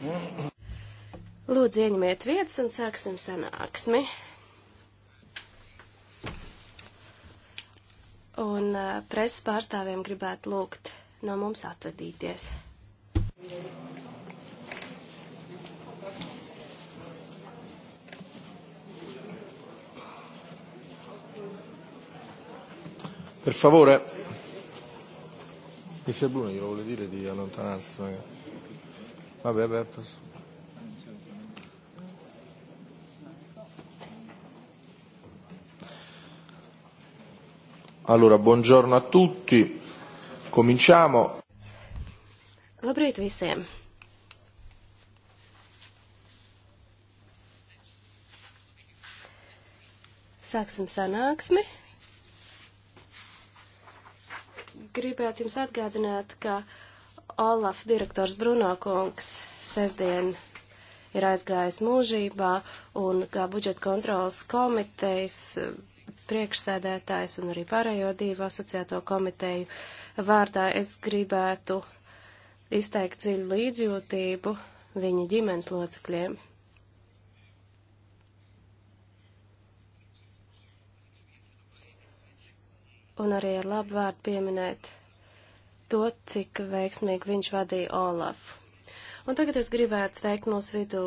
Lūdzu, ieņemiet vietas un sāksim sanāksmi. Un uh, preses pārstāvjiem gribētu lūgt no mums atvadīties. Per favore, Mr. Bruno glielo vuole dire di allontanarsi magari. Vabbè, vabbè. Allora, buongiorno a tutti. Cominciamo. Labrīt visiem. Sāksim sanāksmi. Gribētu jums atgādināt, ka Olaf direktors Bruno Kungs sestdien ir aizgājis mūžībā un kā budžeta kontrolas komitejas eh, priekšsēdētājs un arī pārējo divu asociēto komiteju vārdā es gribētu izteikt dziļu līdzjūtību viņa ģimenes locekļiem. Un arī ar labu vārdu pieminēt to, cik veiksmīgi viņš vadīja Olafu. Un tagad es gribētu sveikt mūsu vidū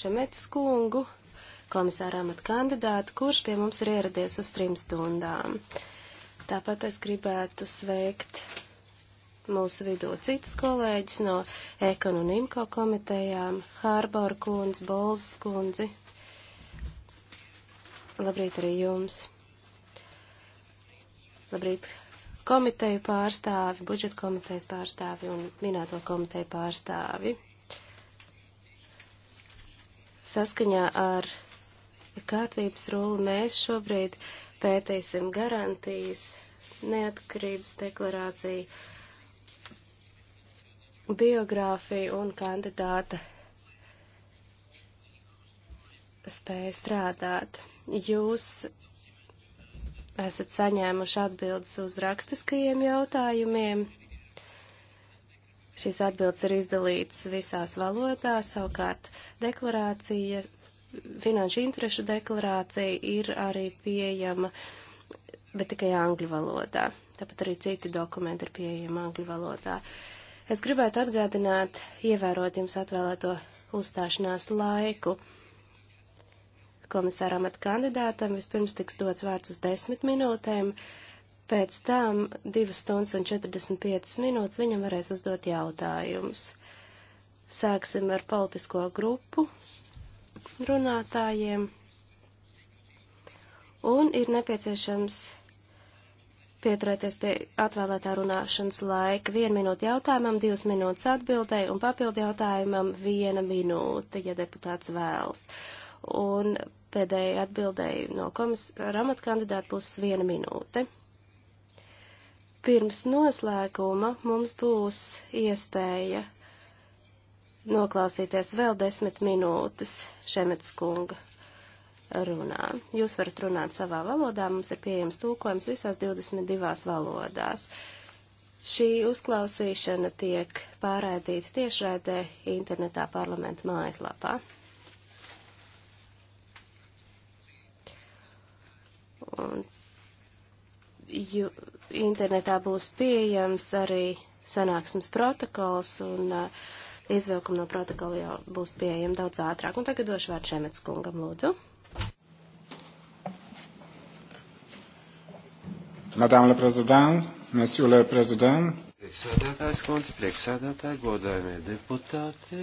Šemetas kungu, komisāra amata kandidātu, kurš pie mums ir ieradies uz trim stundām. Tāpat es gribētu sveikt mūsu vidū citus kolēģis no Ekon un Imko komitejām, Hārbor kundz, Bolzas kundzi. Labrīt arī jums. Labrīt, komiteju pārstāvi, budžeta komitejas pārstāvi un minēto komiteju pārstāvi. Saskaņā ar kārtības rulu mēs šobrīd pētīsim garantijas, neatkarības deklarāciju, biogrāfiju un kandidāta spēja strādāt. Jūs esat saņēmuši atbildes uz rakstiskajiem jautājumiem. Šīs atbildes ir izdalītas visās valodās, savukārt deklarācija, finanšu interešu deklarācija ir arī pieejama, bet tikai angļu valodā. Tāpat arī citi dokumenti ir pieejami angļu valodā. Es gribētu atgādināt, ievērot jums atvēlēto uzstāšanās laiku komisāra amata kandidātam. Vispirms tiks dots vārds uz desmit minūtēm, pēc tam divas stundas un 45 minūtes viņam varēs uzdot jautājumus. Sāksim ar politisko grupu runātājiem. Un ir nepieciešams pieturēties pie atvēlētā runāšanas laika. Vienu minūti jautājumam, divas minūtes atbildēji un papildu jautājumam viena minūte, ja deputāts vēlas. Un pēdējai atbildēji no komisāra amatkandidāta puses viena minūte. Pirms noslēguma mums būs iespēja noklausīties vēl desmit minūtes Šemets kunga runā. Jūs varat runāt savā valodā, mums ir pieejams tūkojums visās 22 valodās. Šī uzklausīšana tiek pārraidīta tiešraidē internetā parlamenta mājaslapā. jo internetā būs pieejams arī sanāksmes protokols un uh, izvilkuma no protokola jau būs pieejama daudz ātrāk. Un tagad došu vārdu Šemets kungam, lūdzu. Madame la Présidente, Monsieur le Président. Priekšsēdētājs kundze, priekšsēdētāji, godājumie deputāti.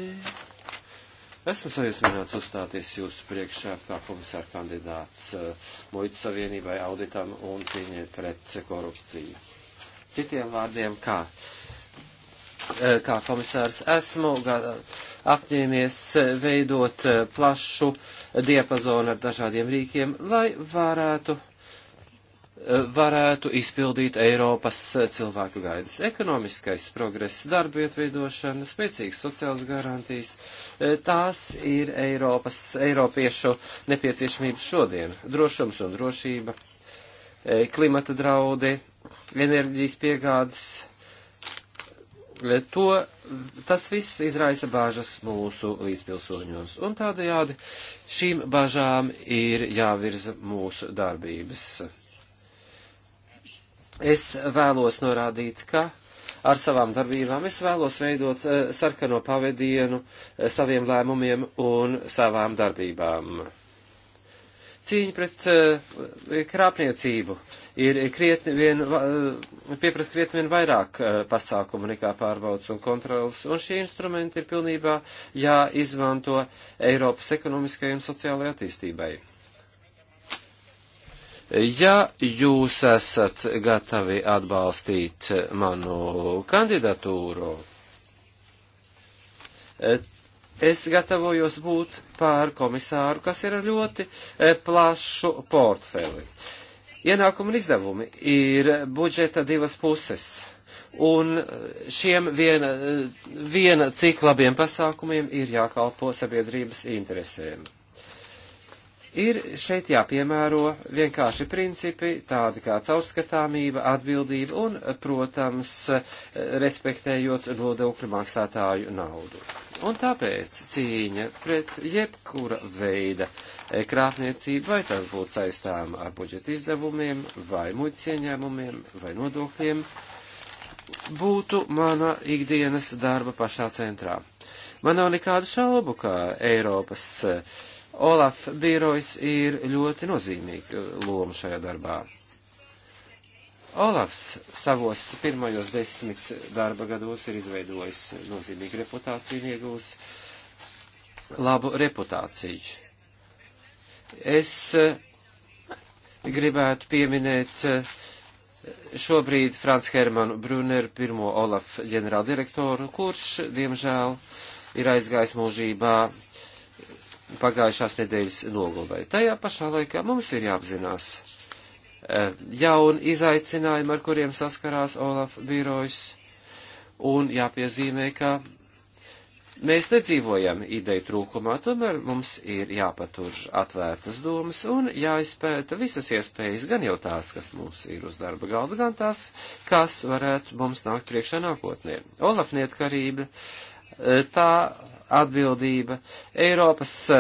Esmu sajūsmināts uzstāties jūsu priekšā kā komisāra kandidāts eh, Muitas Savienībai, auditam un cīņai pret korupciju. Citiem vārdiem, kā, eh, kā komisārs esmu apņēmies veidot eh, plašu diapazonu ar dažādiem rīkiem, lai varētu varētu izpildīt Eiropas cilvēku gaidas. Ekonomiskais progress, darba ietvidošana, spēcīgas sociālas garantijas, e, tās ir Eiropas, Eiropiešu nepieciešamības šodien. Drošums un drošība, e, klimata draudi, enerģijas piegādes, e, to, tas viss izraisa bāžas mūsu līdzpilsoņos. Un tādējādi šīm bāžām ir jāvirza mūsu darbības es vēlos norādīt, ka ar savām darbībām es vēlos veidot eh, sarkano pavadienu eh, saviem lēmumiem un savām darbībām. Cīņa pret eh, krāpniecību ir krietni vien, pieprasa krietni vien vairāk pasākumu nekā pārbaudas un kontrolas, un šie instrumenti ir pilnībā jāizmanto Eiropas ekonomiskajai un sociālajai attīstībai. Ja jūs esat gatavi atbalstīt manu kandidatūru, Es gatavojos būt pār komisāru, kas ir ar ļoti eh, plašu portfeli. Ienākumi un izdevumi ir budžeta divas puses, un eh, šiem viena, eh, viena cik labiem pasākumiem ir jākalpo sabiedrības interesēm. Ir šeit jāpiemēro vienkārši principi, tādi kā caurskatāmība, atbildība un, protams, respektējot nodokļu maksātāju naudu. Un tāpēc cīņa pret jebkura veida krāpniecību, vai tas būtu saistām ar budžeta izdevumiem, vai muļķu ieņēmumiem, vai nodokļiem, būtu mana ikdienas darba pašā centrā. Man nav nekādu šaubu, ka Eiropas uh, Olaf birojs ir ļoti nozīmīga loma šajā darbā. Olafs savos pirmajos desmit darba gados ir izveidojis nozīmīgu reputāciju un iegūs labu reputāciju. Es eh, gribētu pieminēt eh, šobrīd Frans Hermanu Bruneru, pirmo Olaf ģenerāldirektoru, kurš, diemžēl, ir aizgājis mūžībā pagājušās nedēļas nogulē. Tajā pašā laikā mums ir jāapzinās e, jauni izaicinājumi, ar kuriem saskarās Olaf birojs, un jāpiezīmē, ka mēs nedzīvojam ideju trūkumā, tomēr mums ir jāpatur atvērtas domas un jāizpēta visas iespējas, gan jau tās, kas mums ir uz darba galda, gan tās, kas varētu mums nākt priekšā nākotnē. Olaf Nietkarība, e, tā atbildība, Eiropas uh,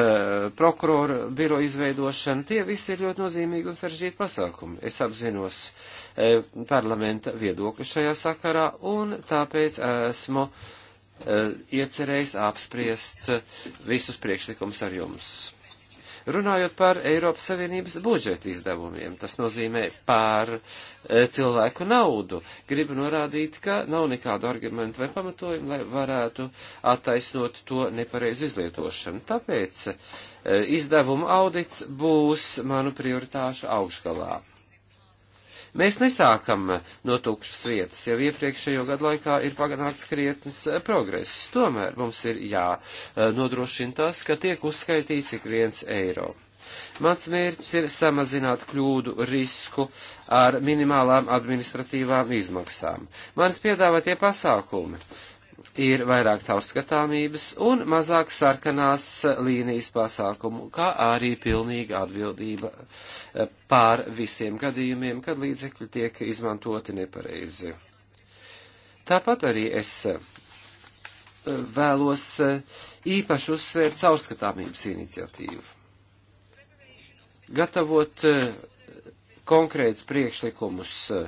prokuroru biro izveidošana, tie visi ir ļoti nozīmīgi un sarežģīti pasākumi. Es apzinos uh, parlamenta viedokli šajā sakarā un tāpēc esmu uh, iecerējis apspriest visus priekšlikumus ar jums. Runājot par Eiropas Savienības budžeta izdevumiem, tas nozīmē par e, cilvēku naudu. Gribu norādīt, ka nav nekādu argumentu vai pamatojumu, lai varētu attaisnot to nepareizu izlietošanu. Tāpēc e, izdevuma audits būs manu prioritāšu augšgalā. Mēs nesākam no tukšas vietas, jau iepriekšējo gadu laikā ir paganāks krietnes eh, progress. Tomēr mums ir jānodrošina eh, tas, ka tiek uzskaitīts ik viens eiro. Mans mērķis ir samazināt kļūdu risku ar minimālām administratīvām izmaksām. Manis piedāvātie pasākumi ir vairāk caurskatāmības un mazāk sarkanās līnijas pasākumu, kā arī pilnīga atbildība eh, pār visiem gadījumiem, kad līdzekļi tiek izmantoti nepareizi. Tāpat arī es eh, vēlos eh, īpaši uzsvērt caurskatāmības iniciatīvu. Gatavot konkrētus priekšlikumus uh,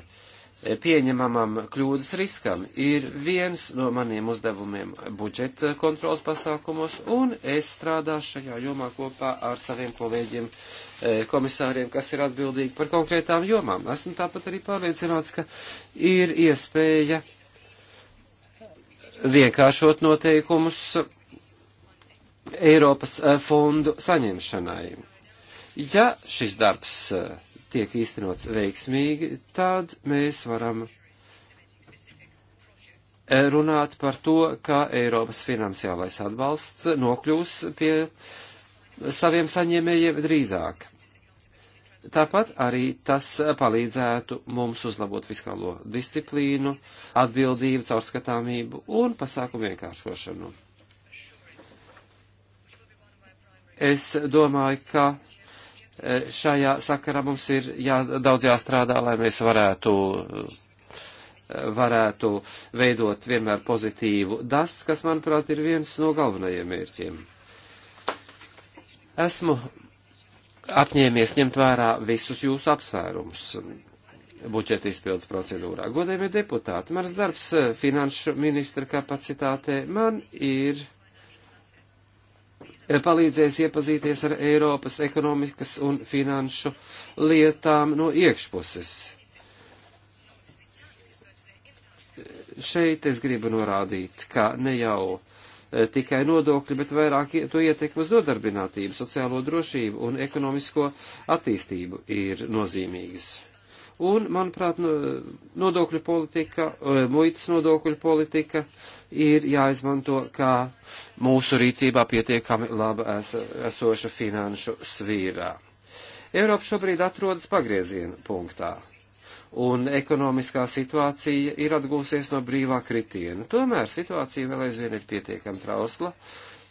pieņemamam kļūdas riskam ir viens no maniem uzdevumiem budžeta kontrols pasākumos, un es strādāšu šajā jomā kopā ar saviem kolēģiem e, komisāriem, kas ir atbildīgi par konkrētām jomām. Esmu tāpat arī pārliecināts, ka ir iespēja vienkāršot noteikumus Eiropas e, fondu saņemšanai. Ja šis darbs uh, tiek īstenots veiksmīgi, tad mēs varam eh, runāt par to, kā Eiropas finansiālais atbalsts nokļūs pie saviem saņēmējiem drīzāk. Tāpat arī tas palīdzētu mums uzlabot fiskālo disciplīnu, atbildību, caurskatāmību un pasākumu vienkāršošanu. Es domāju, ka E, šajā sakarā mums ir jā, daudz jāstrādā, lai mēs varētu, e, varētu veidot vienmēr pozitīvu. Tas, kas, manuprāt, ir viens no galvenajiem mērķiem. Esmu apņēmies ņemt vērā visus jūsu apsvērumus budžeta izpildes procedūrā. Godējumie deputāti, mans darbs e, finanšu ministra kapacitātē man ir palīdzēs iepazīties ar Eiropas ekonomikas un finanšu lietām no iekšpuses. Šeit es gribu norādīt, ka ne jau e, tikai nodokļi, bet vairāk to ietekmi uz nodarbinātību, sociālo drošību un ekonomisko attīstību ir nozīmīgas. Un, manuprāt, nodokļu politika, e, muitas nodokļu politika ir jāizmanto kā mūsu rīcībā pietiekami labi es, esoša finanšu svīrā. Eiropa šobrīd atrodas pagrieziena punktā un ekonomiskā situācija ir atgūsies no brīvā kritiena. Tomēr situācija vēl aizvien ir pietiekami trausla.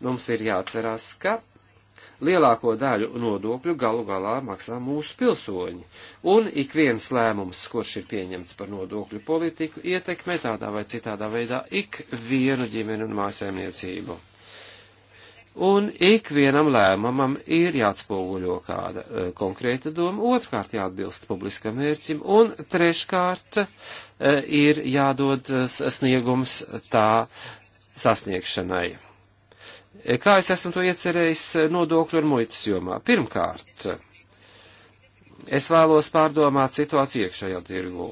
Mums ir jāatcerās, ka lielāko daļu nodokļu galu galā maksā mūsu pilsoņi, un ik viens lēmums, kurš ir pieņemts par nodokļu politiku, ietekmē tādā vai citādā veidā ik vienu ģimeni un mājasēmniecību. Un ik vienam lēmumam ir jāatspoguļo kāda e, konkrēta doma, otrkārt jāatbilst publiskam mērķim, un treškārt e, ir jādod sniegums tā sasniegšanai. Kā es esmu to iecerējis eh, nodokļu un muitas jomā? Pirmkārt, es vēlos pārdomāt situāciju iekšējā tirgū.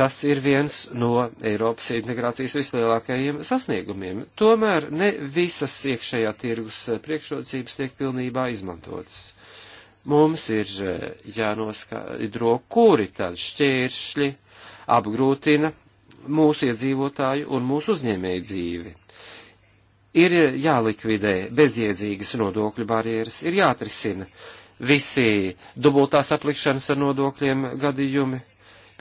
Tas ir viens no Eiropas integrācijas vislielākajiem sasniegumiem. Tomēr ne visas iekšējā tirgus eh, priekšrocības tiek pilnībā izmantotas. Mums ir eh, jānoskaidro, kuri tad šķēršļi apgrūtina mūsu iedzīvotāju un mūsu uzņēmēju dzīvi Ir jālikvidē bezjēdzīgas nodokļu barjeras, ir jāatrisina visi dubultās aplikšanas ar nodokļiem gadījumi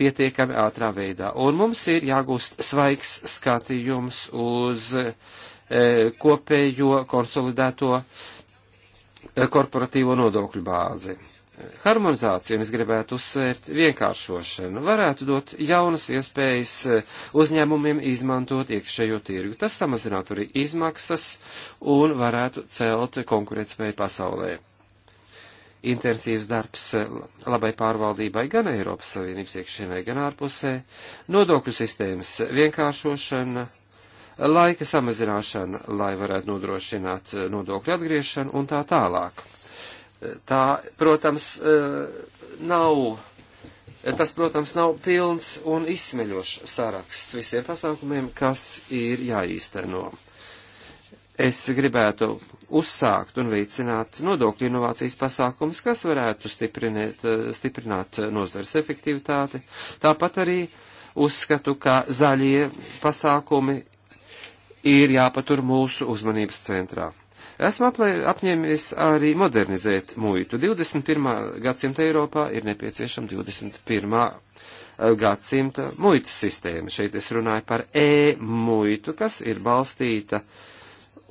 pietiekami ātrā veidā. Un mums ir jāgūst svaigs skatījums uz e, kopējo konsolidēto e, korporatīvo nodokļu bāzi harmonizācija, un es gribētu uzsvērt vienkāršošanu, varētu dot jaunas iespējas eh, uzņēmumiem izmantot iekšējo tirgu. Tas samazinātu arī izmaksas un varētu celt konkurētspēju pasaulē. Intensīvs darbs eh, labai pārvaldībai gan Eiropas Savienības iekšienē, gan ārpusē, nodokļu sistēmas vienkāršošana, laika samazināšana, lai varētu nodrošināt eh, nodokļu atgriešanu un tā tālāk tā, protams, eh, nav. Tas, protams, nav pilns un izsmeļošs saraksts visiem pasākumiem, kas ir jāīsteno. Es gribētu uzsākt un veicināt nodokļu inovācijas pasākumus, kas varētu stiprināt, eh, stiprināt nozars efektivitāti. Tāpat arī uzskatu, ka zaļie pasākumi ir jāpatur mūsu uzmanības centrā. Esmu apņēmies arī modernizēt muitu. 21. gadsimta Eiropā ir nepieciešama 21. Eh, gadsimta muitas sistēma. Šeit es runāju par e-muitu, kas ir balstīta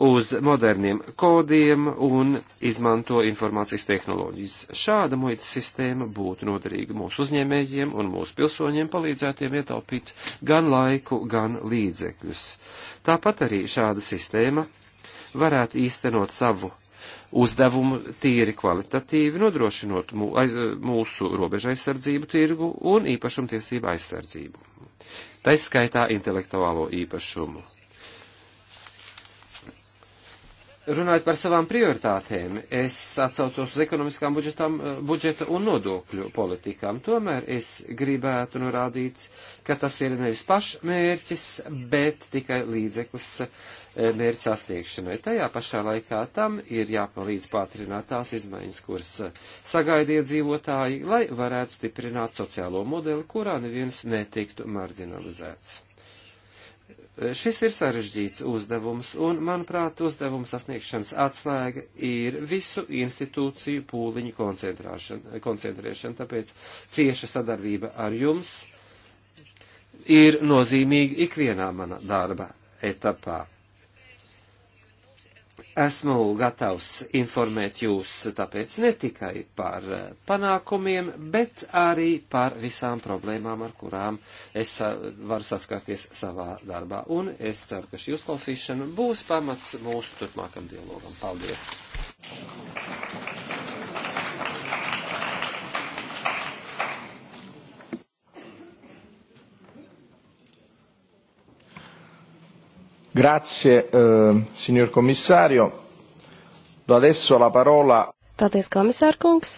uz moderniem kodiem un izmanto informācijas tehnoloģijas. Šāda muitas sistēma būtu noderīga mūsu uzņēmējiem un mūsu pilsoņiem palīdzētiem ietaupīt gan laiku, gan līdzekļus. Tāpat arī šāda sistēma varētu īstenot savu uzdevumu tīri kvalitatīvi, nodrošinot mū, aiz, mūsu robeža aizsardzību tirgu un īpašumtiesību aizsardzību. Taiskaitā intelektuālo īpašumu. Runājot par savām prioritātēm, es atsaucos uz ekonomiskām budžetam, budžeta un nodokļu politikām. Tomēr es gribētu norādīt, ka tas ir nevis pašmērķis, bet tikai līdzeklis uh, Eh, mērķa sasniegšanai. Tajā pašā laikā tam ir jāpalīdz pātrināt tās izmaiņas, kuras eh, sagaida iedzīvotāji, lai varētu stiprināt sociālo modeli, kurā neviens netiktu marginalizēts. Eh, šis ir sarežģīts uzdevums, un, manuprāt, uzdevuma sasniegšanas atslēga ir visu institūciju pūliņu koncentrēšana, tāpēc cieša sadarbība ar jums ir nozīmīga ikvienā mana darba etapā Esmu gatavs informēt jūs tāpēc ne tikai par eh, panākumiem, bet arī par visām problēmām, ar kurām es eh, varu saskarties savā darbā. Un es ceru, ka šī uzklausīšana būs pamats mūsu turpmākam dialogam. Paldies! Grazie, uh, signor commissario. Do adesso la parola. Paldies, komisārkungs,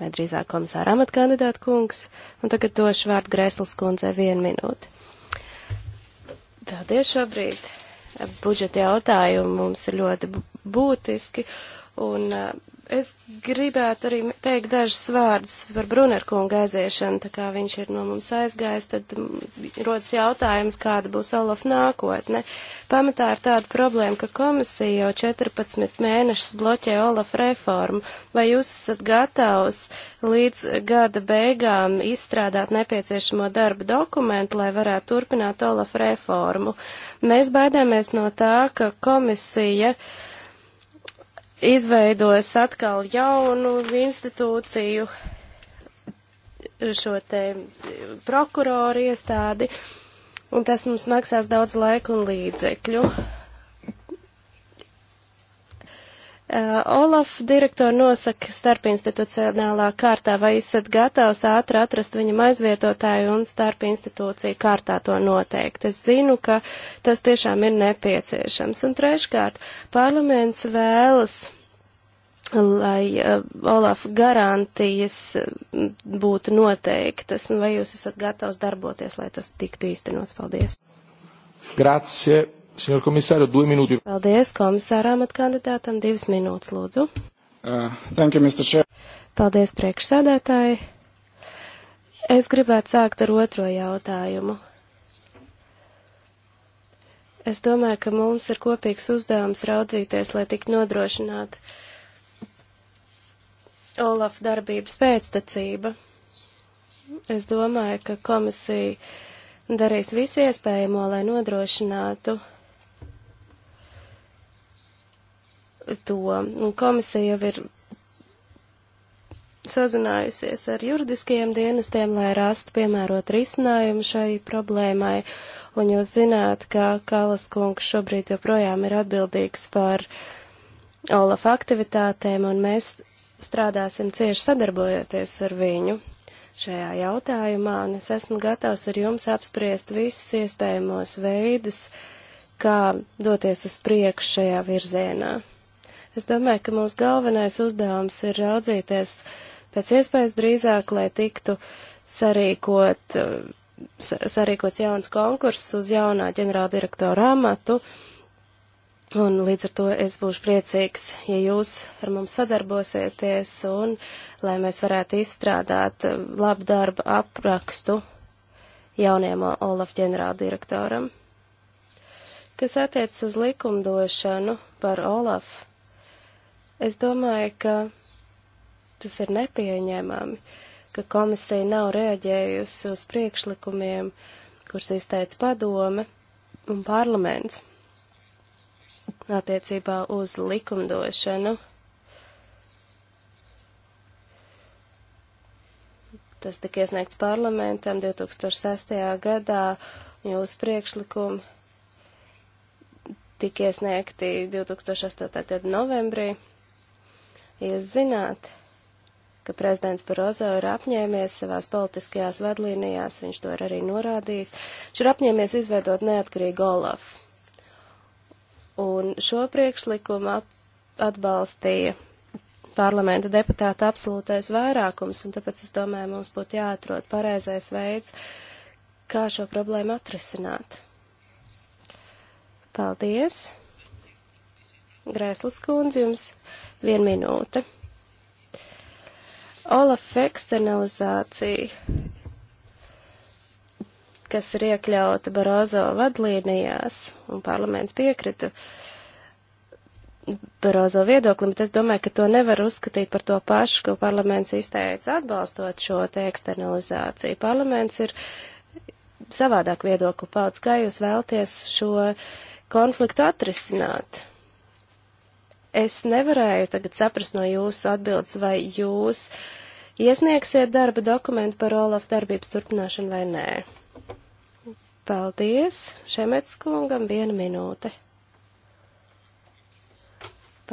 vai drīzāk komisāra amatkandidāta kungs, un tagad došu vārdu Grēslas kundzei vienu minūti. Paldies šobrīd. Budžeta jautājumi mums ir ļoti būtiski, un uh, Es gribētu arī teikt dažus vārdus par Brunerkunga aiziešanu, tā kā viņš ir no mums aizgājis, tad mm, rodas jautājums, kāda būs Olaf nākotne. Pamatā ir tāda problēma, ka komisija jau 14 mēnešus bloķē Olaf reformu. Vai jūs esat gatavs līdz gada beigām izstrādāt nepieciešamo darba dokumentu, lai varētu turpināt Olaf reformu? Mēs baidāmies no tā, ka komisija. Uh, izveidos atkal jaunu institūciju, šo te prokuroru iestādi, un tas mums maksās daudz laika un līdzekļu. Uh, Olaf direktori nosaka starpinstitucionālā kārtā, vai esat gatavs ātri atrast viņam aizvietotāju un starpinstitūciju kārtā to noteikt. Es zinu, ka tas tiešām ir nepieciešams. Un treškārt, parlaments vēlas lai uh, Olaf garantijas uh, būtu noteiktas, un vai jūs esat gatavs darboties, lai tas tiktu īstenots? Paldies! Grazie! Signor komisāru, divi minūti. Paldies komisāram atkandidātam, divas minūtes lūdzu. Uh, thank you, Mr. Chair. Paldies priekšsēdētāji. Es gribētu sākt ar otro jautājumu. Es domāju, ka mums ir kopīgs uzdevums raudzīties, lai tik nodrošinātu Olaf darbības pēctecība. Es domāju, ka komisija darīs visu iespējamo, lai nodrošinātu to. Un komisija jau ir sazinājusies ar juridiskajiem dienestiem, lai rastu piemērot risinājumu šai problēmai. Un jūs zināt, ka Kalas kungs šobrīd joprojām ir atbildīgs par Olaf aktivitātēm, un mēs strādāsim cieši sadarbojoties ar viņu šajā jautājumā, un es esmu gatavs ar jums apspriest visus iespējamos veidus, kā doties uz priekšu šajā virzienā. Es domāju, ka mūsu galvenais uzdevums ir raudzīties pēc iespējas drīzāk, lai tiktu sarīkot, sarīkots jauns konkurss uz jaunā ģenerāldirektora amatu. Un līdz ar to es būšu priecīgs, ja jūs ar mums sadarbosieties un lai mēs varētu izstrādāt labu darba aprakstu jaunajam Olaf ģenerāldirektoram. Kas attiec uz likumdošanu par Olafu, Es domāju, ka tas ir nepieņēmami, ka komisija nav reaģējusi uz priekšlikumiem, kurus izteica padome un parlaments attiecībā uz likumdošanu. Tas tika iesniegts parlamentam 2006. gadā, un jūsu priekšlikumi tika iesniegti 2008. gada novembrī. Jūs zināt, ka prezidents Barozo ir apņēmies savās politiskajās vadlīnijās, viņš to ir arī norādījis, viņš ir apņēmies izveidot neatkarīgu Olafu. Un šo priekšlikumu atbalstīja parlamenta deputāta absolūtais vairākums, un tāpēc es domāju, mums būtu jāatrod pareizais veids, kā šo problēmu atrisināt. Paldies! Grēslas kundze, jums viena minūte. Olaf eksternalizācija, kas ir iekļauta Barozo vadlīnijās, un parlaments piekrita Barozo viedoklim, bet es domāju, ka to nevar uzskatīt par to pašu, ko parlaments izteica atbalstot šo te eksternalizāciju. Parlaments ir savādāk viedokli pauds, kā jūs vēlties šo konfliktu atrisināt. Es nevarēju tagad saprast no jūsu atbildes, vai jūs iesniegsiet darba dokumentu par Olaf darbības turpināšanu vai nē. Paldies. Šemets kungam viena minūte.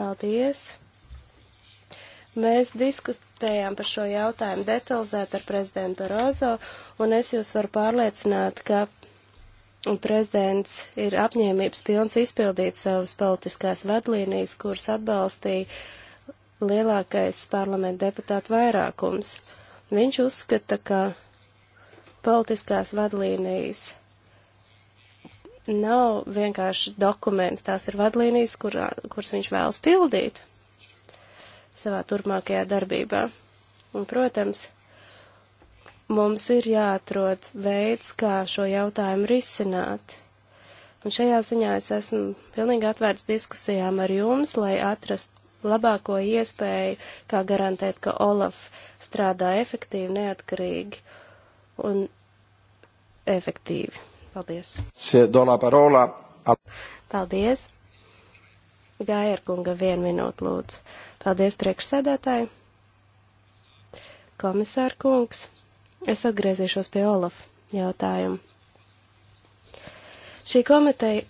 Paldies. Mēs diskutējām par šo jautājumu detalizēt ar prezidentu Barozo, un es jūs varu pārliecināt, ka prezidents ir apņēmības pilns izpildīt savas politiskās vadlīnijas, kuras atbalstīja lielākais parlamenta deputātu vairākums. Viņš uzskata, ka politiskās vadlīnijas nav vienkārši dokuments, tās ir vadlīnijas, kurā, kuras viņš vēlas pildīt savā turpmākajā darbībā. Un, protams, mums ir jāatrod veids, kā šo jautājumu risināt. Un šajā ziņā es esmu pilnīgi atvērts diskusijām ar jums, lai atrast labāko iespēju, kā garantēt, ka Olaf strādā efektīvi, neatkarīgi un efektīvi. Paldies. Paldies. Gājerkunga vienu minūtu lūdzu. Paldies priekšsēdētāji. Komisār kungs. Es atgriezīšos pie Olaf jautājumu. Šī komiteja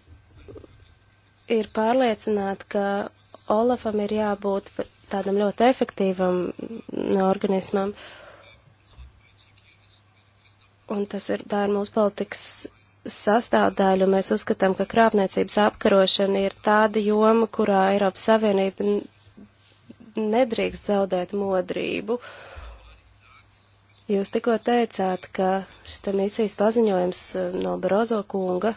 ir pārliecināta, ka Olafam ir jābūt tādam ļoti efektīvam no organismam. Un tas ir, tā ir mūsu politikas sastāvdaļa, un mēs uzskatām, ka krāpniecības apkarošana ir tāda joma, kurā Eiropas Savienība nedrīkst zaudēt modrību. Uh, Jūs tikko teicāt, ka šis misijas paziņojums eh, no Barozo kunga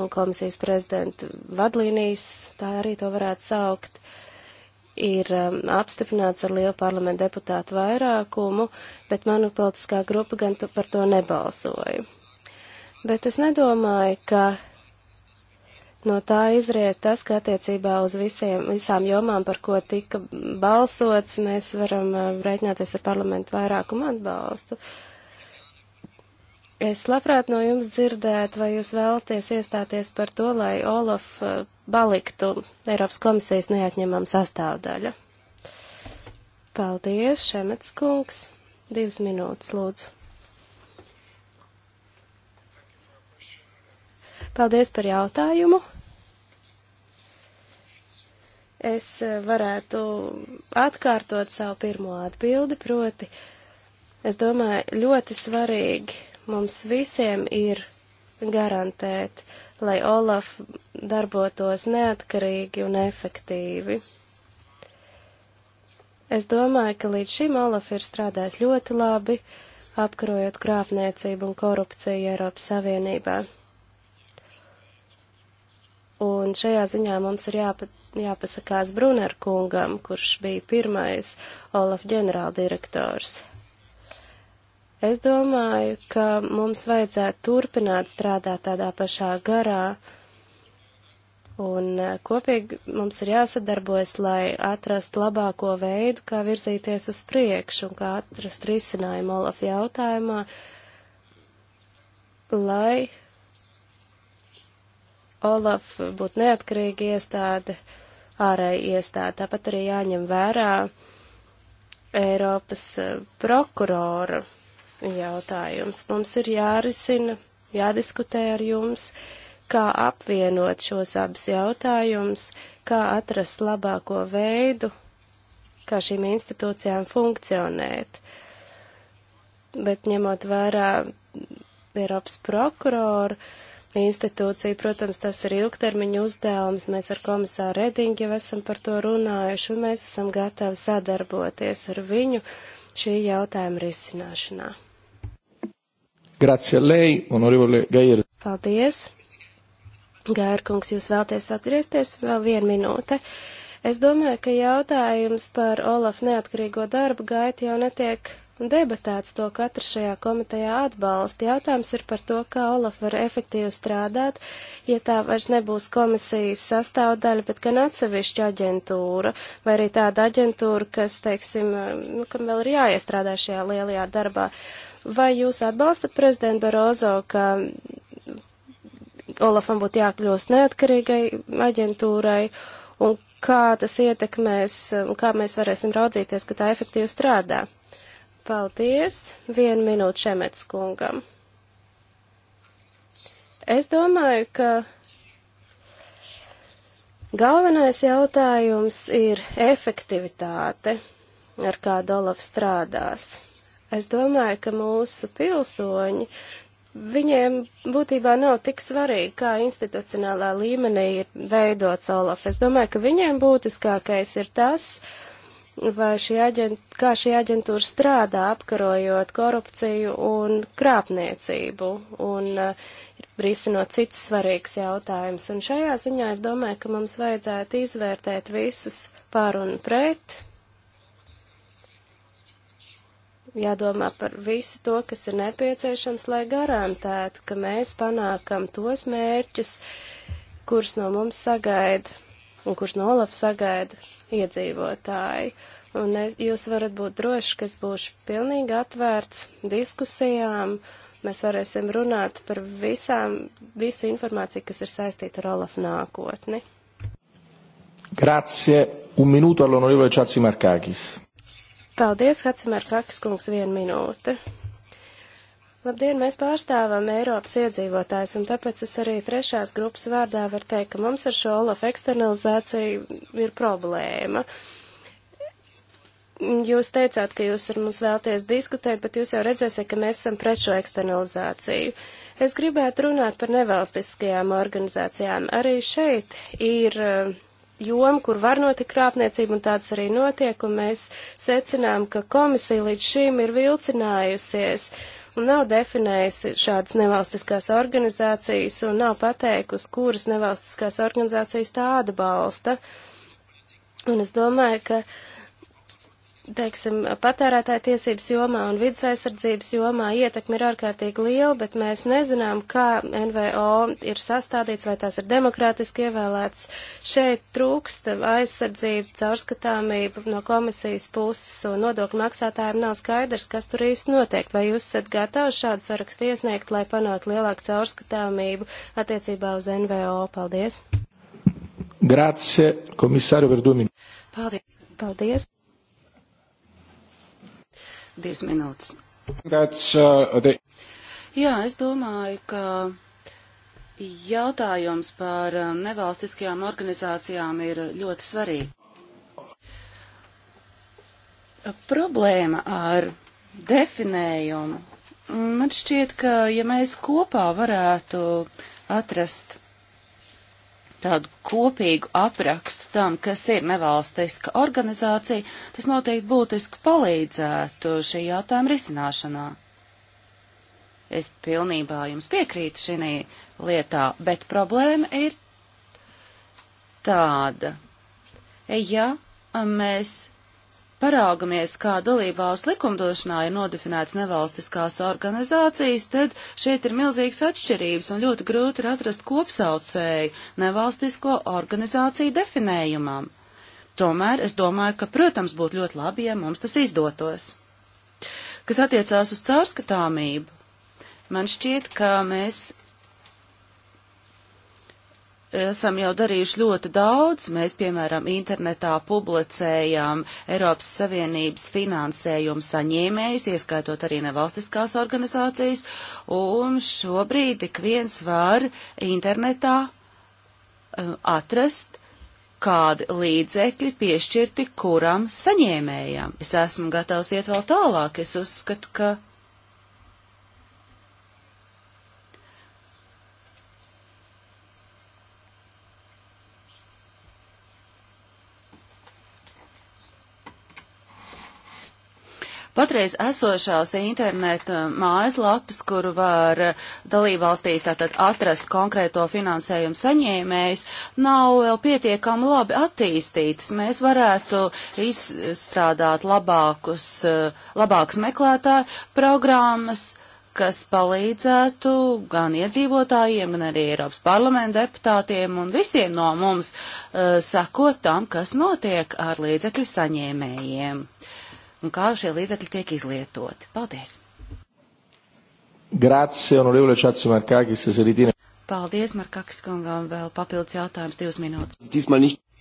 un komisijas prezidenta vadlīnijas, tā arī to varētu saukt, ir um, apstiprināts ar lielu parlamentu deputātu vairākumu, bet manu politiskā grupa gan tu par to nebalsoja. Bet es nedomāju, ka No tā izriet tas, ka attiecībā uz visiem, visām jomām, par ko tika balsots, mēs varam uh, rēķināties ar parlamentu vairākumu atbalstu. Es labprāt no jums dzirdētu, vai jūs vēlaties iestāties par to, lai Olaf uh, paliktu Eiropas komisijas neatņemama sastāvdaļa. Paldies, Šemets kungs. Divas minūtes, lūdzu. Paldies par jautājumu. Es e, varētu atkārtot savu pirmo atbildi, proti, es domāju, ļoti svarīgi mums visiem ir garantēt, lai Olaf darbotos neatkarīgi un efektīvi. Es domāju, ka līdz šim Olaf ir strādājis ļoti labi, apkarojot krāpniecību un korupciju Eiropas Savienībā. Un šajā ziņā mums ir jāpa, jāpasakās Bruner kungam, kurš bija pirmais Olaf ģenerāldirektors. Es domāju, ka mums vajadzētu turpināt strādāt tādā pašā garā, un eh, kopīgi mums ir jāsadarbojas, lai atrast labāko veidu, kā virzīties uz priekšu un kā atrast risinājumu Olaf jautājumā, lai Olaf būtu neatkarīga iestāde, ārēja iestāde. Tāpat arī jāņem vērā Eiropas e, prokurora jautājums. Mums ir jārisina, jādiskutē ar jums, kā apvienot šos abus jautājumus, kā atrast labāko veidu, kā šīm institūcijām funkcionēt. Bet ņemot vērā Eiropas prokuroru, uh, institūcija. Protams, tas ir ilgtermiņa uzdevums. Mēs ar komisāru Redingu jau esam par to runājuši, un mēs esam gatavi sadarboties ar viņu šī jautājuma risināšanā. Grazie lei, onorevole Gajer. Paldies. Gairkungs, jūs vēlties atgriezties vēl vienu minūte. Es domāju, ka jautājums par Olaf neatkarīgo darbu gaitu jau netiek debatēts, to katrs šajā komitejā atbalsta. Jautājums ir par to, kā Olaf var efektīvi strādāt, ja tā vairs nebūs komisijas sastāvdaļa, bet gan atsevišķa aģentūra, vai arī tāda aģentūra, kas, teiksim, nu, kam vēl ir jāiestrādā šajā lielajā darbā. Vai jūs atbalstat prezidentu Barozo, ka Olafam būtu jākļūst neatkarīgai aģentūrai, un kā tas ietekmēs, un kā mēs varēsim raudzīties, ka tā efektīvi strādā. Paldies! Vienu minūtu Šemets kungam. Es domāju, ka galvenais jautājums ir efektivitāte, ar kādu Olaf strādās. Es domāju, ka mūsu pilsoņi, viņiem būtībā nav tik svarīgi, kā institucionālā līmenī ir veidots Olaf. Es domāju, ka viņiem būtiskākais ir tas, uh, vai šī aģent, kā šī aģentūra strādā apkarojot korupciju un krāpniecību un uh, risinot citus svarīgus jautājumus. Un šajā ziņā es domāju, ka mums vajadzētu izvērtēt visus par un pret. Jādomā par visu to, kas ir nepieciešams, lai garantētu, ka mēs panākam tos mērķus, kurus no mums sagaida un kurš no Olafa sagaida iedzīvotāji. Un es, jūs varat būt droši, ka es būšu pilnīgi atvērts diskusijām. Mēs varēsim runāt par visām, visu informāciju, kas ir saistīta ar Olafa nākotni. Grazie. Un minūte all'onorevole Čacimarkakis. Paldies, Hacimarkakis kungs, vienu minūti. Labdien, mēs pārstāvam Eiropas iedzīvotājs, un tāpēc es arī trešās grupas vārdā varu teikt, ka mums ar šo Olaf eksternalizāciju ir problēma. Jūs teicāt, ka jūs ar mums vēlties diskutēt, bet jūs jau redzēsiet, ka mēs esam pret šo eksternalizāciju. Es gribētu runāt par nevalstiskajām organizācijām. Arī šeit ir uh, joma, kur var notikt krāpniecība, un tāds arī notiek, un mēs secinām, ka komisija līdz šim ir vilcinājusies uh, un nav definējusi šādas nevalstiskās organizācijas un nav pateikusi, kuras nevalstiskās organizācijas tā atbalsta. Un es domāju, ka teiksim, patērētāja tiesības jomā un vidas aizsardzības jomā ietekmi ir ārkārtīgi liela, bet mēs nezinām, kā NVO ir sastādīts, vai tās ir demokrātiski ievēlētas. Šeit trūksta aizsardzība, caurskatāmība no komisijas puses un nodokļu maksātājiem nav skaidrs, kas tur īsti notiek. Vai jūs esat gatavi šādu sarakstu iesniegt, lai panāktu lielāku caurskatāmību attiecībā uz NVO? Paldies! Grazie, komisāru, par domu. Paldies! Paldies! divas minūtes. Uh, the... Jā, es domāju, ka jautājums par um, nevalstiskajām organizācijām ir ļoti svarīgi. Problēma ar definējumu. Man šķiet, ka ja mēs kopā varētu atrast tādu kopīgu aprakstu tam, kas ir nevalstiska organizācija, tas noteikti būtiski palīdzētu šī jautājuma risināšanā. Es pilnībā jums piekrītu šī lietā, bet problēma ir tāda. Ja mēs paraugamies, kā dalībvalsts likumdošanā ir nodefinēts nevalstiskās organizācijas, tad šeit ir milzīgas atšķirības un ļoti grūti ir atrast kopsaucēju nevalstisko organizāciju definējumam. Tomēr es domāju, ka, protams, būtu ļoti labi, ja mums tas izdotos. Kas attiecās uz caurskatāmību, man šķiet, ka mēs esam jau darījuši ļoti daudz. Mēs, piemēram, internetā publicējam Eiropas Savienības finansējumu saņēmējus, ieskaitot arī nevalstiskās organizācijas, un šobrīd ik viens var internetā e, atrast kādi līdzekļi piešķirti kuram saņēmējam. Es esmu gatavs iet vēl tālāk. Es uzskatu, ka Patreiz esošās interneta eh, mājaslapas, kur var eh, dalībvalstīs tātad atrast konkrēto finansējumu saņēmējs, nav vēl pietiekami labi attīstītas. Mēs varētu izstrādāt labākus, eh, labākas meklētāju programmas kas palīdzētu gan iedzīvotājiem, gan arī Eiropas parlamenta deputātiem un visiem no mums uh, sakot tam, kas notiek ar līdzekļu saņēmējiem. Uh, un kā šie līdzekļi tiek izlietoti. Paldies! Grazie, onorevole Čācis Markakis, es arī tīnu. Paldies, Markakis kungām, vēl papildus jautājums divas minūtes.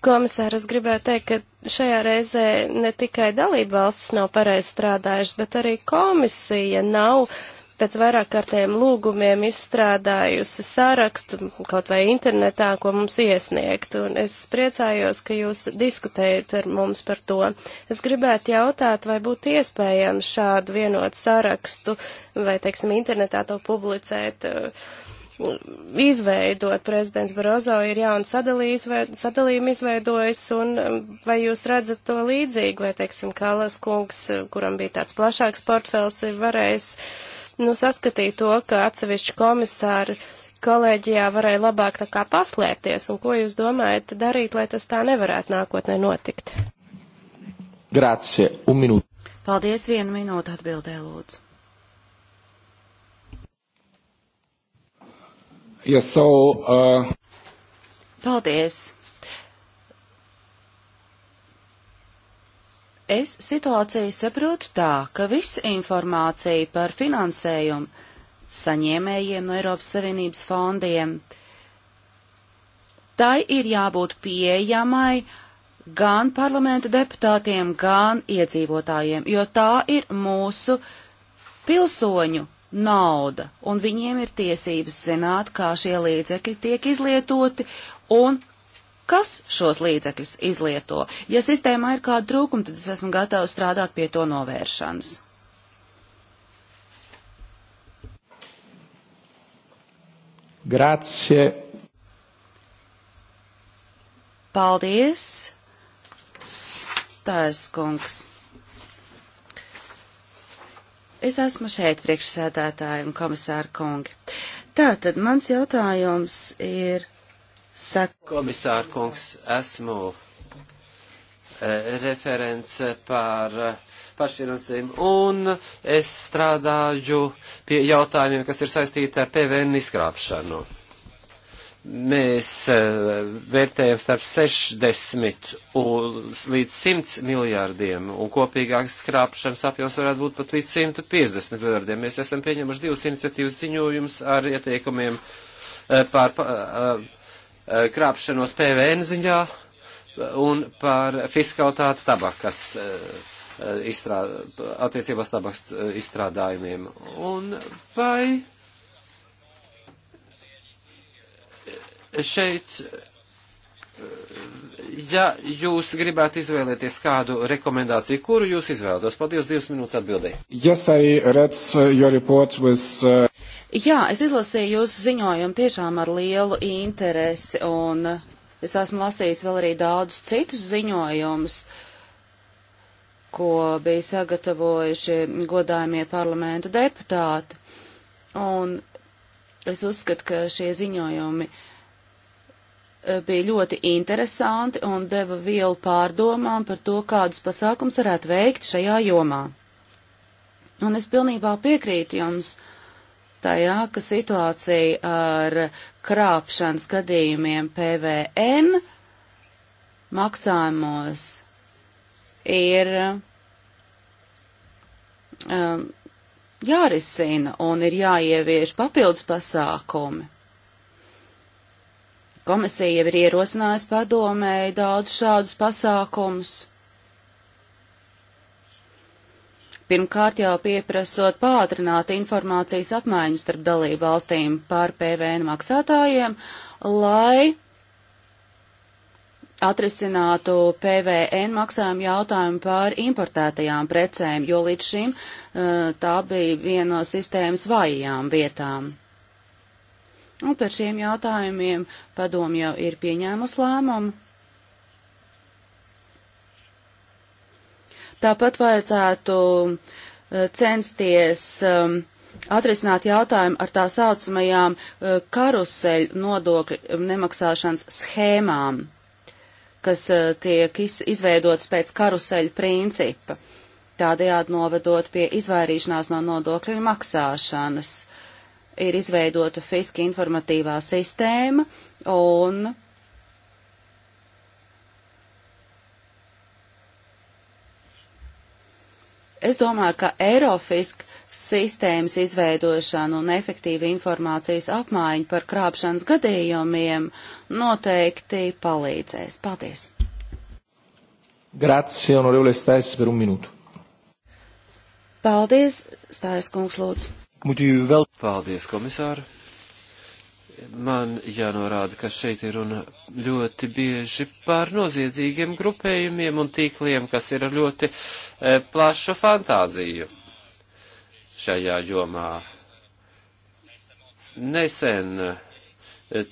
Komisāras gribēja teikt, ka šajā reizē ne tikai dalība valsts nav pareizi strādājušas, bet arī komisija nav uh, pēc vairāk kārtējiem lūgumiem izstrādājusi sārakstu kaut vai internetā, ko mums iesniegt, un es priecājos, ka jūs diskutējat ar mums par to. Es gribētu jautāt, vai būtu iespējams šādu vienotu sārakstu vai, teiksim, internetā to publicēt. Uh, izveidot prezidents Barozo ir jaunu sadalījumu izveidojis, un um, vai jūs redzat to līdzīgi, vai, teiksim, Kalas kungs, kuram bija tāds plašāks portfels, varēs uh, nu, saskatīju to, ka atsevišķi komisāri kolēģijā varēja labāk tā kā paslēpties, un ko jūs domājat darīt, lai tas tā nevarētu nākotnē notikt? Grācie, un minūte. Paldies, vienu minūtu atbildē, lūdzu. Yes, so, uh... Paldies. Es situāciju saprotu tā, ka visa informācija par finansējumu saņēmējiem no Eiropas Savienības fondiem, tai ir jābūt pieejamai gan parlamenta deputātiem, gan iedzīvotājiem, jo tā ir mūsu pilsoņu nauda, un viņiem ir tiesības zināt, kā šie līdzekļi tiek izlietoti un kas šos līdzekļus izlieto. Ja sistēmā ir kāda trūkuma, tad es esmu gatavs strādāt pie to novēršanas. Grazie. Paldies, Stājas kungs. Es esmu šeit priekšsēdētāji un komisāri kungi. Tātad mans jautājums ir Saka... Komisārkungs, esmu e, referents par e, pašfinansējumu, un es strādāju pie jautājumiem, kas ir saistīti ar PVN izkrāpšanu. Mēs e, vērtējam starp 60 līdz 100 miljārdiem, un kopīgāks skrāpšanas apjoms varētu būt pat līdz 150 miljārdiem. Mēs esam pieņemuši divas iniciatīvas ziņojumus ar ieteikumiem par. par Eh, krāpšanos PVN ziņā un par fiskalitāti tabakas eh, eh, izstrā, attiecībās tabakas izstrādājumiem. Un vai šeit, ja jūs gribētu izvēlēties kādu rekomendāciju, kuru jūs izvēlētos? Paldies, divas minūtes atbildēji. Yes, I read your report with uh... Jā, es izlasīju jūsu ziņojumu tiešām ar lielu interesi, un es esmu lasījis vēl arī daudzus citus ziņojumus, ko bija sagatavojuši godājumie parlamentu deputāti. Un es uzskatu, ka šie ziņojumi e, bija ļoti interesanti un deva vielu pārdomām par to, kādus pasākums varētu veikt šajā jomā. Un es pilnībā piekrītu jums. Uh, tajā, ka situācija ar krāpšanas gadījumiem PVN maksājumos ir um, jārisina un ir jāievieš papildus pasākumi. Komisija jau ir ierosinājusi padomēji daudz šādus pasākumus. Pirmkārt jau pieprasot pātrināt informācijas apmaiņu starp dalību valstīm par PVN maksātājiem, lai atrisinātu PVN maksājumu jautājumu par importētajām precēm, jo līdz šim uh, tā bija viena no sistēmas vājām vietām. Un par šiem jautājumiem padomu jau ir pieņēmus lēmumu. Tāpat vajadzētu eh, censties um, atrisināt jautājumu ar tā saucamajām uh, karuseļu nodokļu ehm, nemaksāšanas schēmām, kas uh, tiek iz, izveidotas pēc karuseļu principa, tādējādi novedot pie izvairīšanās no nodokļu maksāšanas. Ir izveidota fiska informatīvā sistēma un Es domāju, ka Eirofisk sistēmas izveidošana un efektīva informācijas apmaiņa par krāpšanas gadījumiem noteikti palīdzēs. Paldies! Grazie, onorevole Stais, par un minūtu. Paldies, Stais kungs, lūdzu. Paldies, komisāri! man jānorāda, ka šeit ir runa ļoti bieži par noziedzīgiem grupējumiem un tīkliem, kas ir ar ļoti e, plašu fantāziju šajā jomā. Nesen e,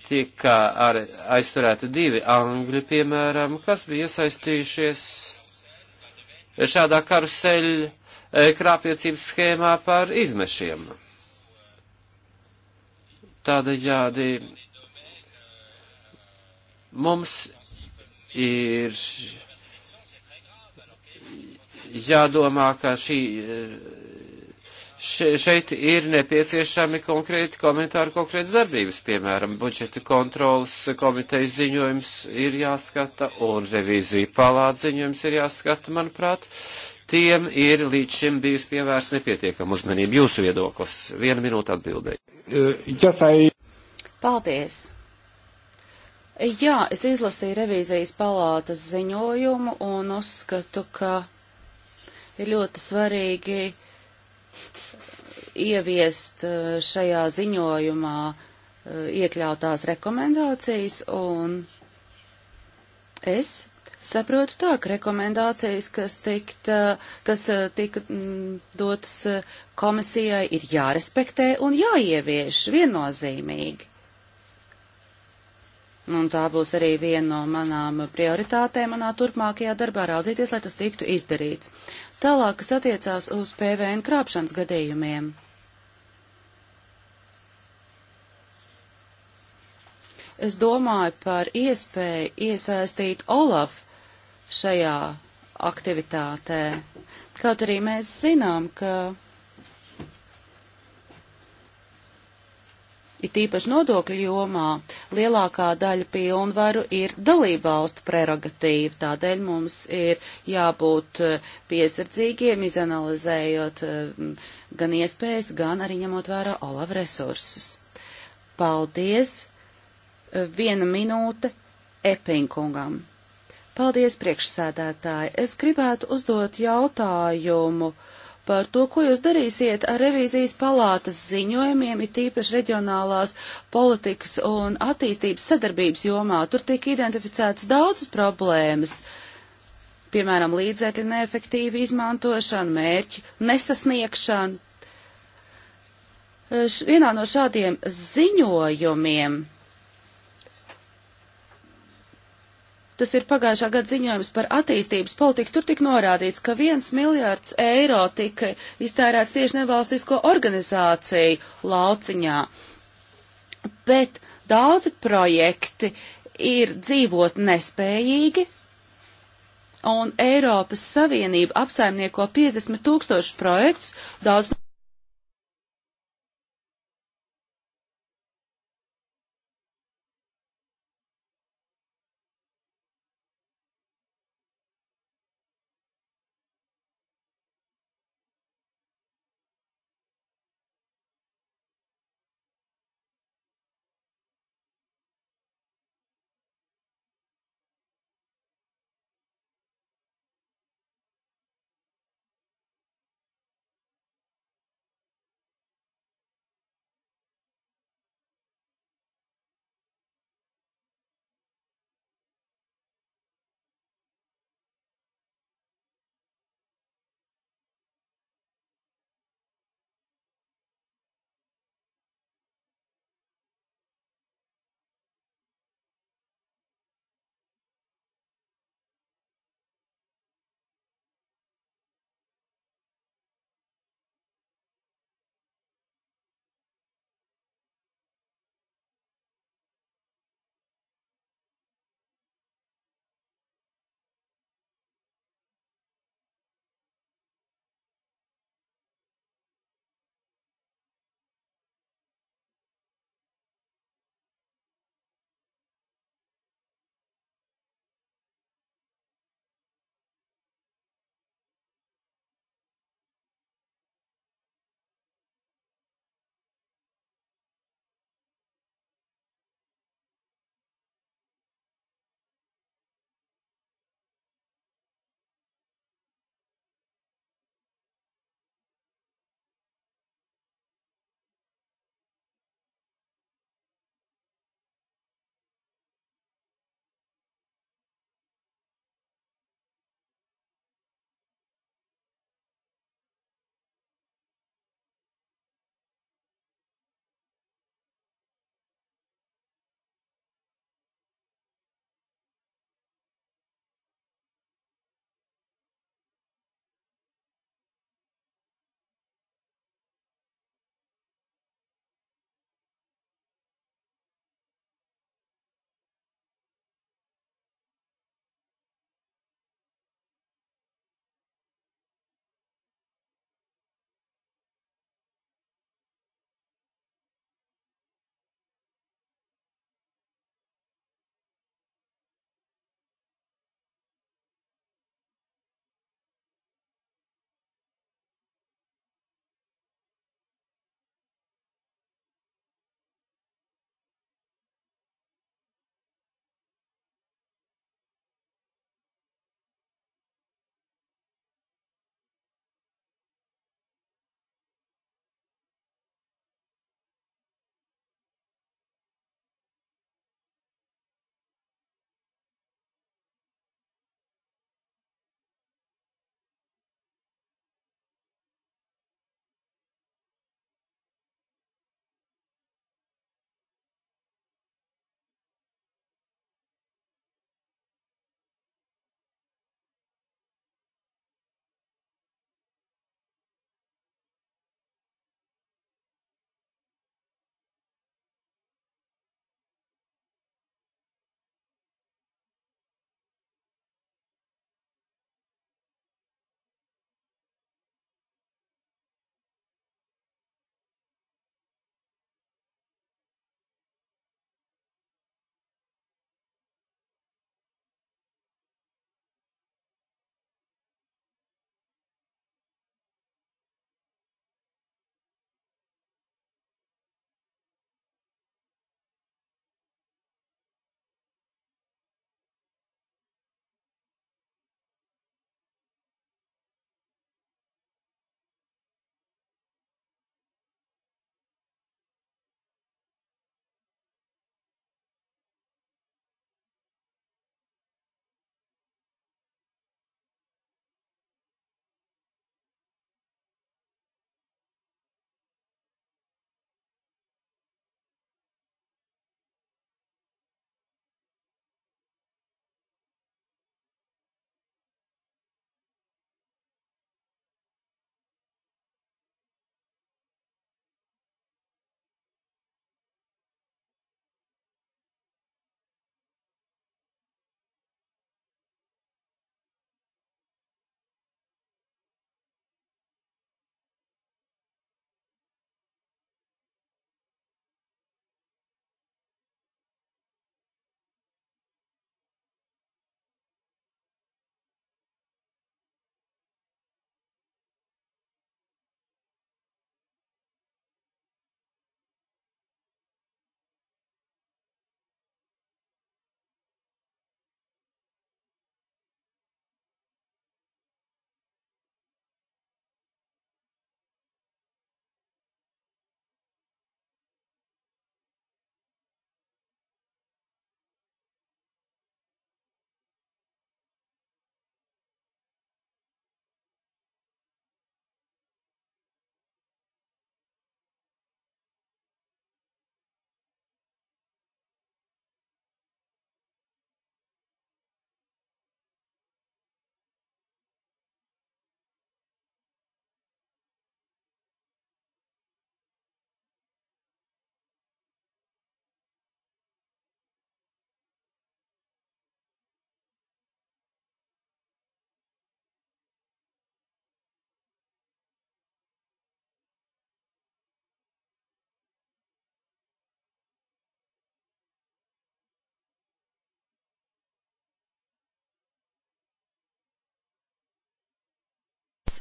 tika ar, aizturēti divi angļi, piemēram, kas bija iesaistījušies šādā karuseļa e, krāpniecības schēmā par izmešiem. Tādējādi mums ir jādomā, ka šī, šeit ir nepieciešami konkrēti komentāri, konkrētas darbības, piemēram, budžeta kontrolas komitejas ziņojums ir jāskata un revīzija palāta ziņojums ir jāskata, manuprāt, tiem ir līdz šim bijis pievērsts nepietiekama uzmanība. Jūsu viedoklis. Viena minūte atbildēji. Eh, Paldies! Jā, es izlasīju revīzijas palātas ziņojumu un uzskatu, ka ir ļoti svarīgi ieviest eh, šajā ziņojumā eh, iekļautās rekomendācijas, un es Saprotu tā, ka rekomendācijas, kas, tikt, kas eh, tika mm, dotas eh, komisijai, ir jārespektē un jāievieš viennozīmīgi. Un tā būs arī viena no manām prioritātēm manā turpmākajā darbā raudzīties, lai tas tiktu izdarīts. Tālāk, kas attiecās uz PVN krāpšanas gadījumiem. Es domāju par iespēju iesaistīt Olafu šajā aktivitātē. Kaut arī mēs zinām, ka it īpaši nodokļu jomā lielākā daļa pilnvaru ir dalībvalstu prerogatīva. Tādēļ mums ir jābūt eh, piesardzīgiem, izanalizējot eh, gan iespējas, gan arī ņemot vērā olav resursus. Paldies! Eh, viena minūte Epinkungam. Paldies, priekšsēdētāji. Es gribētu uzdot jautājumu par to, ko jūs darīsiet ar revīzijas palātas ziņojumiem, ir tīpaši reģionālās politikas un attīstības sadarbības jomā. Tur tiek identificētas daudzas problēmas, piemēram, līdzekļu neefektīva izmantošana, mērķu nesasniegšana. Vienā no šādiem ziņojumiem tas ir pagājušā gada ziņojums par attīstības politiku, tur tik norādīts, ka viens miljārds eiro tika iztērēts tieši nevalstisko organizāciju lauciņā. Bet daudzi projekti ir dzīvot nespējīgi, un Eiropas Savienība apsaimnieko 50 tūkstošu projektus, daudz no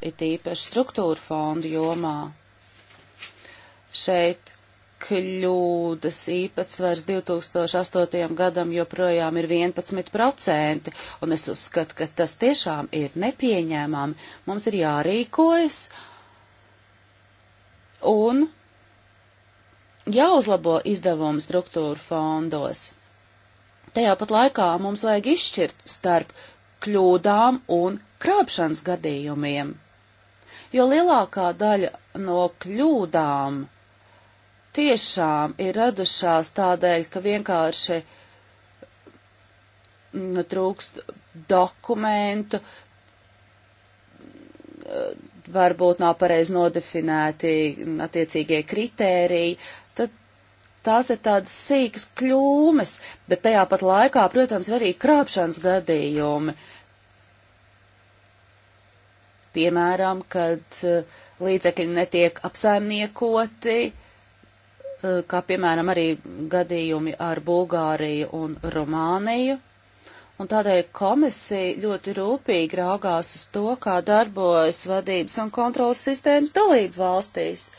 it īpaši struktūra fondu jomā. Šeit kļūdas īpatsvars 2008. gadam joprojām ir 11%, un es uzskatu, ka tas tiešām ir nepieņēmami. Mums ir jārīkojas un jāuzlabo izdevumu struktūra fondos. Tajā pat laikā mums vajag izšķirt starp kļūdām un krāpšanas gadījumiem jo lielākā daļa no kļūdām tiešām ir radušās tādēļ, ka vienkārši nu, trūkst dokumentu, varbūt nav pareizi nodefinēti attiecīgie kritēriji, tad tās ir tādas sīkas kļūmes, bet tajā pat laikā, protams, ir arī krāpšanas gadījumi. Uh, piemēram, kad eh, līdzekļi netiek apsaimniekoti, eh, kā piemēram arī gadījumi ar Bulgāriju un Rumāniju. Un tādēļ komisija ļoti rūpīgi raugās uz to, kā darbojas vadības un kontrolas sistēmas dalību valstīs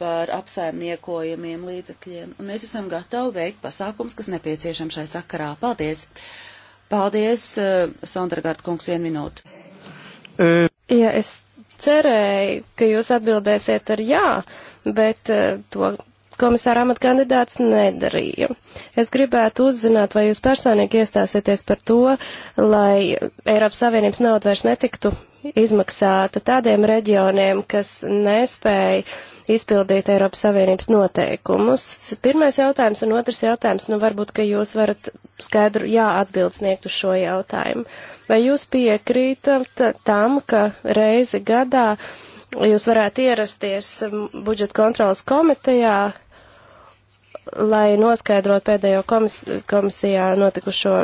par apsaimniekojumiem līdzekļiem. Un mēs esam gatavi veikt pasākums, kas nepieciešams šai sakarā. Paldies! Paldies, uh, Sondergaard kungs, vienu minūtu. E Ja es cerēju, ka jūs atbildēsiet ar jā, bet eh, to komisāra amata kandidāts nedarīja. Es gribētu uzzināt, vai jūs personīgi iestāsieties par to, lai Eiropas Savienības nauda vairs netiktu izmaksāta tādiem reģioniem, kas nespēja izpildīt Eiropas Savienības noteikumus. Pirmais jautājums un otrs jautājums, nu varbūt, ka jūs varat skaidru jā atbildsniegt uz šo jautājumu. Uh, Vai jūs piekrītat tam, ka reizi gadā jūs varētu ierasties budžeta kontrolas komitejā, lai noskaidrot pēdējo komis komisijā notikušo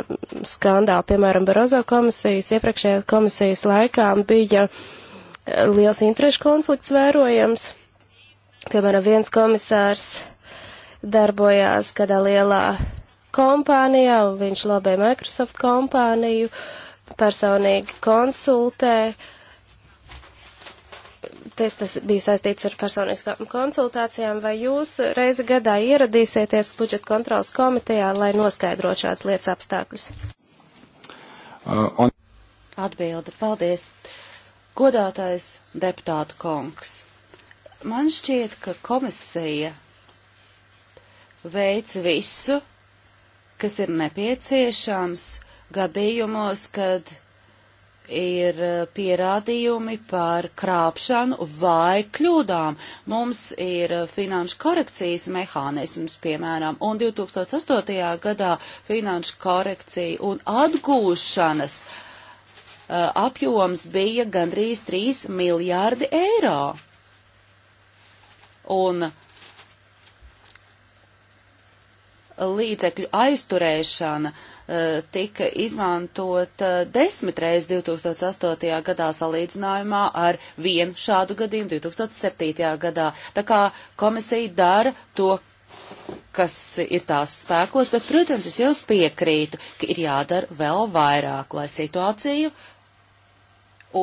skandālu, piemēram, Barozo komisijas, iepriekšējā komisijas laikā bija e, liels interešu konflikts vērojams. Piemēram, viens komisārs darbojās kādā lielā kompānijā, un viņš lobē Microsoft kompāniju, personīgi konsultē. Tas, tas bija saistīts ar personiskām konsultācijām, vai jūs reizi gadā ieradīsieties budžeta kontrolas komitejā, lai noskaidrotu šādas lietas apstākļus? Uh, on... Atbilde, paldies. Godātais deputāta kungs, man šķiet, ka komisija veic visu, kas ir nepieciešams, uh, gadījumos, kad ir eh, pierādījumi par krāpšanu vai kļūdām. Mums ir eh, finanšu korekcijas mehānisms, piemēram, un 2008. gadā finanšu korekcija un atgūšanas uh, apjoms bija gandrīz 3 miljārdi eiro. Un līdzekļu aizturēšana uh, Eh, tika izmantot eh, desmitreiz 2008. gadā salīdzinājumā ar vienu šādu gadījumu 2007. gadā. Tā kā komisija dara to, kas ir tās spēkos, bet, protams, es jums piekrītu, ka ir jādara vēl vairāk, lai situāciju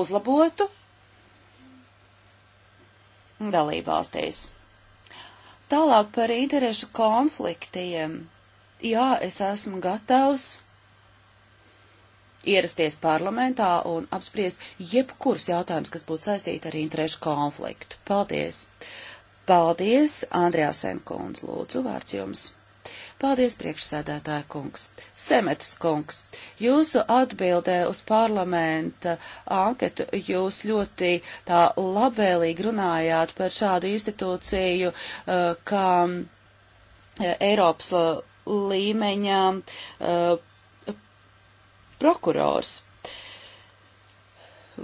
uzlabotu dalībvalstīs. Tālāk par interešu konfliktiem jā, es esmu gatavs ierasties parlamentā un apspriest jebkurus jautājumus, kas būtu saistīti ar interešu konfliktu. Paldies! Paldies, Andrēsēn kundz, lūdzu, vārds jums. Paldies, priekšsēdētāja kungs. Semetas kungs, jūsu atbildē uz parlamenta anketu jūs ļoti tā labvēlīgi runājāt par šādu institūciju, eh, kā eh, Eiropas līmeņa uh, prokurors.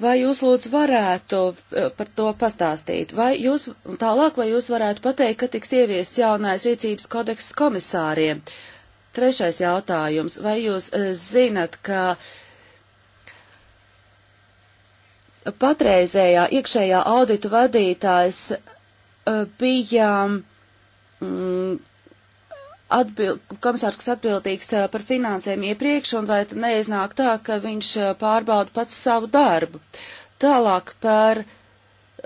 Vai jūs lūdzu varētu eh, par to pastāstīt? Vai jūs tālāk, vai jūs varētu pateikt, ka tiks ieviests jaunais rīcības kodeks komisāriem? Trešais jautājums. Vai jūs eh, zinat, ka patreizējā iekšējā auditu vadītājs bija mm, atbild, komisārs, kas atbildīgs par finansēm iepriekš, un vai neiznāk tā, ka viņš pārbauda pats savu darbu. Tālāk par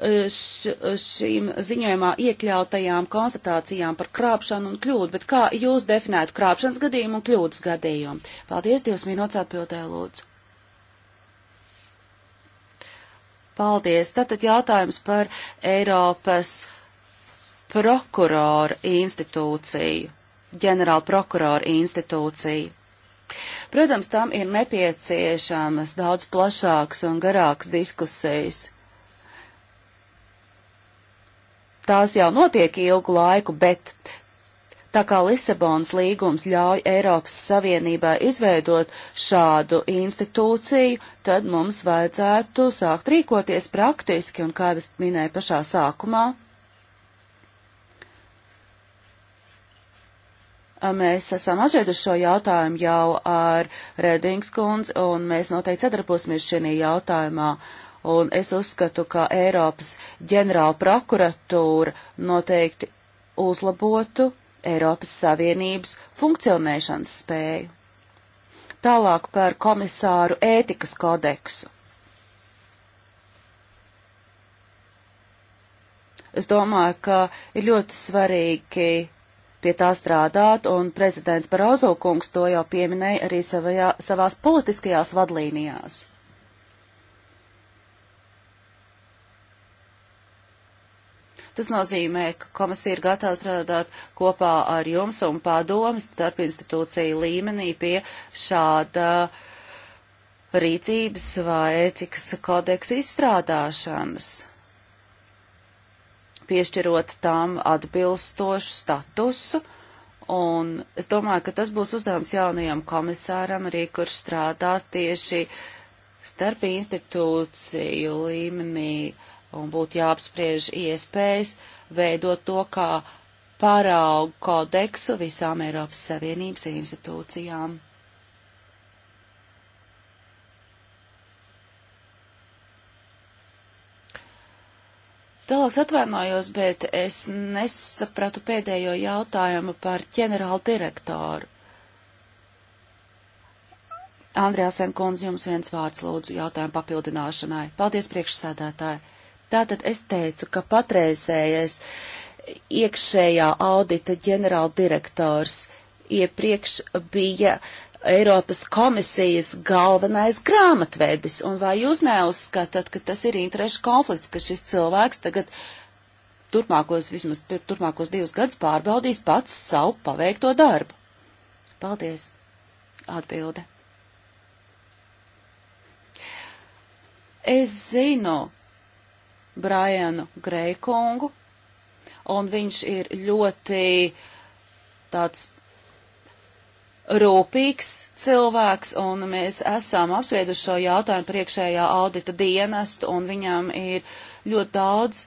š, šīm ziņojumā iekļautajām konstatācijām par krāpšanu un kļūdu, bet kā jūs definētu krāpšanas gadījumu un kļūdas gadījumu? Paldies, divas minūtes atbildē, lūdzu. Paldies. Tātad jautājums par Eiropas prokuroru institūciju ģenerāla prokurora institūciju. Protams, tam ir nepieciešamas daudz plašāks un garāks diskusijas. Tās jau notiek ilgu laiku, bet tā kā Lisabonas līgums ļauj Eiropas Savienībā izveidot šādu institūciju, tad mums vajadzētu sākt rīkoties praktiski un kādas minēja pašā sākumā. Mēs esam atšķēduši šo jautājumu jau ar Redings kundzi, un mēs noteikti sadarbosimies šajā jautājumā. Un es uzskatu, ka Eiropas ģenerāla prokuratūra noteikti uzlabotu Eiropas Savienības funkcionēšanas spēju. Tālāk par komisāru ētikas kodeksu. Es domāju, ka ir ļoti svarīgi pie tā strādāt, un prezidents Barozo kungs to jau pieminēja arī savajā, savās politiskajās vadlīnijās. Tas nozīmē, ka komisija ir gatava strādāt kopā ar jums un padomas starp institūciju līmenī pie šāda rīcības vai etikas kodeksa izstrādāšanas piešķirot tām atbilstošu statusu. Un es domāju, ka tas būs uzdevums jaunajam komisāram arī, kurš strādās tieši starp institūciju līmenī un būtu jāapspriež iespējas veidot to kā paraugu kodeksu visām Eiropas Savienības institūcijām. Tālāk atvainojos, bet es nesapratu pēdējo jautājumu par ģenerālu direktoru. Andrēsen kundze, jums viens vārds lūdzu jautājumu papildināšanai. Paldies priekšsēdētāji. Tātad es teicu, ka patreizējais iekšējā audita ģenerāldirektors iepriekš bija uh, Eiropas komisijas galvenais grāmatvedis, un vai jūs neuzskatāt, ka tas ir interešu konflikts, ka šis cilvēks tagad turpmākos, vismaz turpmākos divus gadus pārbaudīs pats savu paveikto darbu? Paldies! Atbilde. Es zinu Brianu Greikungu, un viņš ir ļoti tāds rūpīgs cilvēks, un mēs esam apsvieduši šo jautājumu priekšējā audita dienestu, un viņam ir ļoti daudz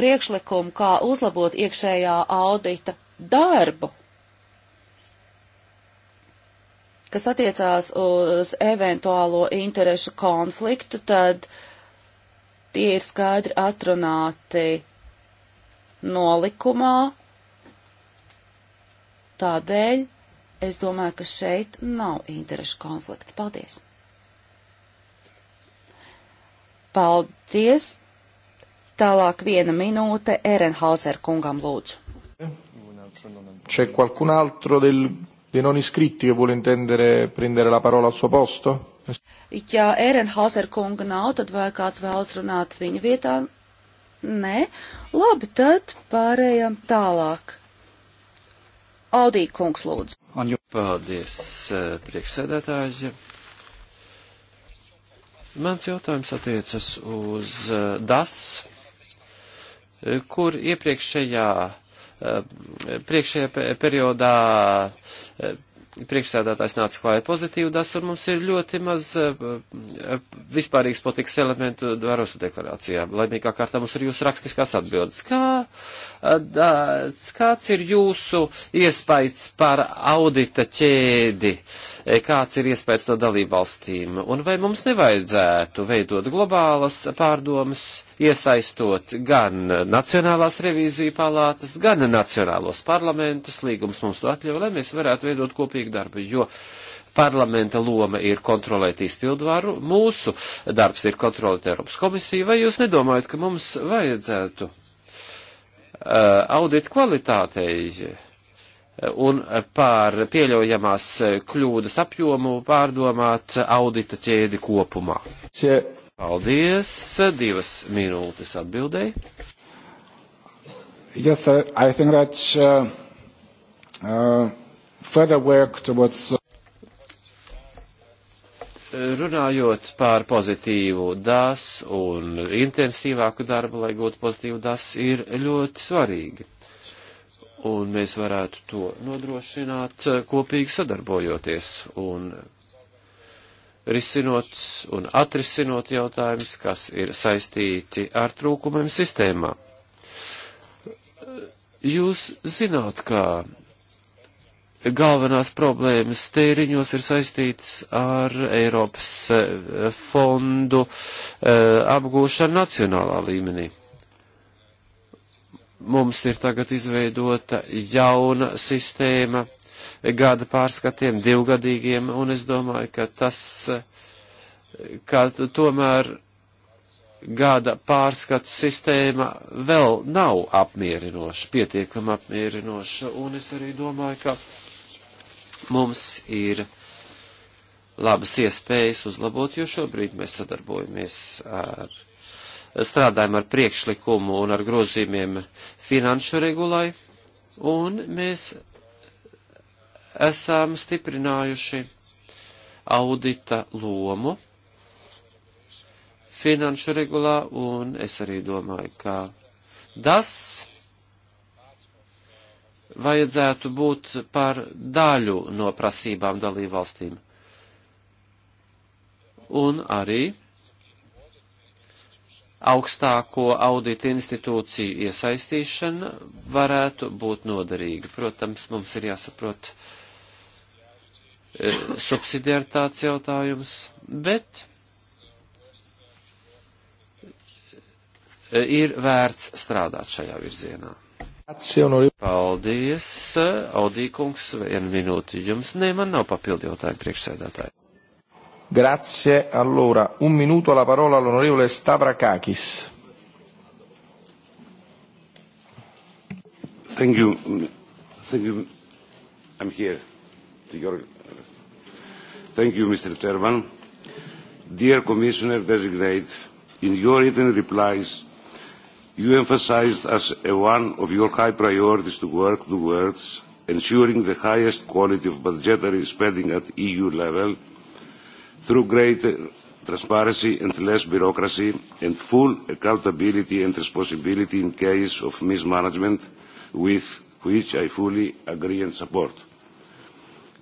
priekšlikumu, kā uzlabot iekšējā audita darbu, kas attiecās uz eventuālo interešu konfliktu, tad tie ir skaidri atrunāti nolikumā, tādēļ Es domāju, ka šeit nav interešu konflikts. Paldies! Paldies! Tālāk viena minūte Erenhauser kungam lūdzu. C'è qualcun altro del, dei non iscritti che vuole intendere prendere la parola al suo posto? Ja Erenhauser kunga nav, tad vai kāds vēlas runāt viņa vietā? Nē. Labi, tad pārējām tālāk. Audī kungs lūdzu. Paldies, eh, priekšsēdētāji. Mans jautājums attiecas uz eh, DAS, eh, kur iepriekšējā priekšējā periodā priekšstādātājs nāca klāja pozitīvu dasu, un mums ir ļoti maz eh, eh, vispārīgs politikas elementu Dvarosu deklarācijā. Laimīgā kārtā mums ir jūsu rakstiskās atbildes. Kā, eh, dā, kāds ir jūsu iespējas par audita ķēdi? Kāds ir iespējas no dalībvalstīm? Un vai mums nevajadzētu veidot globālas pārdomas? iesaistot gan Nacionālās revīzija palātas, gan Nacionālos parlamentus. Līgums mums to atļauj, lai mēs varētu veidot kopīgu darbu, jo parlamenta loma ir kontrolēt izpildvaru, mūsu darbs ir kontrolēt Eiropas komisiju. Vai jūs nedomājat, ka mums vajadzētu uh, audit kvalitātei? Uh, un pār pieļaujamās kļūdas apjomu pārdomāt audita ķēdi kopumā. Cie. Paldies! Divas minūtes atbildēji. Yes, I think that uh, uh, further work towards uh, runājot par pozitīvu DAS un intensīvāku darbu, lai gūtu pozitīvu DAS, ir ļoti svarīgi. Un mēs varētu to nodrošināt uh, kopīgi sadarbojoties. Un risinot un atrisinot jautājumus, kas ir saistīti ar trūkumiem sistēmā. Jūs zināt, kā galvenās problēmas tēriņos ir saistīts ar Eiropas eh, fondu eh, apgūšanu nacionālā līmenī. Mums ir tagad izveidota jauna sistēma gada pārskatiem, divgadīgiem, un es domāju, ka tas, ka tomēr gada pārskatu sistēma vēl nav apmierinoša, pietiekam apmierinoša, un es arī domāju, ka mums ir labas iespējas uzlabot, jo šobrīd mēs sadarbojamies ar strādājam ar priekšlikumu un ar grozījumiem finanšu regulai, un mēs esam stiprinājuši audita lomu finanšu regulā, un es arī domāju, ka tas vajadzētu būt par daļu no prasībām dalībvalstīm. Un arī augstāko audita institūciju iesaistīšana varētu būt noderīga. Protams, mums ir jāsaprot, uh, Eh, subsidiaritātes jautājums, bet eh, ir vērts strādāt šajā virzienā. Paldies, Audīkungs, vienu minūti jums. Nē, man nav papildu jautājumu priekšsēdētāji. Grazie, allora, un minūto la parola all'onorevole Stavrakakis. Thank you. Thank you. I'm here to your Thank you, Mr. Chairman. Dear Commissioner Designate, in your written replies, you emphasized as a one of your high priorities to work towards ensuring the highest quality of budgetary spending at EU level through greater transparency and less bureaucracy and full accountability and responsibility in case of mismanagement, with which I fully agree and support.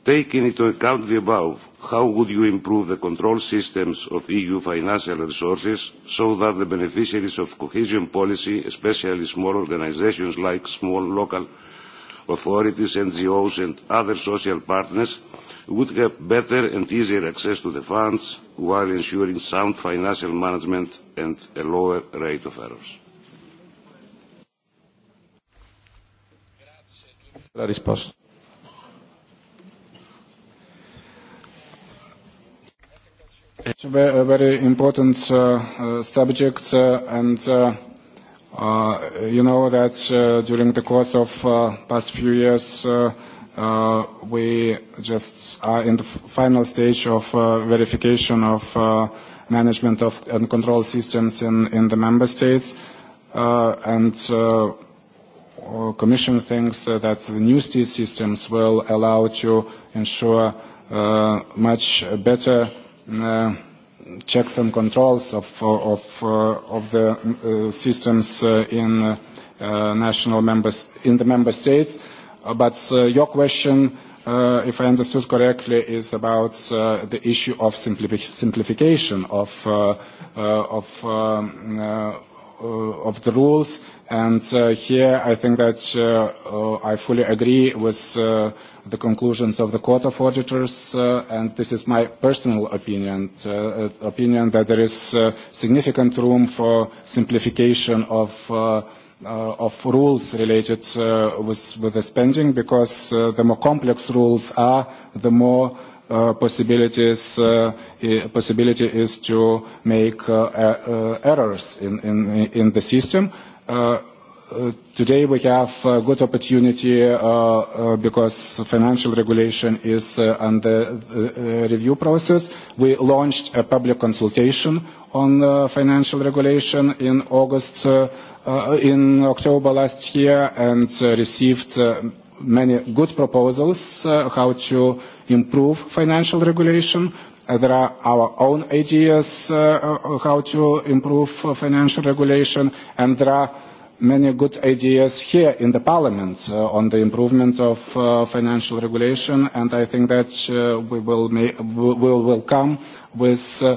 Taking into account the above, how would you improve the control systems of EU financial resources so that the beneficiaries of cohesion policy, especially small organizations like small local authorities, NGOs and other social partners would have better and easier access to the funds while ensuring sound financial management and a lower rate of errors? La risposta. It's a very, a very important uh, uh, subject, uh, and uh, uh, you know that uh, during the course of uh, past few years, uh, uh, we just are in the final stage of uh, verification of uh, management of and control systems in, in the member states, uh, and uh, Commission thinks uh, that the new state systems will allow to ensure uh, much better uh, checks and controls of, of, uh, of the uh, systems uh, in uh, national members, in the member states. Uh, but uh, your question, uh, if I understood correctly, is about uh, the issue of simpli simplification of, uh, uh, of, um, uh, uh, of the rules And uh, here I think that uh, uh, I fully agree with uh, the conclusions of the Court of Auditors, uh, and this is my personal opinion, uh, uh, opinion that there is uh, significant room for simplification of uh, uh, of rules related uh, with, with the spending because uh, the more complex rules are, the more uh, possibilities uh, possibility is to make uh, e, uh, errors in, in, in the system. Uh, Uh, uh, today we have a good opportunity uh, uh, because financial regulation is uh, under uh, uh, review process. We launched a public consultation on uh, financial regulation in August, uh, uh, in October last year and uh, received uh, many good proposals uh, how to improve financial regulation. Uh, there are our own ideas uh, uh, how to improve uh, financial regulation, and there are many good ideas here in the parliament uh, on the improvement of uh, financial regulation, and I think that uh, we will, make, we will, will come with uh,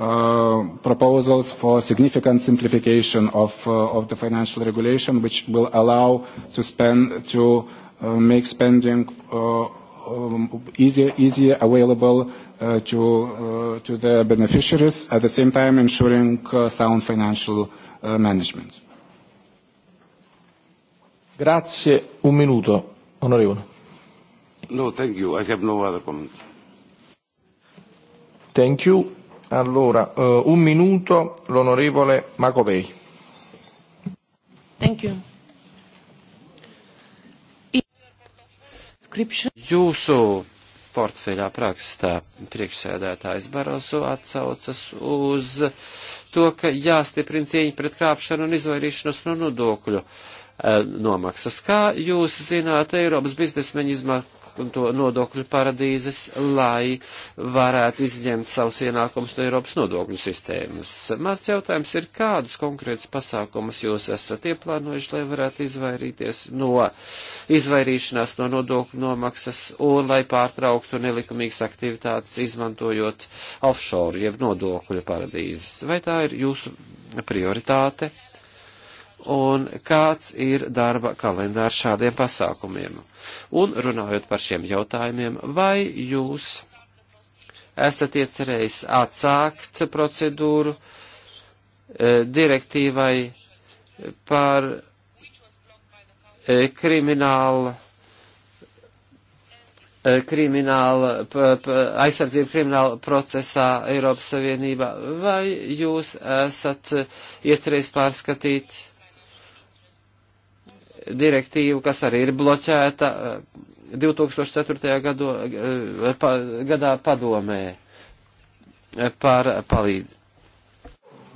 uh, proposals for significant simplification of, uh, of the financial regulation, which will allow to, spend, to uh, make spending uh, um, easier, easier available uh, to, uh, to the beneficiaries, at the same time ensuring uh, sound financial uh, management. Grazie. Un minuto, onorevole. No, thank you. I have no other comments. Thank you. Allora, uh, un minuto, l'onorevole Macovei. Thank you. Jūsu portfeļā prakstā priekšsēdētājs Baroso atsaucas uz to, ka jāstiprina cīņa pret krāpšanu un izvairīšanos no nodokļu e, nomaksas. Kā jūs zināt, Eiropas biznesmeņi izmanto nodokļu paradīzes, lai varētu izņemt savus ienākumus no Eiropas nodokļu sistēmas. Mans jautājums ir, kādus konkrētus pasākumus jūs esat ieplānojuši, lai varētu izvairīties no izvairīšanās no nodokļu nomaksas un lai pārtrauktu nelikumīgas aktivitātes izmantojot offshore, jeb nodokļu paradīzes? Vai tā ir jūsu prioritāte? un kāds ir darba kalendārs šādiem pasākumiem. Un runājot par šiem jautājumiem, vai jūs esat iecerējis atsākt procedūru e, direktīvai par kriminālu e, krimināla, e, p, p, aizsardzību krimināla procesā Eiropas Savienībā, vai jūs esat iecerējis pārskatīt direktīvu, kas arī ir bloķēta 2004. Eh, Gado, eh, pa, gadā padomē eh, par palīdzību.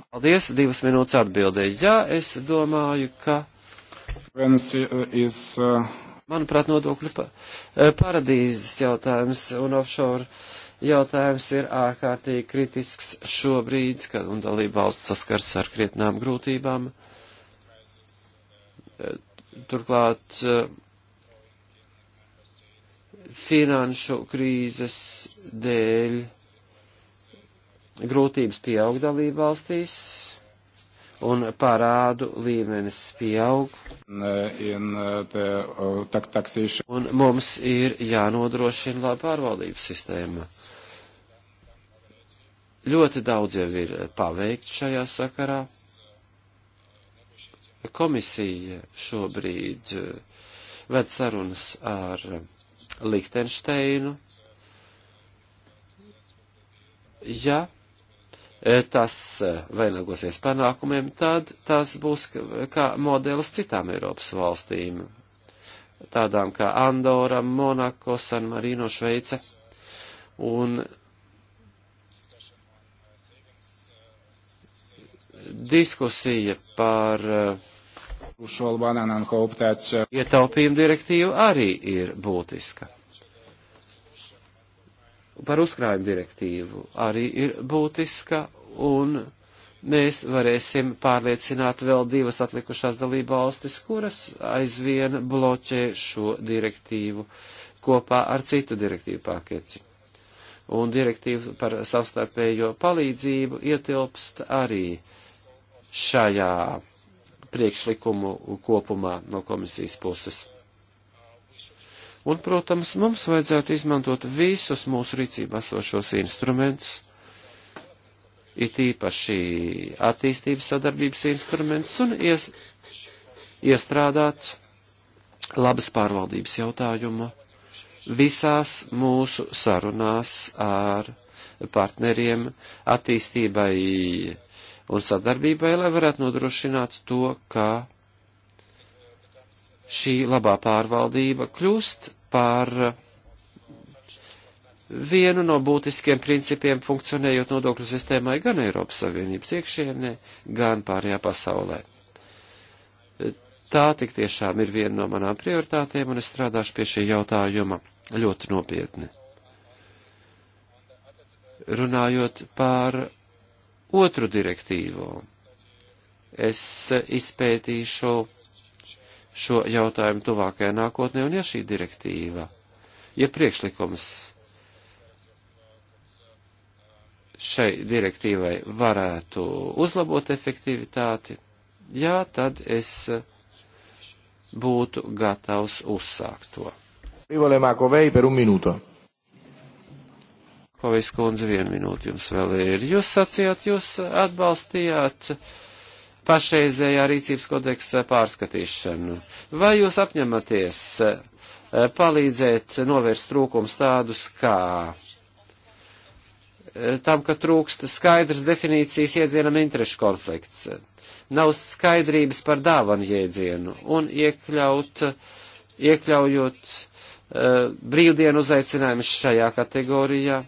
Paldies, divas minūtes atbildēji. Jā, es domāju, ka. Manuprāt, nodokļu paradīzes jautājums un offshore jautājums ir ārkārtīgi kritisks šobrīd, kad un dalība valsts saskars ar krietnām grūtībām Turklāt eh, finanšu krīzes dēļ grūtības pieaug dalību valstīs un parādu līmenis pieaug. In, eh, the, tak, taksīšu. un mums ir jānodrošina laba pārvaldības sistēma. Ļoti daudz jau ir paveikts šajā sakarā. Komisija šobrīd eh, ved sarunas ar Lichtensteinu. Ja eh, tas eh, vainagosies panākumiem, tad tas būs kā modelis citām Eiropas valstīm, tādām kā Andora, Monako, San Marino, Šveice. Un diskusija par eh, eh, ietaupījumu direktīvu arī ir būtiska. Par uzkrājumu direktīvu arī ir būtiska un mēs varēsim pārliecināt vēl divas atlikušās dalībvalstis, kuras aizvien bloķē šo direktīvu kopā ar citu direktīvu paketi. Un direktīva par savstarpējo palīdzību ietilpst arī uh, šajā priekšlikumu kopumā no komisijas puses. Un, protams, mums vajadzētu izmantot visus mūsu rīcībā esošos instrumentus, it īpaši attīstības sadarbības instruments un ies, iestrādāt labas pārvaldības jautājumu visās mūsu sarunās ar partneriem attīstībai un sadarbībai, lai varētu nodrošināt to, ka šī labā pārvaldība kļūst par vienu no būtiskiem principiem funkcionējot nodokļu sistēmai gan Eiropas Savienības iekšienē, gan pārējā pasaulē. Tā tik tiešām ir viena no manām prioritātēm, un es strādāšu pie šī jautājuma ļoti nopietni. Runājot par otru direktīvu. Es izpētīšu šo jautājumu tuvākajā nākotnē, un ja šī direktīva, ja priekšlikums šai direktīvai varētu uzlabot efektivitāti, jā, tad es būtu gatavs uzsākt to. Rivole Makovei per un minūto. Hovijas kundze, vienu minūti jums vēl ir. Jūs sacījāt, jūs atbalstījāt pašreizējā rīcības kodeksa pārskatīšanu. Vai jūs apņematies eh, palīdzēt novērst trūkums tādus kā eh, tam, ka trūkst skaidrs definīcijas iedzienam interešu konflikts, nav skaidrības par dāvanu jēdzienu un iekļaut, iekļaujot uh, brīvdienu uzaicinājums šajā kategorijā,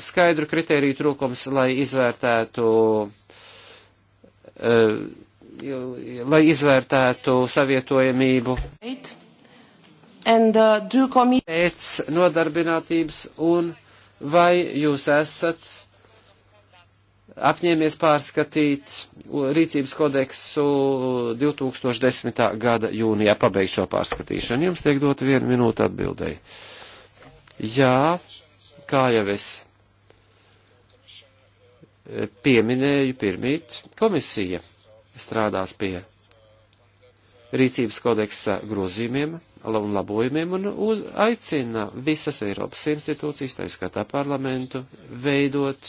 skaidru kritēriju trūkums, lai izvērtētu, eh, lai izvērtētu savietojamību uh, pēc nodarbinātības un vai jūs esat apņēmies pārskatīt rīcības kodeksu 2010. gada jūnijā, pabeigt šo pārskatīšanu. Jums tiek dota viena minūte atbildēji. Jā, kā jau es e, pieminēju pirmīt, komisija strādās pie rīcības kodeksa grozījumiem un labojumiem un uz, aicina visas Eiropas institūcijas, tā izskatā parlamentu, veidot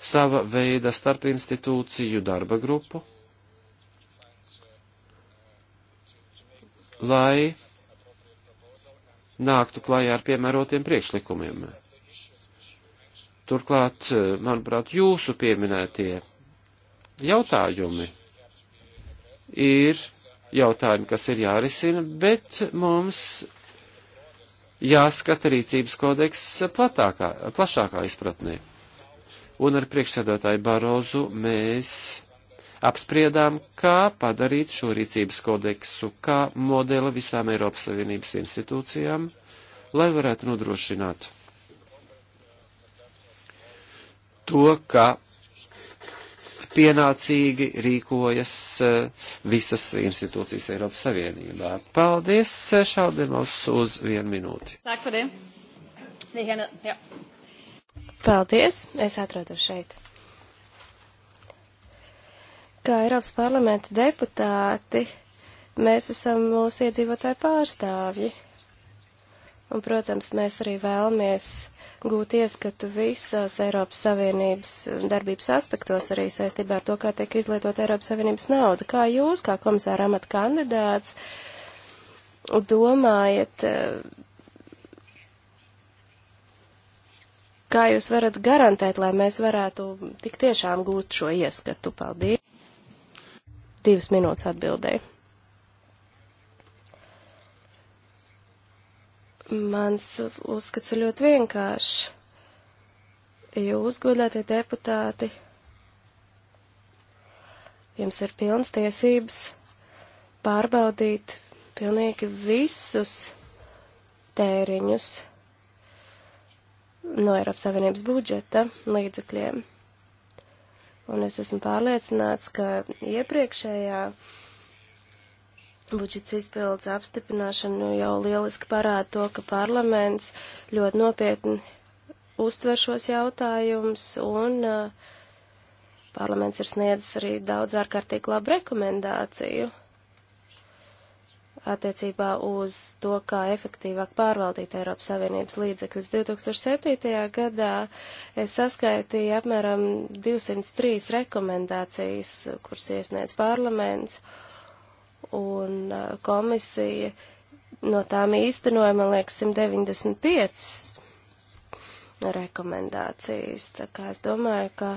sava veida starp institūciju darba grupu, lai nāktu klājā ar piemērotiem priekšlikumiem. Turklāt, manuprāt, jūsu pieminētie jautājumi ir jautājumi, kas ir jārisina, bet mums jāskata rīcības kodeks platākā, plašākā izpratnē un ar priekšsēdētāju Barozu mēs apspriedām, kā padarīt šo rīcības kodeksu kā modeli visām Eiropas Savienības institūcijām, lai varētu nodrošināt to, ka pienācīgi rīkojas eh, visas institūcijas Eiropas Savienībā. Paldies, eh, Šaldemovs, uz vienu minūti. Sāk par diem. Paldies, es atrodu šeit. Kā Eiropas parlamenta deputāti, mēs esam mūsu iedzīvotāju pārstāvji. Un, protams, mēs arī vēlamies gūt ieskatu visās Eiropas Savienības darbības aspektos, arī saistībā ar to, kā tiek izlietot Eiropas Savienības nauda. Kā jūs, kā komisāra amata kandidāts, domājat, kā jūs varat garantēt, lai mēs varētu tik tiešām gūt šo ieskatu? Paldies! Divas minūtes atbildēju. Mans uzskats ir ļoti vienkāršs. Jūs, godātie deputāti, jums ir pilns tiesības pārbaudīt pilnīgi visus tēriņus, no Eiropas Savienības budžeta līdzekļiem. Un es esmu pārliecināts, ka iepriekšējā budžets izpildes apstiprināšana nu, jau lieliski parāda to, ka parlaments ļoti nopietni uztver šos jautājumus un uh, parlaments ir sniedzis arī daudz ārkārtīgi labu rekomendāciju attiecībā uz to, kā efektīvāk pārvaldīt Eiropas Savienības līdzekļus. 2007. gadā es saskaitīju apmēram 203 rekomendācijas, kuras iesniedz parlaments un uh, komisija. No tām īstenoja, man liekas, 195 rekomendācijas. Tā kā es domāju, ka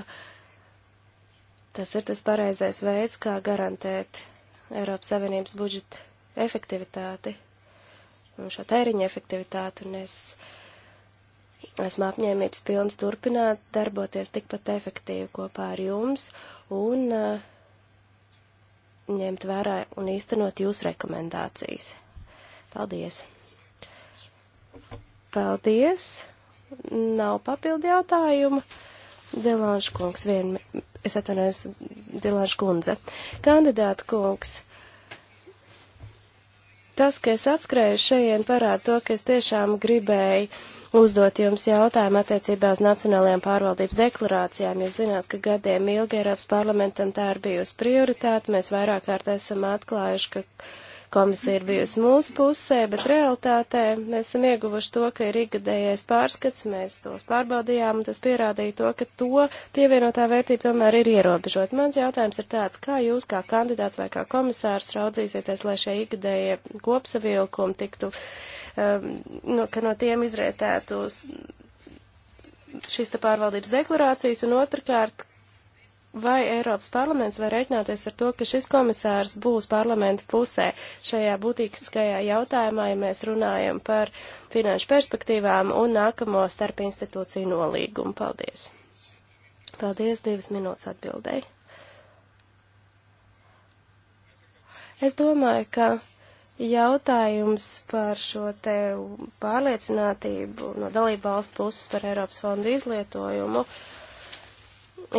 tas ir tas pareizais veids, kā garantēt Eiropas Savienības budžeta efektivitāti un šo tēriņa efektivitāti, un es esmu apņēmības pilns turpināt darboties tikpat efektīvi kopā ar jums un uh, ņemt vērā un īstenot jūsu rekomendācijas. Paldies! Paldies! Nav papildi jautājumu. Delanša kungs, vien, es atvainojos, Delanša kundze. Kandidāta kungs. Tas, ka es atskrēju šajien, parāda to, ka es tiešām gribēju uzdot jums jautājumu attiecībā uz nacionālajām pārvaldības deklarācijām. Jūs zināt, ka gadiem ilgi Eiropas parlamentam tā ir bijusi prioritāte. Mēs vairāk kārt esam atklājuši, ka Komisija ir bijusi mūsu pusē, bet realitātē mēs esam ieguvuši to, ka ir ikgadējais pārskats, mēs to pārbaudījām, un tas pierādīja to, ka to pievienotā vērtība tomēr ir ierobežot. Mans jautājums ir tāds, kā jūs kā kandidāts vai kā komisārs raudzīsieties, lai šie ikgadējie kopsavilkumi tiktu, um, nu, ka no tiem izrētētu šīs te pārvaldības deklarācijas, un otrkārt, Vai Eiropas parlaments var reiķināties ar to, ka šis komisārs būs parlamenta pusē šajā būtīskajā jautājumā, ja mēs runājam par finanšu perspektīvām un nākamo starp institūciju nolīgumu? Paldies! Paldies, divas minūtes atbildēji. Es domāju, ka jautājums par šo te pārliecinātību no dalību valstu puses par Eiropas fondu izlietojumu uh,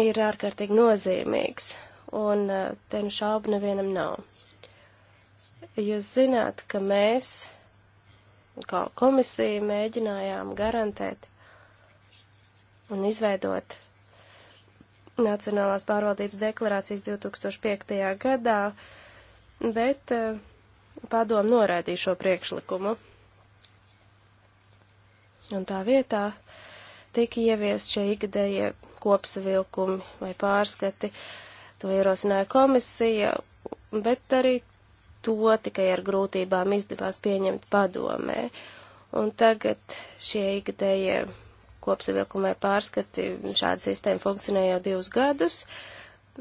ir ārkārtīgi nozīmīgs, un eh, te nu šaubu nevienam nav. Jūs zināt, ka mēs, kā komisija, mēģinājām garantēt un izveidot Nacionālās pārvaldības deklarācijas 2005. gadā, bet eh, padomu noraidīja šo priekšlikumu. Un tā vietā tika ieviest šie ikgadējie kopsavilkumi vai pārskati. To ierosināja komisija, bet arī to tikai ar grūtībām izdevās pieņemt padomē. Un tagad šie ikdējie kopsavilkumai pārskati, šāda sistēma funkcionē jau divus gadus.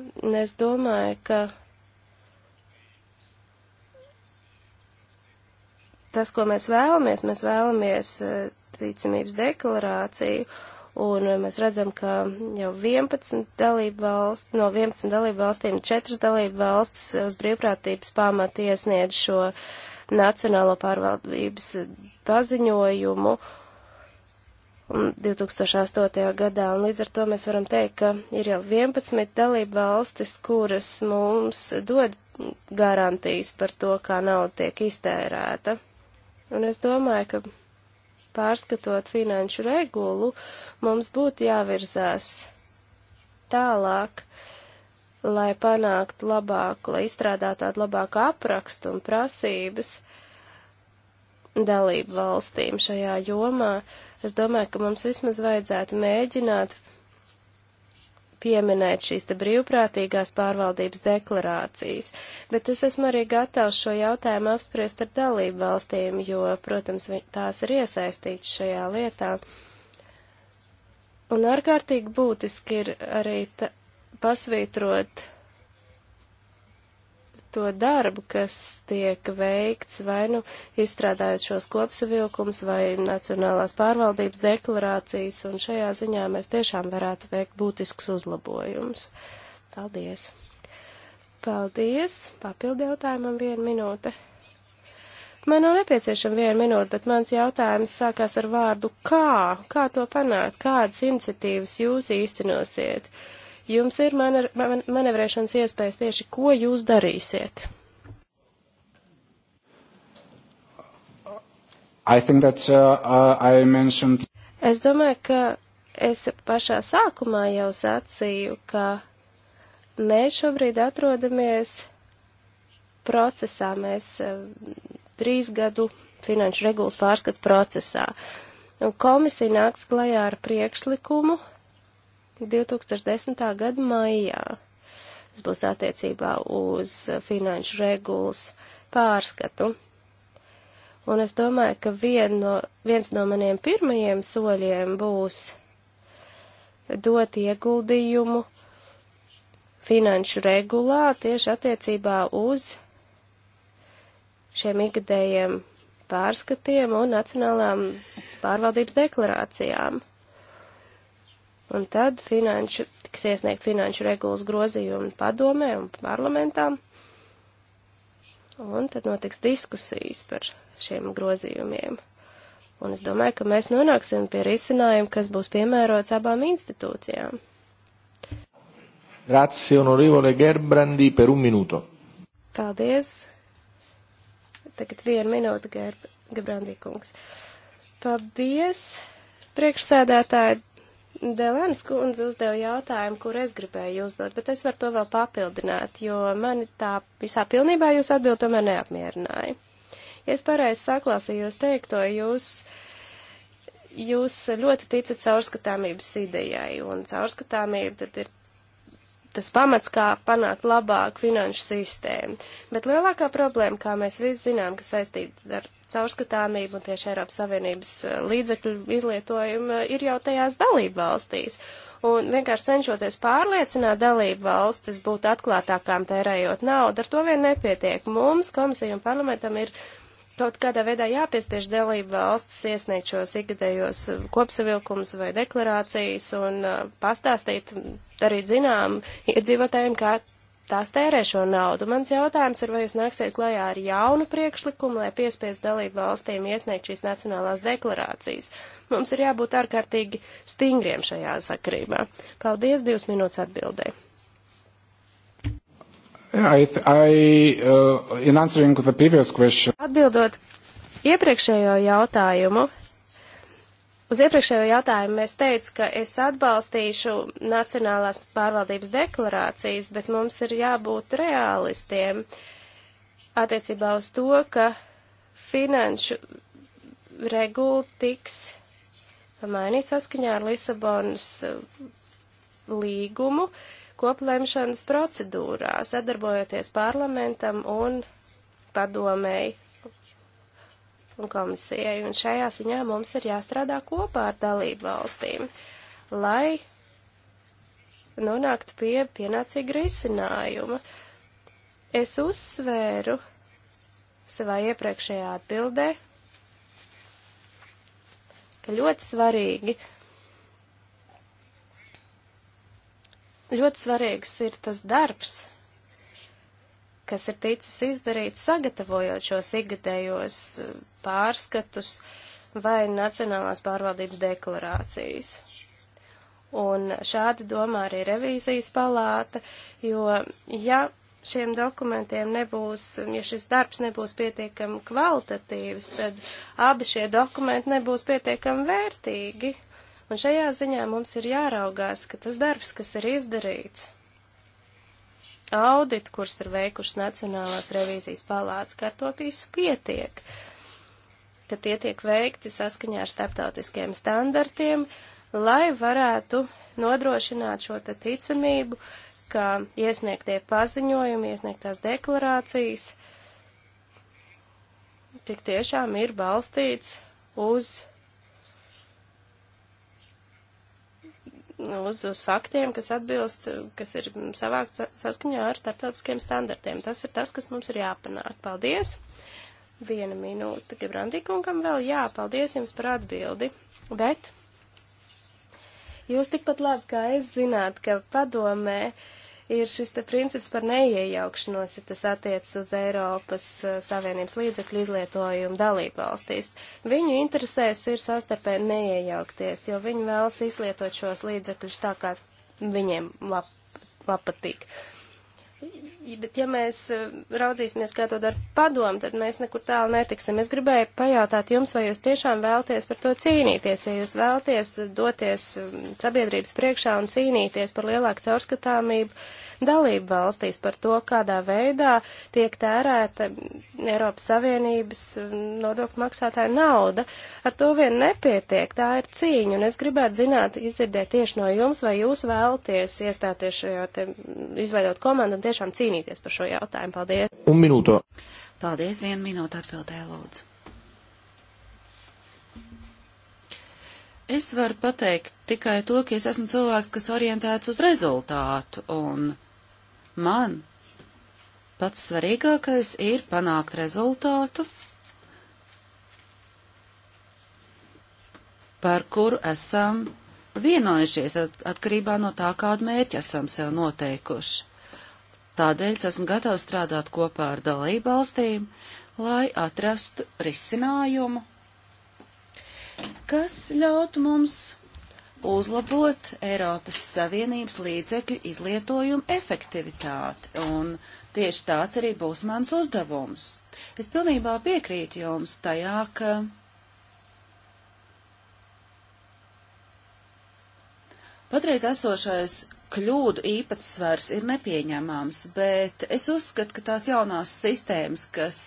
Un es domāju, ka tas, ko mēs vēlamies, mēs vēlamies eh, ticamības deklarāciju, Un mēs redzam, ka jau 11 dalību valsts, no 11 dalību valstīm 4 dalību valstis uz brīvprātības pamata iesniedz šo nacionālo pārvaldības paziņojumu 2008. gadā. Un līdz ar to mēs varam teikt, ka ir jau 11 dalību valstis, kuras mums dod garantijas par to, kā nauda tiek iztērēta. Un es domāju, ka pārskatot finanšu regulu, mums būtu jāvirzās tālāk, lai panāktu labāku, lai izstrādātu tādu labāku aprakstu un prasības dalību valstīm šajā jomā. Es domāju, ka mums vismaz vajadzētu mēģināt pieminēt šīs te brīvprātīgās pārvaldības deklarācijas, bet es esmu arī gatavs šo jautājumu apspriest ar dalību valstīm, jo, protams, tās ir iesaistītas šajā lietā. Un ārkārtīgi būtiski ir arī pasvītrot to darbu, kas tiek veikts vai nu izstrādājot šos kopsavilkums vai nacionālās pārvaldības deklarācijas, un šajā ziņā mēs tiešām varētu veikt būtisks uzlabojums. Paldies! Paldies! Papildi jautājumam vienu minūte. Man nav nepieciešama viena minūte, bet mans jautājums sākās ar vārdu kā. Kā to panākt? Kādas iniciatīvas jūs īstenosiet? Uh, Jums ir manev man manevrēšanas iespējas tieši, ko jūs darīsiet. That, uh, uh mentioned... Es domāju, ka es pašā sākumā jau sacīju, ka mēs šobrīd atrodamies procesā, mēs uh, trīs gadu finanšu regulas pārskatu procesā. Komisija nāks klajā ar priekšlikumu 2010. gada maijā. Tas būs attiecībā uz finanšu regulas pārskatu. Un es domāju, ka vien no, viens no maniem pirmajiem soļiem būs dot ieguldījumu finanšu regulā tieši attiecībā uz šiem ikgadējiem pārskatiem un nacionālām pārvaldības deklarācijām un tad finanšu, tiks iesniegt finanšu regulas grozījumi padomē un parlamentām, un tad notiks diskusijas par šiem grozījumiem. Un es domāju, ka mēs nonāksim pie risinājuma, kas būs piemērots abām institūcijām. Grazie, onorevole Gerbrandi, per un minūto. Paldies. Tagad viena minūte, Gerbrandi kungs. Paldies, priekšsēdētāji Delēns kundze uzdeva jautājumu, kur es gribēju uzdot, bet es varu to vēl papildināt, jo mani tā visā pilnībā jūs atbild tomēr neapmierināja. Ja es pareizi saklausījos teikto, jūs, jūs ļoti ticat caurskatāmības idejai, un caurskatāmība tad ir tas pamats, kā panākt labāku finanšu sistēmu. Bet lielākā problēma, kā mēs visi zinām, kas saistīta ar caurskatāmību un tieši Eiropas Savienības eh, līdzekļu izlietojumu, ir jau tajās dalību valstīs. Un vienkārši cenšoties pārliecināt dalību valstis būt atklātākām tērējot naudu, ar to vien nepietiek. Mums, komisija un parlamentam, ir kaut kādā veidā jāpiespiež dalība valsts iesniegt šos ikgadējos eh, kopsavilkums vai deklarācijas un eh, pastāstīt arī zinām iedzīvotājiem, kā tās tērē šo naudu. Mans jautājums ir, vai jūs nāksiet klajā ar jaunu priekšlikumu, lai piespiež dalību valstīm iesniegt šīs nacionālās deklarācijas. Mums ir jābūt ārkārtīgi stingriem šajā sakrībā. Paldies, divas minūtes atbildēji. I, I, uh, in answering the previous question. Atbildot iepriekšējo jautājumu, uz iepriekšējo jautājumu es teicu, ka es atbalstīšu Nacionālās pārvaldības deklarācijas, bet mums ir jābūt realistiem attiecībā uz to, ka finanšu regula tiks mainīt saskaņā ar Lisabonas uh, līgumu. Uh, koplemšanas procedūrā, sadarbojoties parlamentam un padomēji un komisijai. Un šajā ziņā mums ir jāstrādā kopā ar dalību valstīm, lai nonāktu pie pienācīga risinājuma. Es uzsvēru savā iepriekšējā atbildē, ka ļoti svarīgi Ļoti svarīgs ir tas darbs, kas ir ticis izdarīts sagatavojot šos ikgadējos eh, pārskatus vai Nacionālās pārvaldības deklarācijas. Un šādi domā arī revīzijas palāta, jo ja šiem dokumentiem nebūs, ja šis darbs nebūs pietiekami kvalitatīvs, tad abi šie dokumenti nebūs pietiekami vērtīgi. Un šajā ziņā mums ir jāraugās, ka tas darbs, kas ir izdarīts, audit, kurus ir veikuši Nacionālās revīzijas palāts, ka ar to visu pietiek, ka tie tiek veikti saskaņā ar starptautiskiem standartiem, lai varētu nodrošināt šo te ticamību, ka iesniegtie paziņojumi, iesniegtās deklarācijas tik tiešām ir balstīts uz uz, uz faktiem, kas atbilst, kas ir savākt saskaņā ar starptautiskiem standartiem. Tas ir tas, kas mums ir jāpanāk. Paldies! Viena minūte Gebrandīkungam vēl jā, paldies jums par atbildi, bet jūs tikpat labi kā es zināt, ka padomē uh, ir šis te princips par neiejaukšanos, ja tas attiecas uz Eiropas eh, Savienības līdzekļu izlietojumu dalību valstīs. Viņu interesēs ir sastarpē neiejaukties, jo viņi vēlas izlietot šos līdzekļus tā, kā viņiem lab, labpatīk. Lab bet ja mēs e, raudzīsimies, kā to dara padomu, tad mēs nekur tālu netiksim. Es gribēju pajautāt jums, vai jūs tiešām vēlties par to cīnīties, ja jūs vēlties doties e, sabiedrības priekšā un cīnīties par lielāku caurskatāmību dalību valstīs, par to, kādā veidā tiek tērēta Eiropas Savienības e, nodokļu maksātāja nauda. Ar to vien nepietiek, tā ir cīņa, un es gribētu zināt, izdzirdēt tieši no jums, vai jūs vēlties iestāties šajā, te, izveidot komandu un tieši tiešām cīnīties par šo jautājumu. Paldies! Un minūto. Paldies, vienu minūtu atbildēja lūdzu. Es varu pateikt tikai to, ka es esmu cilvēks, kas orientēts uz rezultātu, un man pats svarīgākais ir panākt rezultātu, par kuru esam vienojušies at atkarībā no tā, kādu mērķi esam sev noteikuši. Tādēļ es esmu gatavs strādāt kopā ar dalību valstīm, lai atrastu risinājumu, kas ļautu mums uzlabot Eiropas Savienības līdzekļu izlietojumu efektivitāti, un tieši tāds arī būs mans uzdevums. Es pilnībā piekrītu jums tajā, ka patreiz esošais kļūdu īpatsvars ir nepieņemams, bet es uzskatu, ka tās jaunās sistēmas, kas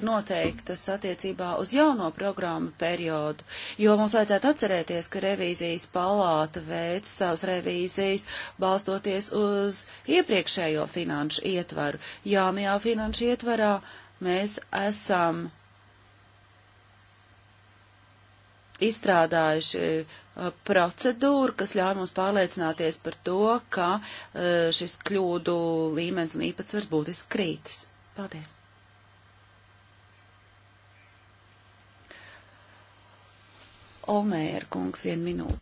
ir noteiktas attiecībā uz jauno programmu periodu, jo mums vajadzētu atcerēties, ka revīzijas palāta veids savas revīzijas balstoties uz iepriekšējo finanšu ietvaru. Jaunajā finanšu ietvarā mēs esam izstrādājuši eh, procedūru, kas ļauj mums pārliecināties par to, ka eh, šis kļūdu līmenis un īpatsvars būtiski krītas. Paldies! Olmēra kungs, vienu minūti.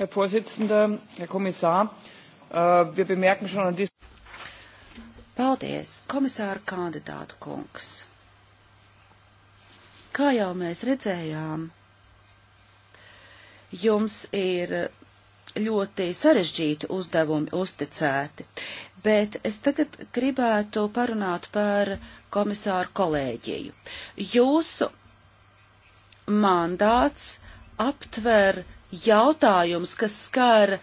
Herr Vorsitzender, Herr Kommissar, äh, wir bemerken schon an diesem. Paldies, komisāra kandidātu kungs. Kā jau mēs redzējām, jums ir ļoti sarežģīti uzdevumi uzticēti, bet es tagad gribētu parunāt par komisāru kolēģiju. Jūsu mandāts aptver jautājums, kas skar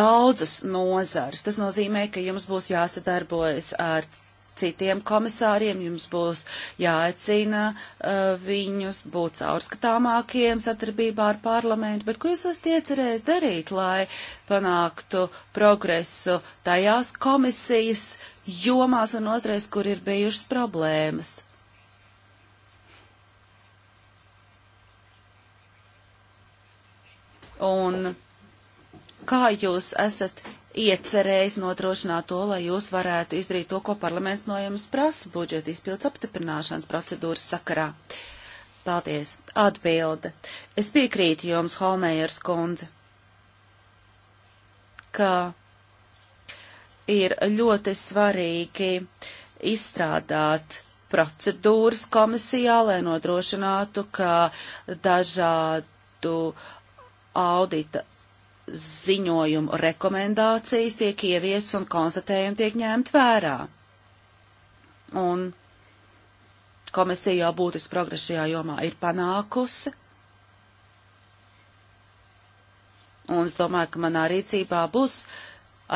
daudzas nozars. Tas nozīmē, ka jums būs jāsadarbojas ar citiem komisāriem. Jums būs jāaicina uh, viņus būt caurskatāmākiem sadarbībā ar parlamentu, bet ko jūs esat iecerējis darīt, lai panāktu progresu tajās komisijas jomās un nozarēs, kur ir bijušas problēmas? Un kā jūs esat iecerējis nodrošināt to, lai jūs varētu izdarīt to, ko parlaments no jums prasa budžeta izpildes apstiprināšanas procedūras sakarā. Paldies. Atbilde. Es piekrītu jums, Holmējers kundze, ka ir ļoti svarīgi izstrādāt procedūras komisijā, lai nodrošinātu, ka dažādu audita ziņojumu rekomendācijas tiek ieviests un konstatējumi tiek ņemt vērā. Un komisija jau būtiski progresu šajā jomā ir panākusi. Un es domāju, ka manā rīcībā būs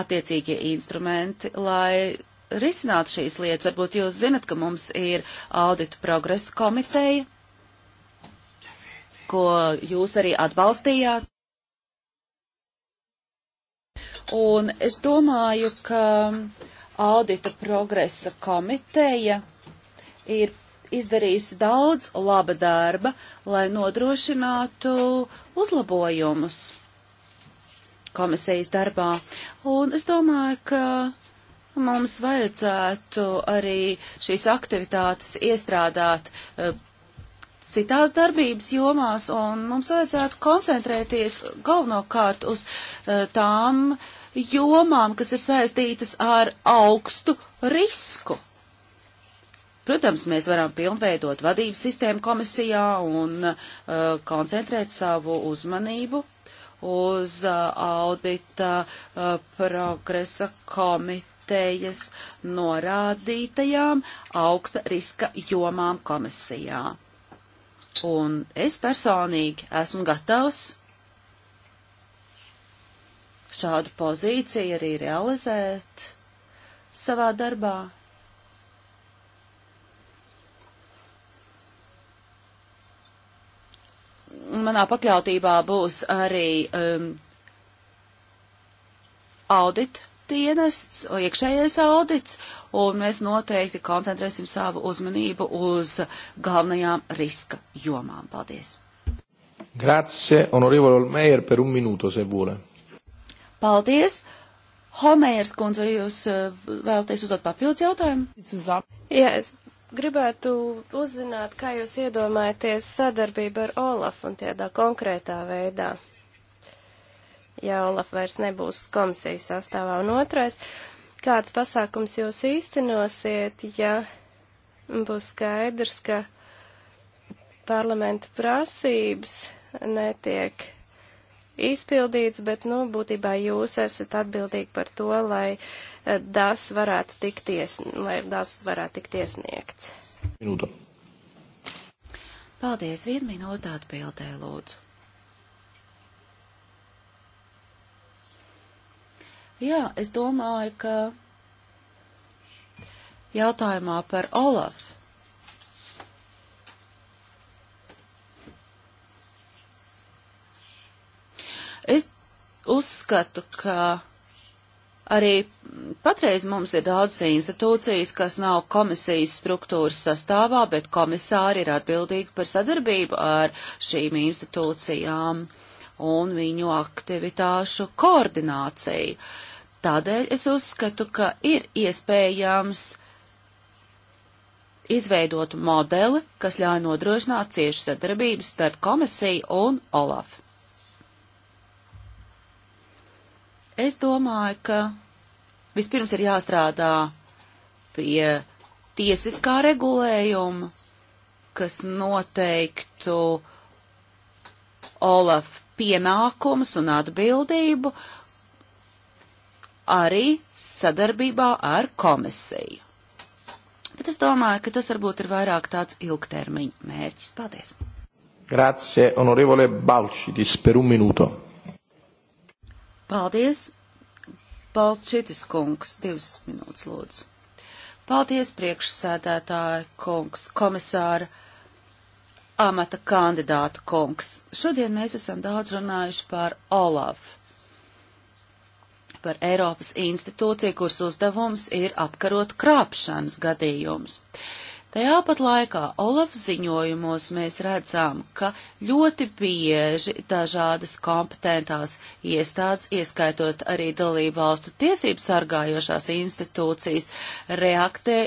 attiecīgie instrumenti, lai risinātu šīs lietas. Varbūt jūs zinat, ka mums ir audita progresa komiteja, ko jūs arī atbalstījāt. Un es domāju, ka audita progresa komiteja ir izdarījusi daudz laba darba, lai nodrošinātu uzlabojumus komisijas darbā. Un es domāju, ka mums vajadzētu arī šīs aktivitātes iestrādāt eh, citās darbības jomās, un mums vajadzētu koncentrēties galvenokārt uz eh, tām uh, jomām, kas ir saistītas ar augstu risku. Protams, mēs varam pilnveidot vadības sistēmu komisijā un uh, koncentrēt savu uzmanību uz uh, audita uh, progresa komitejas norādītajām augsta riska jomām komisijā. Un es personīgi esmu gatavs šādu pozīciju arī realizēt savā darbā? Manā pakļautībā būs arī um, audita dienests, iekšējais audits, un mēs noteikti koncentrēsim savu uzmanību uz galvenajām riska jomām. Paldies! Grazie, onorevole Olmeier, per un minuto, se vuole. Paldies! Homērs kundze, vai jūs eh, vēlaties uzdot papildus jautājumu? Jā, es gribētu uzzināt, kā jūs iedomājaties sadarbību ar Olafu un tādā konkrētā veidā. Ja Olaf vairs nebūs komisijas sastāvā un otrais, kāds pasākums jūs īstenosiet, ja būs skaidrs, ka parlamenta prasības netiek izpildīts, bet, nu, būtībā jūs esat atbildīgi par to, lai tas eh, varētu tikt, ties, lai tas varētu tikt iesniegts. Minūte. Paldies, vienu minūtu atbildē, lūdzu. Jā, es domāju, ka jautājumā par Olafu Es uzskatu, ka arī patreiz mums ir daudz institūcijas, kas nav komisijas struktūras sastāvā, bet komisāri ir atbildīgi par sadarbību ar šīm institūcijām un viņu aktivitāšu koordināciju. Tādēļ es uzskatu, ka ir iespējams izveidot modeli, kas ļauj nodrošināt ciešu sadarbību starp komisiju un Olafu. Es domāju, ka vispirms ir jāstrādā pie tiesiskā regulējuma, kas noteiktu Olaf pienākumus un atbildību arī sadarbībā ar komisiju. Bet es domāju, ka tas varbūt ir vairāk tāds ilgtermiņa mērķis. Paldies! Grazie, onorevole Balčitis, per un minūto. Paldies! Palčitis kungs, divas minūtes lūdzu. Paldies, priekšsēdētāji kungs, komisāra amata kandidāta kungs. Šodien mēs esam daudz runājuši par Olafu par Eiropas institūciju, kuras uzdevums ir apkarot krāpšanas gadījumus. Tajā pat laikā Olaf ziņojumos mēs redzam, ka ļoti bieži dažādas kompetentās iestādes, ieskaitot arī dalību valstu tiesību sargājošās institūcijas, reaktē,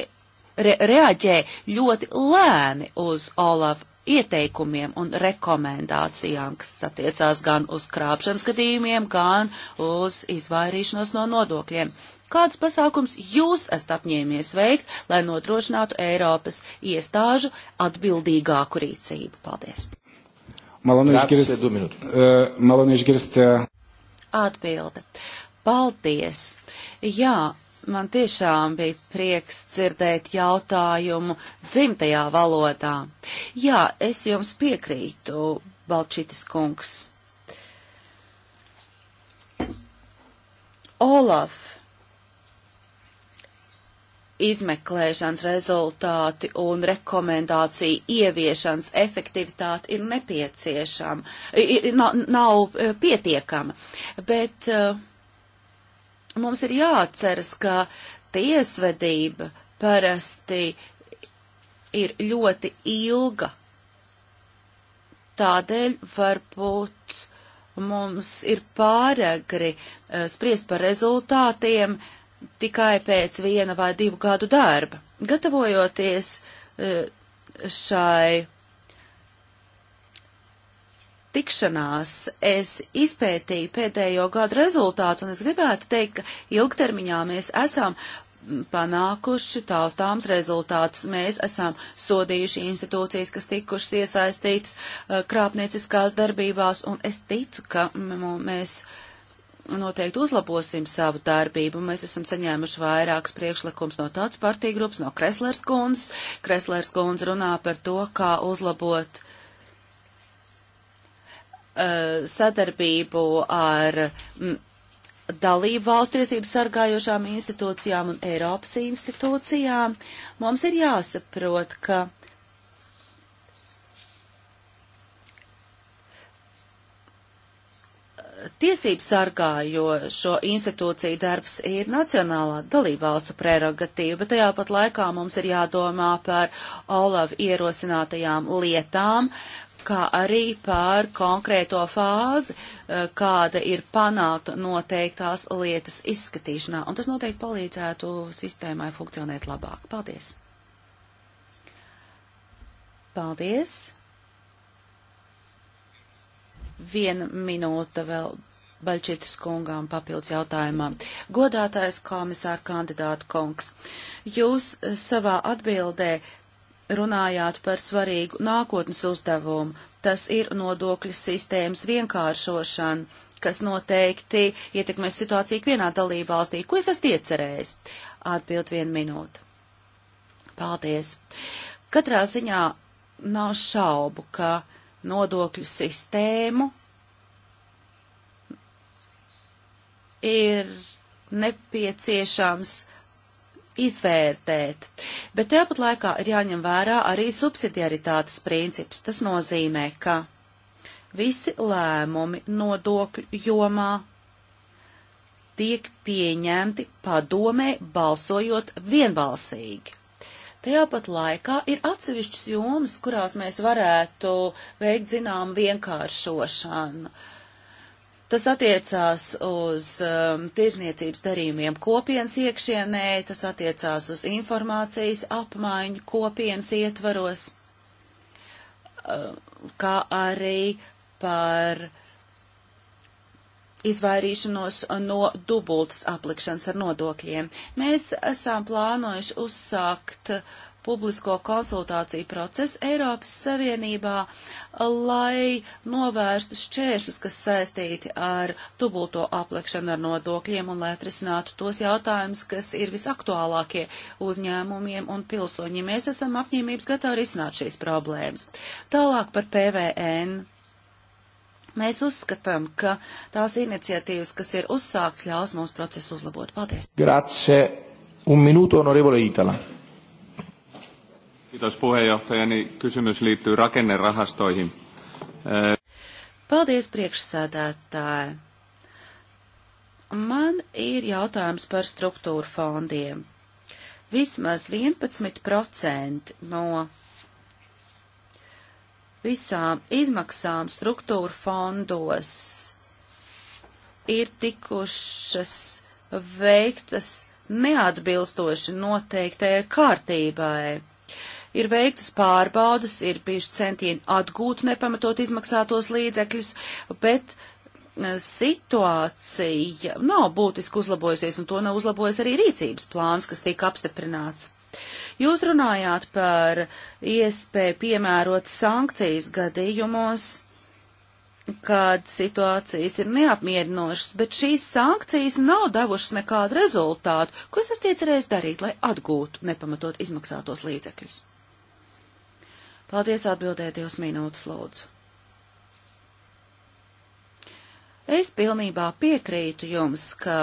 re, reaģē ļoti lēni uz Olaf ieteikumiem un rekomendācijām, kas attiecās gan uz krāpšanas gadījumiem, gan uz izvairīšanos no nodokļiem. Kādus pasākums jūs esat apņēmies veikt, lai notrošinātu Eiropas iestāžu atbildīgāku rīcību? Paldies! Malonu išgirsti. Uh, eh, malonu išgirsti. Eh. Atbilde. Paldies. Jā, man tiešām bija prieks dzirdēt jautājumu dzimtajā valodā. Jā, es jums piekrītu, Balčītis kungs. Olaf izmeklēšanas rezultāti un rekomendāciju ieviešanas efektivitāte ir nepieciešama, ir, nav, nav e, pietiekama. Bet e, mums ir jāatceras, ka tiesvedība parasti ir ļoti ilga. Tādēļ varbūt mums ir pāragri e, spriest par rezultātiem, uh, tikai pēc viena vai divu gadu darba. Gatavojoties e, šai tikšanās es izpētīju pēdējo gadu rezultātus, un es gribētu teikt, ka ilgtermiņā mēs esam panākuši taustāms rezultātus. Mēs esam sodījuši institūcijas, kas tikušas iesaistītas e, krāpnieciskās darbībās, un es ticu, ka mēs. Uh, noteikti uzlabosim savu darbību. Mēs esam saņēmuši vairākus priekšlikums no tāds partija grupas, no Kreslers kundzes. Kreslers kundze runā par to, kā uzlabot uh, sadarbību ar mm, dalību valstu tiesību sargājošām institūcijām un Eiropas institūcijām. Mums ir jāsaprot, ka tiesību sargā, jo šo institūciju darbs ir nacionālā dalībvalstu prerogatīva, bet tajā pat laikā mums ir jādomā par Olav ierosinātajām lietām, kā arī par konkrēto fāzi, eh, kāda ir panākta noteiktās lietas izskatīšanā, un tas noteikti palīdzētu sistēmai funkcionēt labāk. Paldies! Paldies! Viena minūte vēl Baļķitas kungām papildus jautājumā. Godātais komisāra kandidātu kungs, jūs eh, savā atbildē runājāt par svarīgu nākotnes uzdevumu. Tas ir nodokļu sistēmas vienkāršošana, kas noteikti ietekmēs situāciju ikvienā dalībvalstī. Ko es esmu iecerējis? Atbild vienu minūtu. Paldies. Katrā ziņā nav šaubu, ka nodokļu sistēmu, ir nepieciešams izvērtēt, bet tāpat laikā ir jāņem vērā arī subsidiaritātes princips. Tas nozīmē, ka visi lēmumi nodokļu jomā tiek pieņemti padomē balsojot vienbalsīgi. Tajā pat laikā ir atsevišķas jomas, kurās mēs varētu veikt zinām vienkāršošanu. Tas attiecās uz um, tirzniecības darījumiem kopienas iekšienē, tas attiecās uz informācijas apmaiņu kopienas ietvaros, um, kā arī par uh, izvairīšanos no dubultas aplikšanas ar nodokļiem. Mēs esam plānojuši uzsākt publisko konsultāciju procesu Eiropas Savienībā, lai novērstu šķēršļus, kas saistīti ar dubulto aplikšanu ar nodokļiem un lai atrisinātu tos jautājumus, kas ir visaktuālākie uzņēmumiem un pilsoņiem. Mēs esam apņēmības gatavi risināt šīs problēmas. Tālāk par PVN. Mēs uzskatām, ka tās iniciatīvas, kas ir uzsākts, ļaus mums procesu uzlabot. Paldies! Grazie! Un minūte, onorevole Itala. Kiitos puheenjohtajani. Kysymys liittyy rakennerahastoihin. Paldies priekšsēdētāji. Man ir jautājums par struktūru fondiem. Vismaz 11% no visām izmaksām struktūra fondos ir tikušas veiktas neatbilstoši noteiktajai kārtībai. Ir veiktas pārbaudas, ir bijuši centieni atgūt nepamatot izmaksātos līdzekļus, bet e, situācija nav būtiski uzlabojusies, un to nav uzlabojis arī rīcības plāns, kas tika apstiprināts Jūs runājāt par iespēju piemērot sankcijas gadījumos, kad situācijas ir neapmierinošas, bet šīs sankcijas nav devušas nekādu rezultātu. Ko es esmu iecerējis darīt, lai atgūtu nepamatot izmaksātos līdzekļus? Paldies atbildēt divas minūtes, lūdzu. Es pilnībā piekrītu jums, ka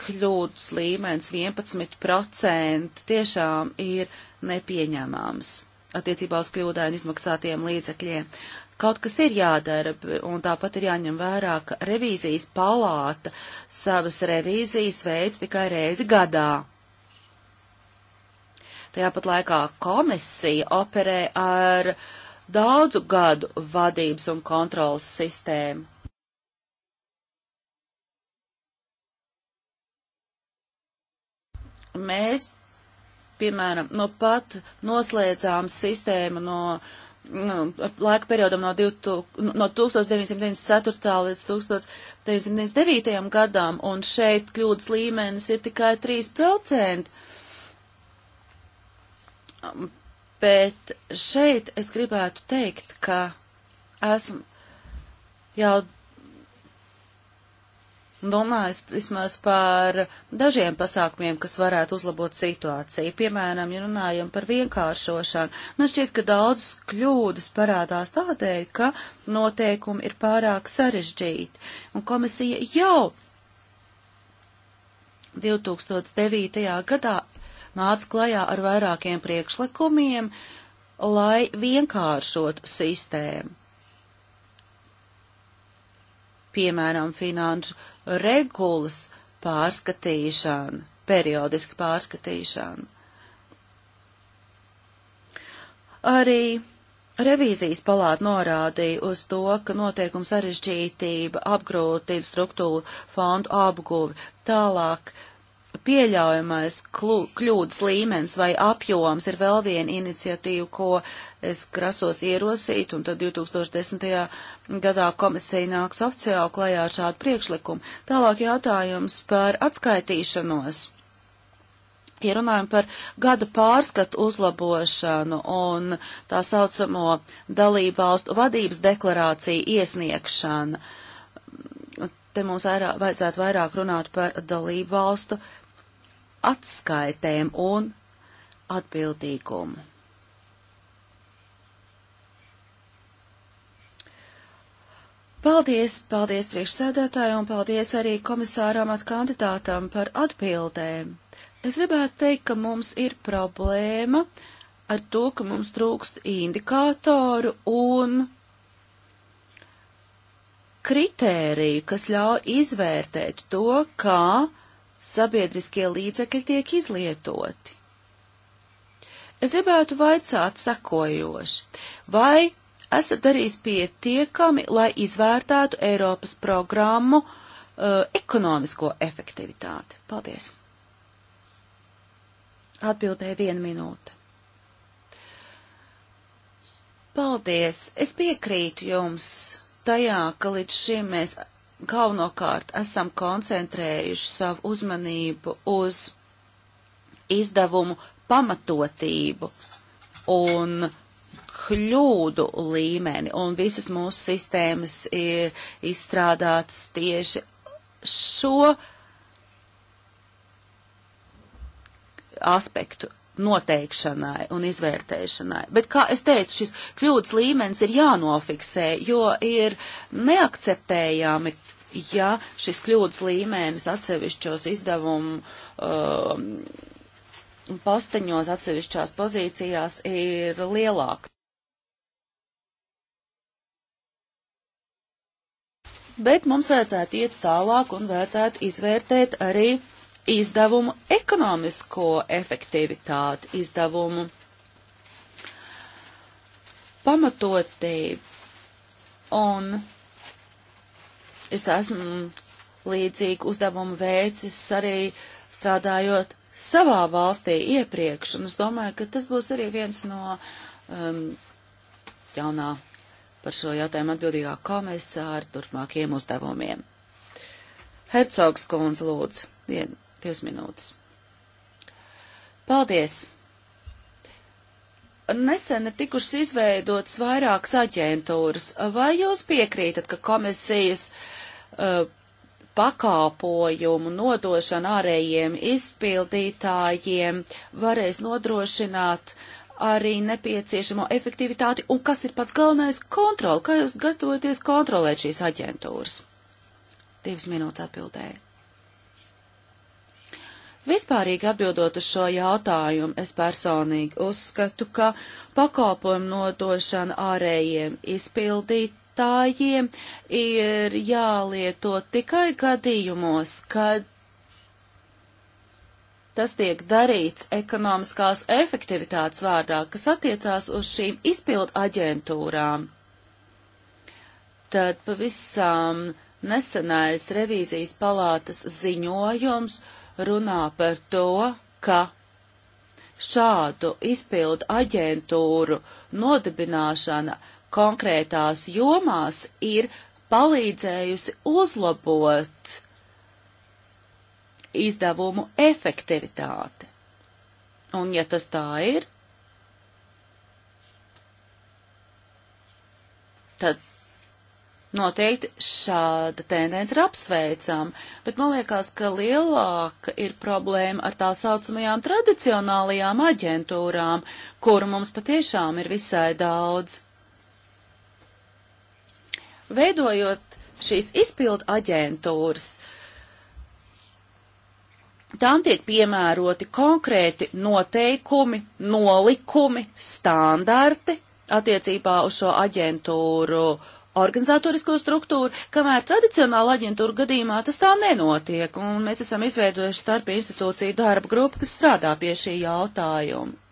kļūdas līmenis 11% tiešām ir nepieņemams attiecībā uz kļūdaini izmaksātiem līdzekļiem. Kaut kas ir jādara, un tāpat ir jāņem vērā, ka revīzijas palāta savas revīzijas veids tikai reizi gadā. Tajāpat laikā komisija operē ar daudzu gadu vadības un kontrolas sistēmu. mēs, piemēram, no nu pat noslēdzām sistēmu no nu, laika periodam no, 2000, no 1994. līdz 1999. gadam, un šeit kļūdas līmenis ir tikai 3%. Um, bet šeit es gribētu teikt, ka esmu jau domājis vismaz par dažiem pasākumiem, kas varētu uzlabot situāciju. Piemēram, ja runājam par vienkāršošanu, man šķiet, ka daudz kļūdas parādās tādēļ, ka noteikumi ir pārāk sarežģīti. Un komisija jau 2009. gadā nāca klajā ar vairākiem priekšlikumiem, lai vienkāršotu sistēmu piemēram, finanšu regulas pārskatīšana, periodiska pārskatīšana. Arī revīzijas palāta norādīja uz to, ka notiekuma sarežģītība apgrūtina struktūru fondu apguvi. Tālāk pieļaujamais kļūdas līmenis vai apjoms ir vēl viena iniciatīva, ko es grasos ierosīt, un tad 2010 gadā komisija nāks oficiāli klajā ar šādu priekšlikumu. Tālāk jautājums par atskaitīšanos. Ja runājam par gada pārskatu uzlabošanu un tā saucamo dalību valstu vadības deklarāciju iesniegšanu, te mums vairāk, vajadzētu vairāk runāt par dalību valstu atskaitēm un atbildīgumu. Paldies, paldies priekšsēdētājiem un paldies arī komisāram at kandidātam par atbildēm. Es gribētu teikt, ka mums ir problēma ar to, ka mums trūkst indikātoru un kritēriju, kas ļauj izvērtēt to, kā sabiedriskie līdzekļi tiek izlietoti. Es gribētu vaicāt sekojoši, vai esat darījis pietiekami, lai izvērtētu Eiropas programmu uh, ekonomisko efektivitāti? Paldies! Atbildēja viena minūte. Paldies! Es piekrītu jums tajā, ka līdz šim mēs galvenokārt esam koncentrējuši savu uzmanību uz izdevumu pamatotību un kļūdu līmeni, un visas mūsu sistēmas ir izstrādātas tieši šo aspektu noteikšanai un izvērtēšanai. Bet, kā es teicu, šis kļūdas līmenis ir jānofiksē, jo ir neakceptējami, ja šis kļūdas līmenis atsevišķos izdevumu um, posteņos, atsevišķās pozīcijās ir lielāks. bet mums vajadzētu iet tālāk un vajadzētu izvērtēt arī izdevumu ekonomisko efektivitāti, izdevumu pamatotību. Un es esmu līdzīgu uzdevumu veicis arī strādājot savā valstī iepriekš, un es domāju, ka tas būs arī viens no um, jaunā par šo jautājumu atbildīgā komisāra turpmākiem uzdevumiem. Hercogs kundze lūdzu, vien, divas minūtes. Paldies! Nesen tikušas izveidotas vairākas aģentūras. Vai jūs piekrītat, ka komisijas uh, pakāpojumu nodošana ārējiem izpildītājiem varēs nodrošināt uh, arī nepieciešamo efektivitāti un kas ir pats galvenais kontroli, kā jūs gatavoties kontrolēt šīs aģentūras? Divas minūtes atbildēja. Vispārīgi atbildot uz šo jautājumu, es personīgi uzskatu, ka pakalpojumu nodošana ārējiem izpildītājiem ir jālieto tikai gadījumos, kad tas tiek darīts ekonomiskās efektivitātes vārdā, kas attiecās uz šīm izpildu aģentūrām. Tad pavisam nesenais revīzijas palātas ziņojums runā par to, ka šādu izpildu aģentūru nodibināšana konkrētās jomās ir palīdzējusi uzlabot izdevumu efektivitāte. Un ja tas tā ir, tad noteikti šāda tendence ir apsveicama, bet man liekas, ka lielāka ir problēma ar tā saucamajām tradicionālajām aģentūrām, kuru mums patiešām ir visai daudz. Veidojot šīs izpildu aģentūras, uh, Tām tiek piemēroti konkrēti noteikumi, nolikumi, standarti attiecībā uz šo aģentūru organizatorisko struktūru, kamēr tradicionāla aģentūra gadījumā tas tā nenotiek, un mēs esam izveidojuši starp institūciju darba grupu, kas strādā pie šī jautājuma.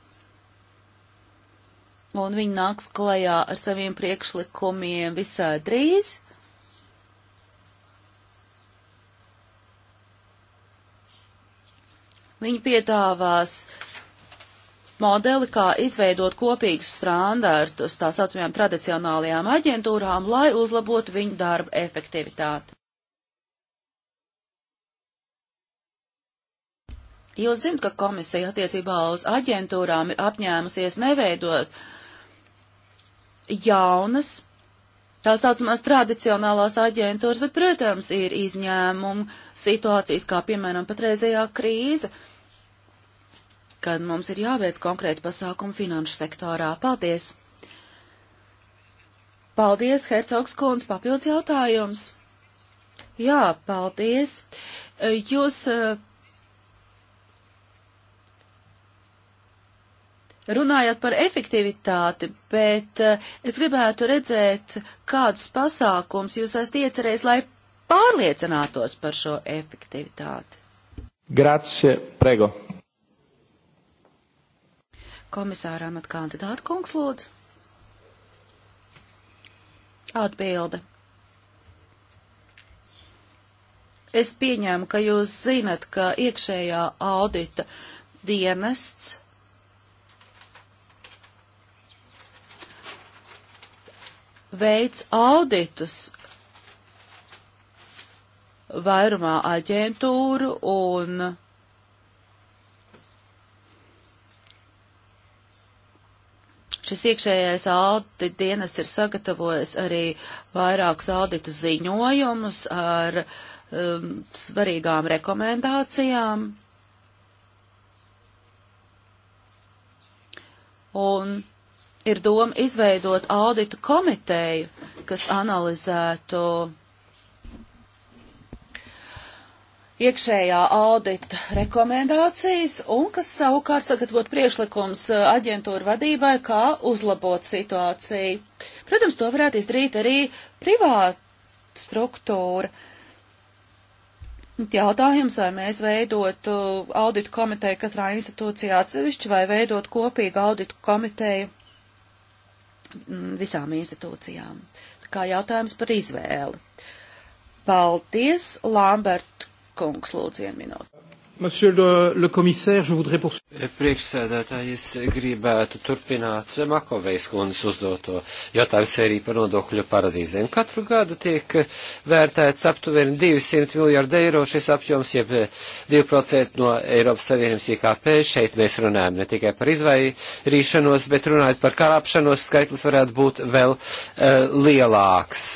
Un viņi nāks klajā ar saviem priekšlikumiem visai drīz. Viņi piedāvās modeli, kā izveidot kopīgus standartus tā saucamajām tradicionālajām aģentūrām, lai uzlabotu viņu darba efektivitāti. Jūs zinat, ka komisija attiecībā uz aģentūrām ir apņēmusies neveidot jaunas, tā saucamās tradicionālās aģentūras, bet, protams, ir izņēmumu situācijas, kā piemēram patreizējā krīze. Uh, kad mums ir jāveic konkrēti pasākumi finanšu sektorā. Paldies! Paldies, Hercogs Kunds, papildus jautājums. Jā, paldies. E, jūs e, runājāt par efektivitāti, bet e, es gribētu redzēt, kādus pasākums jūs esat iecerējis, lai pārliecinātos par šo efektivitāti. Grazie, prego komisārām atkandidātu kungs lūdzu. Atbilde. Es pieņēmu, ka jūs zinat, ka iekšējā audita dienests veids auditus vairumā aģentūru un Šis iekšējais audita dienas ir sagatavojis arī vairākus auditu ziņojumus ar um, svarīgām rekomendācijām. Un ir doma izveidot auditu komiteju, kas analizētu iekšējā audita rekomendācijas un kas savukārt sagatavot priekšlikums uh, aģentūra vadībai, kā uzlabot situāciju. Protams, to varētu izdarīt arī privāta struktūra. Jautājums, vai mēs veidotu auditu komiteju katrā institūcijā atsevišķi vai veidot kopīgu auditu komiteju mm, visām institūcijām. Tā kā jautājums par izvēli. Paldies, Lambert kungs, lūdzu, vienu minūti. Monsieur le, le commissaire, je voudrais poursuivre. Eh, priekšsēdētāji, es gribētu turpināt Makovejas kundas uzdoto jautājumu sēriju par nodokļu paradīzēm. Katru gadu tiek vērtēts aptuveni 200 miljārdu eiro šis apjoms, jeb 2% eh, no Eiropas Savienības IKP. Šeit mēs runājam ne tikai par izvairīšanos, bet runājot par karāpšanos, skaitlis varētu būt vēl uh, lielāks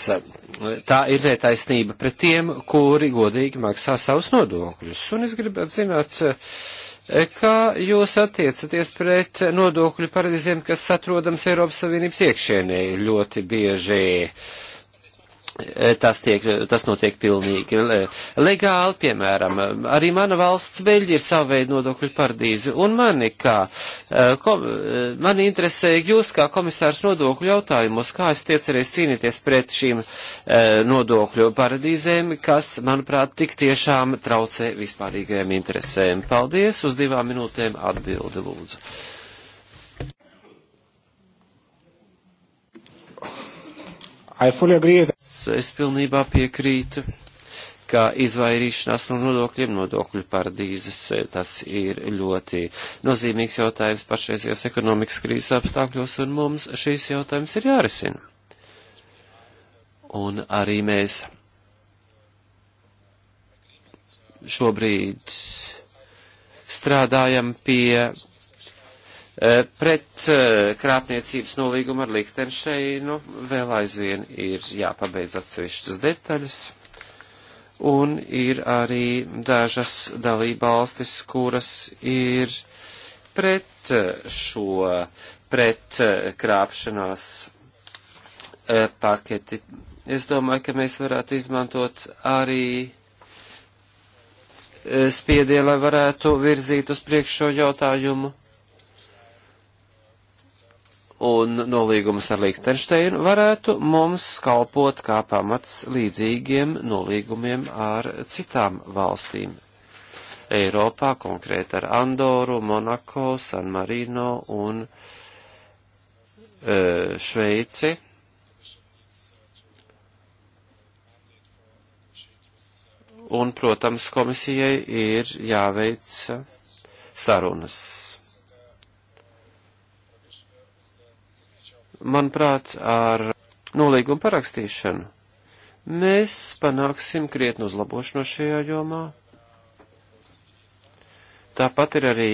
tā ir netaisnība pret tiem, kuri godīgi maksā savus nodokļus. Un es gribētu zināt, eh, kā jūs attiecaties pret nodokļu paradīzēm, kas atrodams Eiropas Savienības iekšienē ļoti bieži. Uh, Eh, tas, tiek, tas notiek pilnīgi eh, legāli, piemēram, eh, arī mana valsts Beļģi ir savu veidu nodokļu paradīze, un mani kā, kom, mani interesē jūs kā komisārs nodokļu jautājumos, kā es tiecerēs cīnīties pret šīm nodokļu paradīzēm, kas, manuprāt, tik tiešām traucē vispārīgajiem interesēm. Paldies, uz divām minūtēm atbildi lūdzu. I fully agree that es pilnībā piekrītu, ka izvairīšanās no nodokļiem, nodokļu paradīzes, eh, tas ir ļoti nozīmīgs jautājums pašreizajās ekonomikas krīzes apstākļos, un mums šīs jautājums ir jārisina. Un arī mēs šobrīd strādājam pie Eh, pret eh, krāpniecības nolīgumu ar Lichtenšeinu vēl aizvien ir jāpabeidz atsevišķas detaļas. Un ir arī dažas dalībvalstis, kuras ir pret eh, šo, pret krāpšanās paketi. Es domāju, ka mēs varētu izmantot arī spiedienu, lai varētu virzīt uz priekšu šo jautājumu un nolīgums ar Liechtensteinu varētu mums kalpot kā pamats līdzīgiem nolīgumiem ar citām valstīm. Eiropā konkrēti ar Andoru, Monako, San Marino un e, Šveici. Un, protams, komisijai ir jāveic sarunas manuprāt, ar nolīgumu parakstīšanu mēs panāksim krietnu uzlabošanu šajā jomā. Tāpat ir arī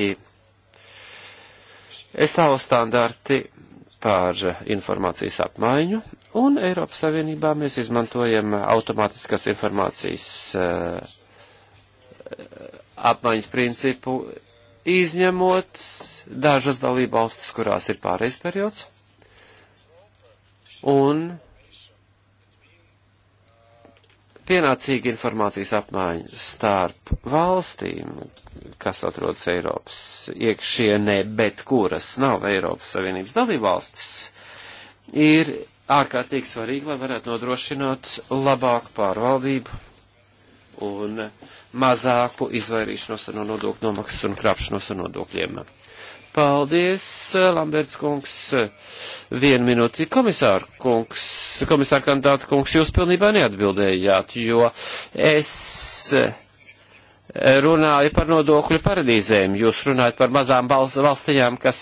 SAO standarti par informācijas apmaiņu, un Eiropas Savienībā mēs izmantojam automātiskās informācijas eh, apmaiņas principu, izņemot dažas dalībvalstis, kurās ir pārejas periods un pienācīga informācijas apmaiņa starp valstīm, kas atrodas Eiropas iekšienē, bet kuras nav Eiropas Savienības dalībvalstis, ir ārkārtīgi svarīgi, lai varētu nodrošināt labāku pārvaldību un mazāku izvairīšanos no nodokļu nomaksas un krāpšanos un nodokļiem. Paldies, Lamberts kungs. Vienu minūti, komisāra kungs, komisāra kandidāta kungs, jūs pilnībā neatbildējāt, jo es runāju par nodokļu paradīzēm. Jūs runājat par mazām valstiņām, kas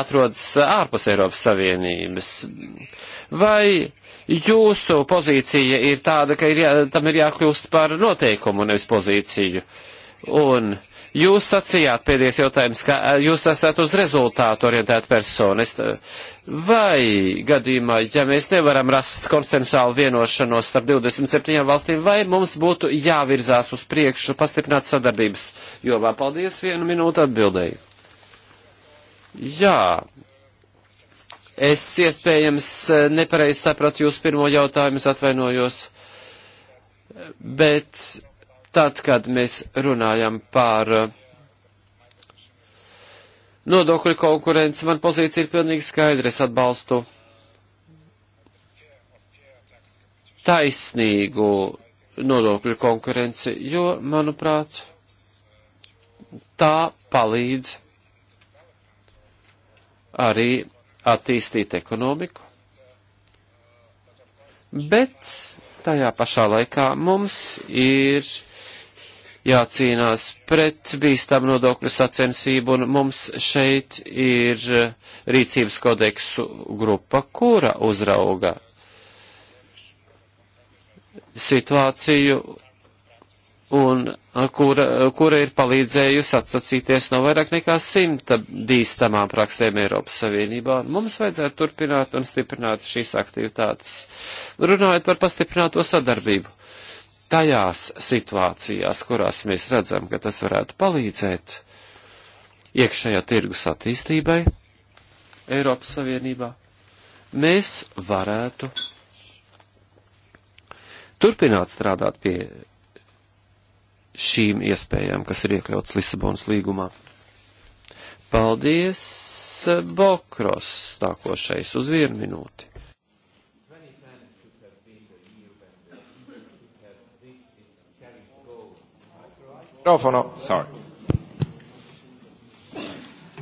atrodas ārpus Eiropas Savienības. Vai jūsu pozīcija ir tāda, ka ir jā, tam ir jākļūst par noteikumu, nevis pozīciju? Un uh, Jūs sacījāt, pēdējais jautājums, ka eh, jūs esat uz rezultātu orientēta persona. Vai gadījumā, ja mēs nevaram rast konsensuālu vienošanos starp 27 valstīm, vai mums būtu jāvirzās uz priekšu pastiprināt sadarbības jomā? Paldies, vienu minūtu atbildēju. Jā, es iespējams eh, nepareizi sapratu jūsu pirmo jautājumu, es atvainojos, bet Tad, kad mēs runājam par uh, nodokļu konkurenci, man pozīcija ir pilnīgi skaidra. Es atbalstu taisnīgu nodokļu konkurenci, jo, manuprāt, tā palīdz arī attīstīt ekonomiku. Bet tajā pašā laikā mums ir jācīnās pret bīstam nodokļu sacensību, un mums šeit ir eh, rīcības kodeksu grupa, kura uzrauga situāciju un kura, kura ir palīdzējusi atsacīties no vairāk nekā simta bīstamām praksēm Eiropas Savienībā. Mums vajadzētu turpināt un stiprināt šīs aktivitātes. Runājot par pastiprināto sadarbību tajās situācijās, kurās mēs redzam, ka tas varētu palīdzēt iekšējā tirgus attīstībai Eiropas Savienībā, mēs varētu turpināt strādāt pie šīm iespējām, kas ir iekļauts Lisabonas līgumā. Paldies, Bokros, nākošais uz vienu minūti. Microfono. Sorry.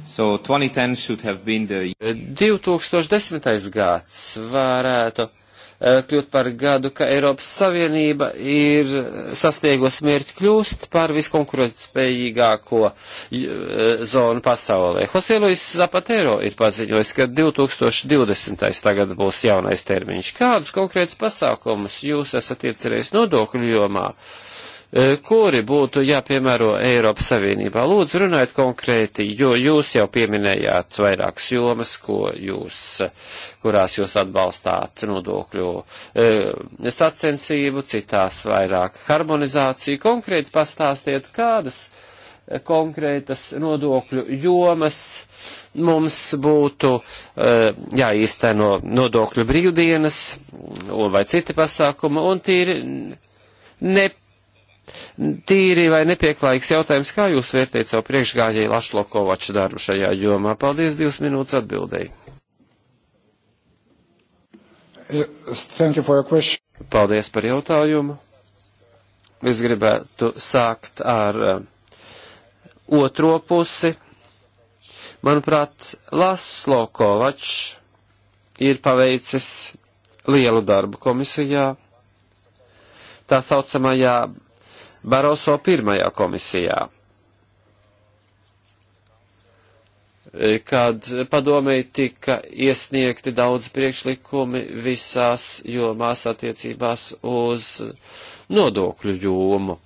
So 2010 should have been the... 2010. Eh, gads varētu eh, kļūt par gadu, ka Eiropas Savienība ir eh, sasniegusi mērķi kļūst par viskonkurētspējīgāko zonu pasaulē. Jose Luis Zapatero ir paziņojis, ka 2020. tagad būs jaunais termiņš. Kādus konkrētus pasākumus jūs esat iecerējis nodokļu jomā? Uh, Eh, kuri būtu jāpiemēro Eiropas Savienībā. Lūdzu, runājiet konkrēti, jo jūs jau pieminējāt vairākas jomas, ko jūs, kurās jūs atbalstāt nodokļu eh, sacensību, citās vairāk harmonizāciju. Konkrēti pastāstiet, kādas eh, konkrētas nodokļu jomas mums būtu jāīsteno nodokļu brīvdienas vai citi pasākumi, un tīri ne Tīri vai nepieklājīgs jautājums, kā jūs vērtējat savu priekšgājēju Lašlo Kovaču darbu šajā jomā? Paldies, divas minūtes atbildēji. Paldies par jautājumu. Es gribētu sākt ar uh, otro pusi. Manuprāt, Laslo Kovačs ir paveicis lielu darbu komisijā, tā saucamajā Baroso pirmajā komisijā, kad padomēji tika iesniegti daudz priekšlikumi visās jomās attiecībās uz nodokļu jomu.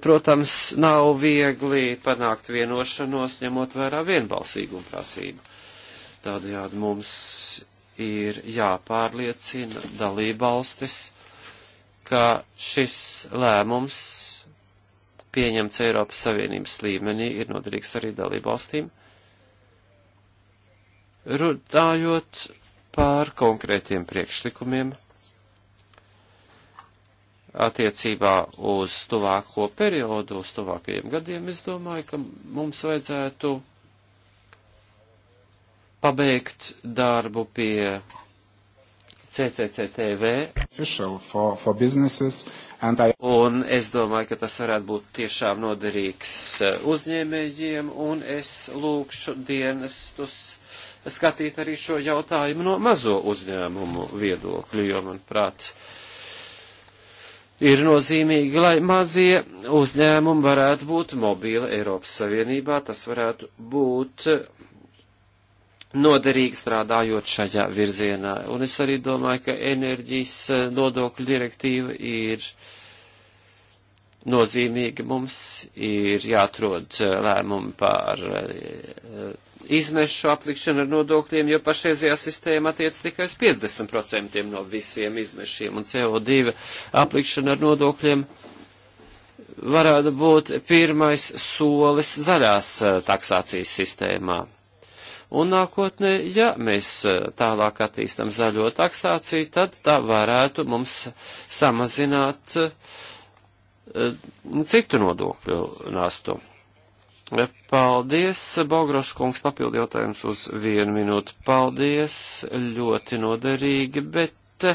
Protams, nav viegli panākt vienošanos, ņemot vērā vienbalsīgumu prasību. Tādējādi mums ir jāpārliecina dalībvalstis ka šis lēmums pieņemts Eiropas Savienības līmenī ir noderīgs arī dalību valstīm. Runājot pār konkrētiem priekšlikumiem attiecībā uz tuvāko periodu, uz tuvākajiem gadiem, es domāju, ka mums vajadzētu pabeigt darbu pie CCCTV. For, for I... Un es domāju, ka tas varētu būt tiešām noderīgs uh, uzņēmējiem, un es lūkšu dienestus skatīt arī šo jautājumu no mazo uzņēmumu viedokļu, jo, manuprāt, ir nozīmīgi, lai mazie uzņēmumi varētu būt mobīli Eiropas Savienībā, tas varētu būt noderīgi strādājot šajā virzienā. Un es arī domāju, ka enerģijas eh, nodokļu direktīva ir nozīmīga. Mums ir jāatrod eh, lēmumi par eh, izmešu aplikšanu ar nodokļiem, jo pašreizajā sistēma attiec tikai uz 50% no visiem izmešiem, un CO2 aplikšana ar nodokļiem varētu būt pirmais solis zaļās taksācijas sistēmā. Un nākotnē, ja mēs e, tālāk attīstam zaļo taksāciju, tad tā varētu mums samazināt e, e, citu nodokļu nastu. Paldies, Bogros kungs, papildi jautājums uz vienu minūtu. Paldies, ļoti noderīgi, bet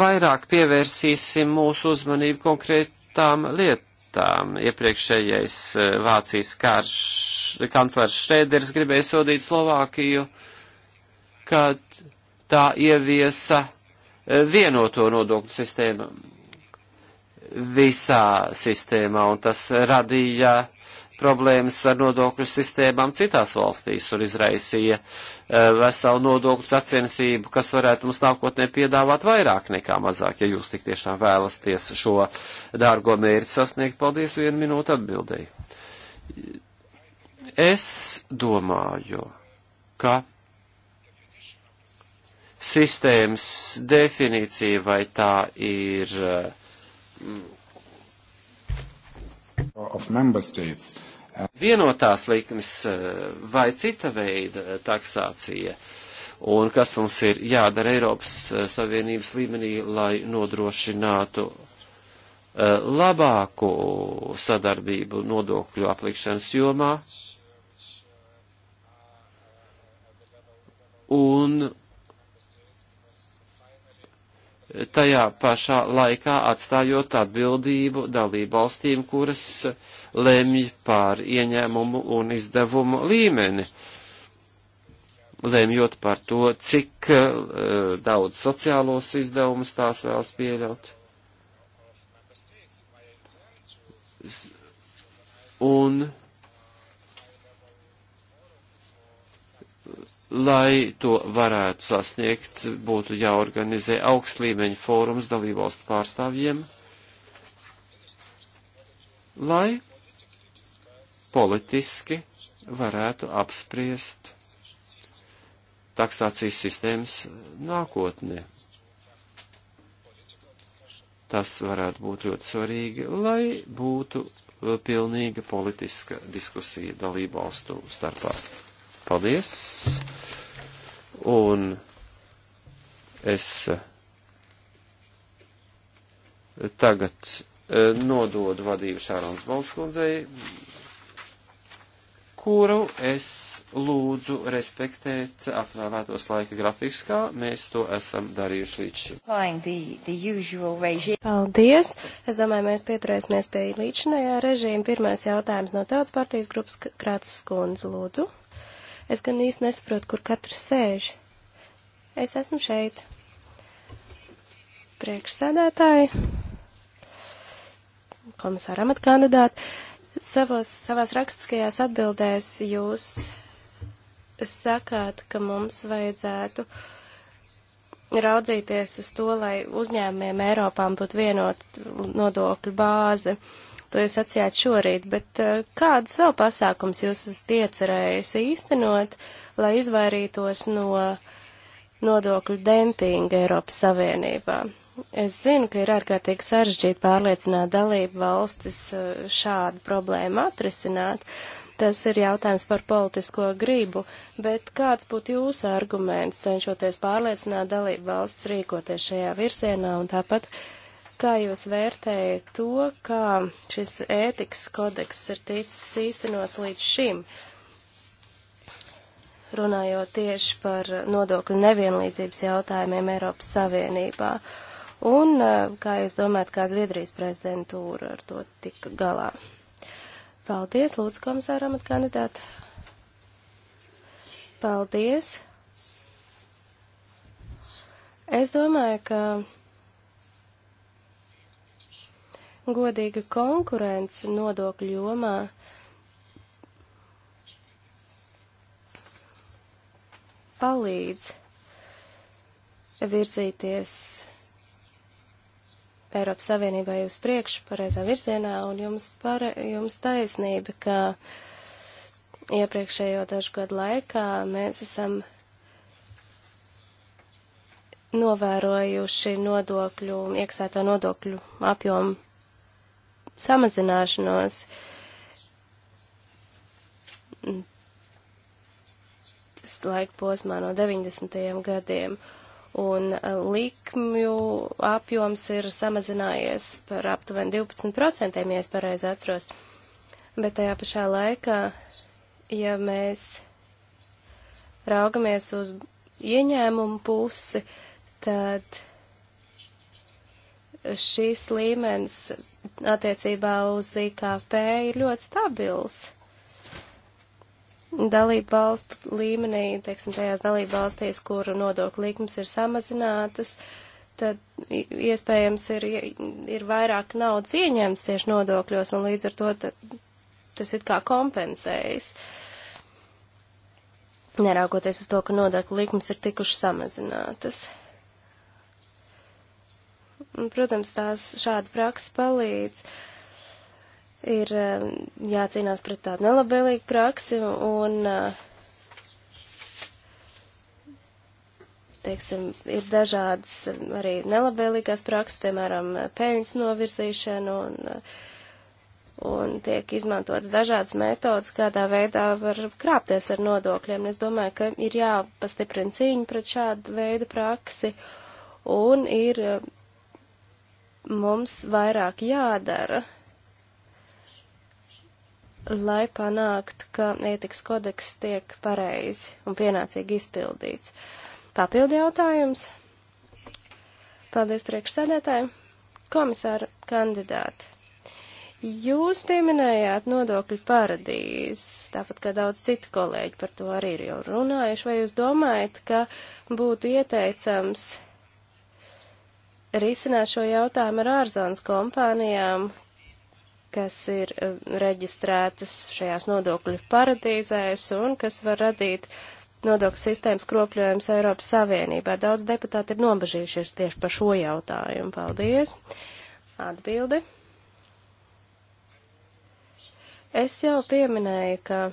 vairāk pievērsīsim mūsu uzmanību konkrētām lietām lietām. Iepriekšējais eh, Vācijas karš, kanclers Šrēders gribēja sodīt Slovākiju, kad tā ieviesa eh, vienoto nodokļu sistēmu visā sistēmā, un tas radīja problēmas ar nodokļu sistēmām citās valstīs un izraisīja eh, veselu nodokļu sacensību, kas varētu mums nākotnē piedāvāt vairāk nekā mazāk, ja jūs tik tiešām vēlasties šo dārgo mērķi sasniegt. Paldies, vienu minūtu atbildēju. Es domāju, ka sistēmas definīcija vai tā ir. Mm, Vienotās likmes eh, vai cita veida taksācija un kas mums ir jādara Eiropas eh, Savienības līmenī, lai nodrošinātu eh, labāku sadarbību nodokļu aplikšanas jomā. Un tajā pašā laikā atstājot atbildību dalību valstīm, kuras lemj pār ieņēmumu un izdevumu līmeni, lemjot par to, cik uh, daudz sociālos izdevumus tās vēlas pieļaut. Un lai to varētu sasniegt, būtu jāorganizē augst līmeņa fórums dalībvalstu pārstāvjiem, lai politiski varētu apspriest taksācijas sistēmas nākotni. Tas varētu būt ļoti svarīgi, lai būtu pilnīga politiska diskusija dalībvalstu starpā. Paldies! Un es eh, tagad eh, nododu vadību Šārons Balskundzei, kuru es lūdzu respektēt atvēlētos laika grafikus, kā mēs to esam darījuši līdz šim. Paldies! Es domāju, mēs pieturēsimies pie līdzinājā režīma. Pirmais jautājums no Tautas partijas grupas Krācis Skundze, lūdzu. Es gan īsti nesaprotu, kur katrs sēž. Es esmu šeit. Priekšsēdētāji, komisāra amatkandidāti, savos, savās rakstiskajās atbildēs jūs sakāt, ka mums vajadzētu raudzīties uz to, lai uzņēmumiem Eiropām būtu vienot nodokļu bāze. Uh, to jūs atsījāt šorīt, bet eh, kādus vēl pasākums jūs esat iecerējis īstenot, lai izvairītos no nodokļu dempinga Eiropas Savienībā? Es zinu, ka ir ārkārtīgi sarežģīti pārliecināt dalību valstis eh, šādu problēmu atrisināt. Tas ir jautājums par politisko gribu, bet kāds būtu jūsu arguments cenšoties pārliecināt dalību valsts rīkoties šajā virsienā un tāpat Kā jūs vērtējat to, kā šis ētikas kodeks ir ticis īstenots līdz šim? Runājot tieši par nodokļu nevienlīdzības jautājumiem Eiropas Savienībā. Un eh, kā jūs domājat, kā Zviedrijas prezidentūra ar to tika galā? Paldies, lūdzu, komisāram atkandidāti. Paldies. Es domāju, ka godīga konkurence nodokļu jomā. palīdz virzīties Eiropas Savienībai uz priekšu pareizā virzienā, un jums, pare, jums taisnība, ka iepriekšējo dažu gadu laikā mēs esam novērojuši nodokļu, iekasēto nodokļu apjomu samazināšanos. Tas laika posmā no 90. gadiem. Un eh, likmju apjoms ir samazinājies par aptuveni 12%, ja es pareizi atceros. Bet tajā pašā laikā, ja mēs raugamies uz ieņēmumu pusi, tad šīs līmenis attiecībā uz IKP ir ļoti stabils. Dalību valstu līmenī, teiksim, tajās dalību valstīs, kuru nodokļu likmes ir samazinātas, tad iespējams ir, ir vairāk naudas ieņemts tieši nodokļos, un līdz ar to tad, tas it kā kompensējas. Neraugoties uz to, ka nodokļu likmes ir tikuši samazinātas. Un, protams, tās šāda praksa palīdz. Ir eh, jācīnās pret tādu nelabvēlīgu praksi un, eh, teiksim, ir dažādas arī nelabvēlīgās prakses, piemēram, peļņas novirzīšana un uh, un tiek izmantots dažādas metodas, kādā veidā var krāpties ar nodokļiem. Es domāju, ka ir jāpastiprina cīņa pret šādu veidu praksi un ir eh, mums vairāk jādara, lai panāktu, ka ētikas kodeks tiek pareizi un pienācīgi izpildīts. Papildi jautājums. Paldies priekšsēdētājiem. Komisāra kandidāti. Jūs pieminējāt nodokļu paradīzes, tāpat kā daudz citu kolēģi par to arī ir jau runājuši. Vai jūs domājat, ka būtu ieteicams risināt šo jautājumu ar ārzonas kompānijām, kas ir eh, reģistrētas šajās nodokļu paradīzēs un kas var radīt nodokļu sistēmas kropļojums Eiropas Savienībā. Daudz deputāti ir nobežījušies tieši par šo jautājumu. Paldies! Atbildi. Es jau pieminēju, ka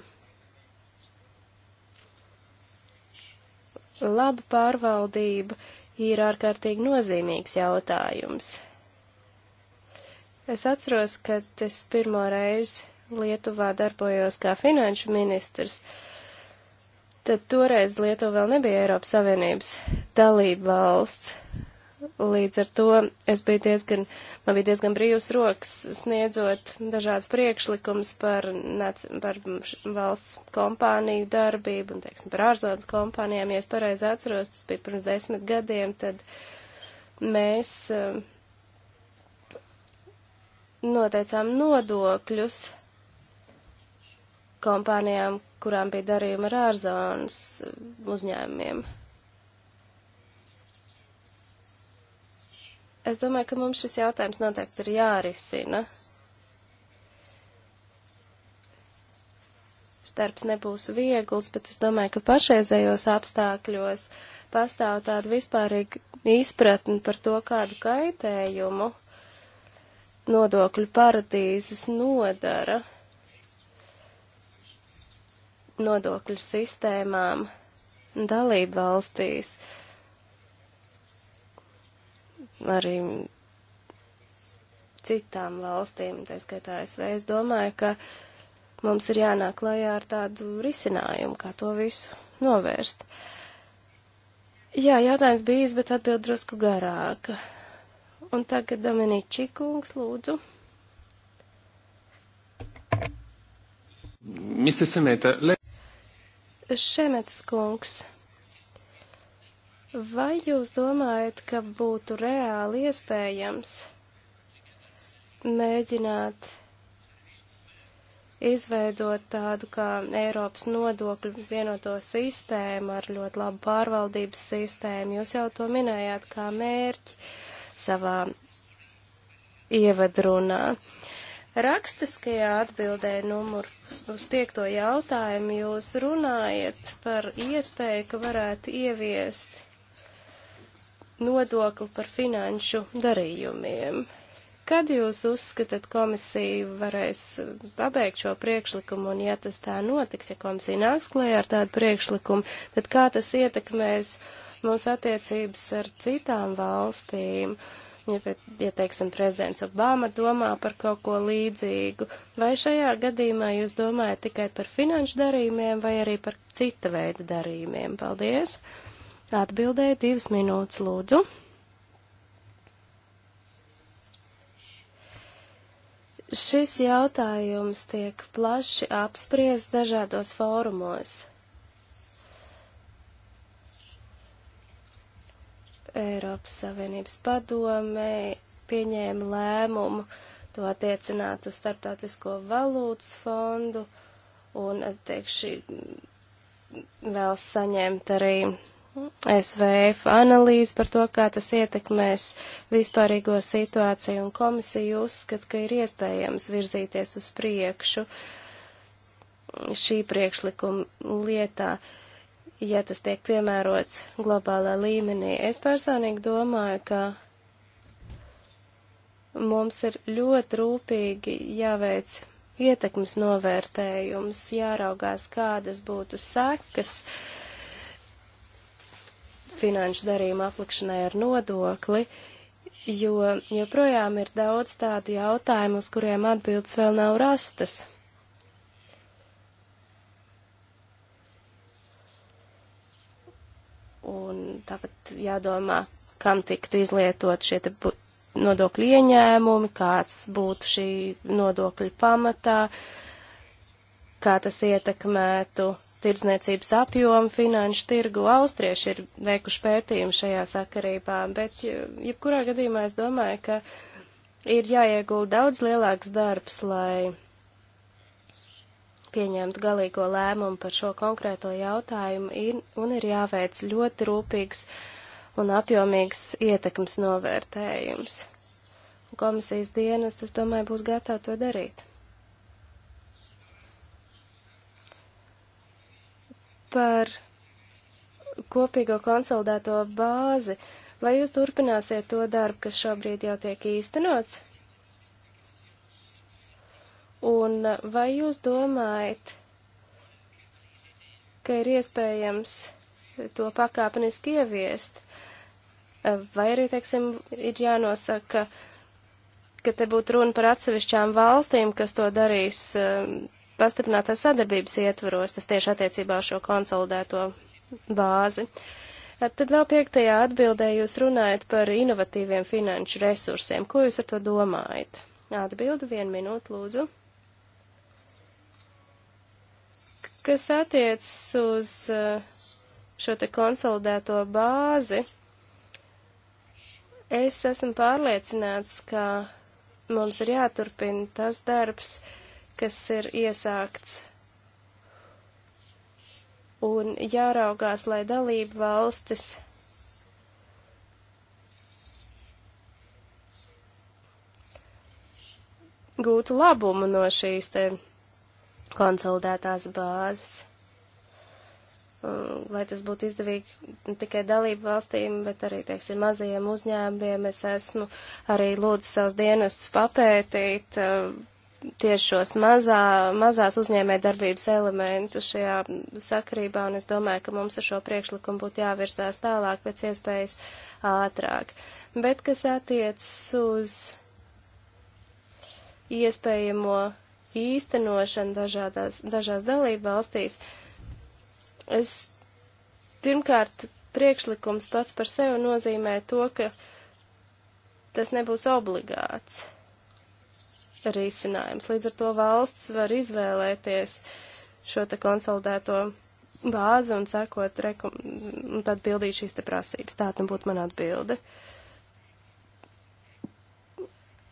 laba pārvaldība uh, ir ārkārtīgi nozīmīgs jautājums. Es atceros, ka es pirmo reizi Lietuvā darbojos kā finanšu ministrs, tad toreiz Lietuva vēl nebija Eiropas Savienības dalība valsts, Līdz ar to es biju diezgan, man bija diezgan brīvs rokas sniedzot dažādas priekšlikums par, nec, par valsts kompāniju darbību un, teiksim, par ārzonas kompānijām. Ja es pareizi atceros, tas bija pirms desmit gadiem, tad mēs eh, noteicām nodokļus kompānijām, kurām bija darījumi ar ārzonas uzņēmumiem. Es domāju, ka mums šis jautājums noteikti ir jārisina. Darbs nebūs viegls, bet es domāju, ka pašreizējos apstākļos pastāv tāda vispārīga izpratne par to, kādu kaitējumu nodokļu paradīzes nodara nodokļu sistēmām dalību valstīs. Uh, arī citām valstīm, tā skaitā ASV. Es domāju, ka mums ir jānāk klajā ar tādu risinājumu, kā to visu novērst. Jā, jautājums bijis, bet atbild drusku garāka. Un tagad Dominīči Kungs, lūdzu. Mr. Semeta, le... Šemetas kungs. Vai jūs domājat, ka būtu reāli iespējams mēģināt izveidot tādu kā Eiropas nodokļu vienoto sistēmu ar ļoti labu pārvaldības sistēmu. Jūs jau to minējāt kā mērķi savā ievadrunā. Rakstiskajā atbildē numur uz piekto jautājumu jūs runājat par iespēju, ka varētu ieviest nodokli par finanšu darījumiem. Kad jūs uzskatāt, komisija varēs pabeigt šo priekšlikumu, un ja tas tā notiks, ja komisija nāks klajā ar tādu priekšlikumu, tad kā tas ietekmēs mūsu attiecības ar citām valstīm? Ja, bet, ja teiksim, prezidents Obama domā par kaut ko līdzīgu, vai šajā gadījumā jūs domājat tikai par finanšu darījumiem vai arī par cita veida darījumiem? Paldies! Uh, Atbildēja divas minūtes, lūdzu. Šis jautājums tiek plaši apspriests dažādos fórumos. Eiropas Savienības padome pieņēma lēmumu to attiecināt uz starptautisko valūtas fondu un, es teikšu, vēl saņemt arī SVF analīzi par to, kā tas ietekmēs vispārīgo situāciju, un komisija uzskata, ka ir iespējams virzīties uz priekšu šī priekšlikuma lietā, ja tas tiek piemērots globālā līmenī. Es personīgi domāju, ka mums ir ļoti rūpīgi jāveic ietekmes novērtējums, jāraugās, kādas būtu sekas. Uh, finanšu darījumu aplikšanai ar nodokli, jo joprojām ir daudz tādu jautājumu, uz kuriem atbildes vēl nav rastas. Un tāpat jādomā, kam tiktu izlietot šie nodokļu ieņēmumi, kāds būtu šī nodokļu pamatā. Uh, kā tas ietekmētu tirdzniecības apjomu finanšu tirgu. Austrieši ir veikuši pētījumu šajā sakarībā, bet jebkurā gadījumā es domāju, ka ir jāiegulda daudz lielāks darbs, lai pieņemtu galīgo lēmumu par šo konkrēto jautājumu ir, un ir jāveic ļoti rūpīgs un apjomīgs ietekmes novērtējums. Komisijas dienas, es domāju, būs gatava to darīt. par kopīgo konsolidēto bāzi. Vai jūs turpināsiet to darbu, kas šobrīd jau tiek īstenots? Un vai jūs domājat, ka ir iespējams to pakāpeniski ieviest? Vai arī, teiksim, ir jānosaka, ka te būtu runa par atsevišķām valstīm, kas to darīs um, pastiprinātās sadarbības ietvaros, tas tieši attiecībā uz šo konsolidēto bāzi. Tad vēl piektajā atbildē jūs runājat par inovatīviem finanšu resursiem. Ko jūs ar to domājat? Atbildu vienu minūtu, lūdzu. Kas attiec uz uh, šo te konsolidēto bāzi, es esmu pārliecināts, ka mums ir jāturpina tas darbs, uh, kas ir iesākts. Un jāraugās, lai dalība valstis gūtu labumu no šīs te konsolidētās bāzes. Lai tas būtu izdevīgi ne tikai dalību valstīm, bet arī, teiksim, mazajiem uzņēmumiem, es esmu arī lūdzu savus dienestus papētīt, uh, tieši šos mazā, mazās uzņēmē darbības elementus šajā sakrībā, un es domāju, ka mums ar šo priekšlikumu būtu jāvirzās tālāk pēc iespējas ātrāk. Bet kas attiec uz iespējamo īstenošanu dažādās, dažās dalība valstīs, es pirmkārt priekšlikums pats par sevi nozīmē to, ka tas nebūs obligāts risinājums. Līdz ar to valsts var izvēlēties šo te konsolidēto bāzi un sekot, reku, un tad pildīt šīs te prasības. Tā tam būtu mana atbilde.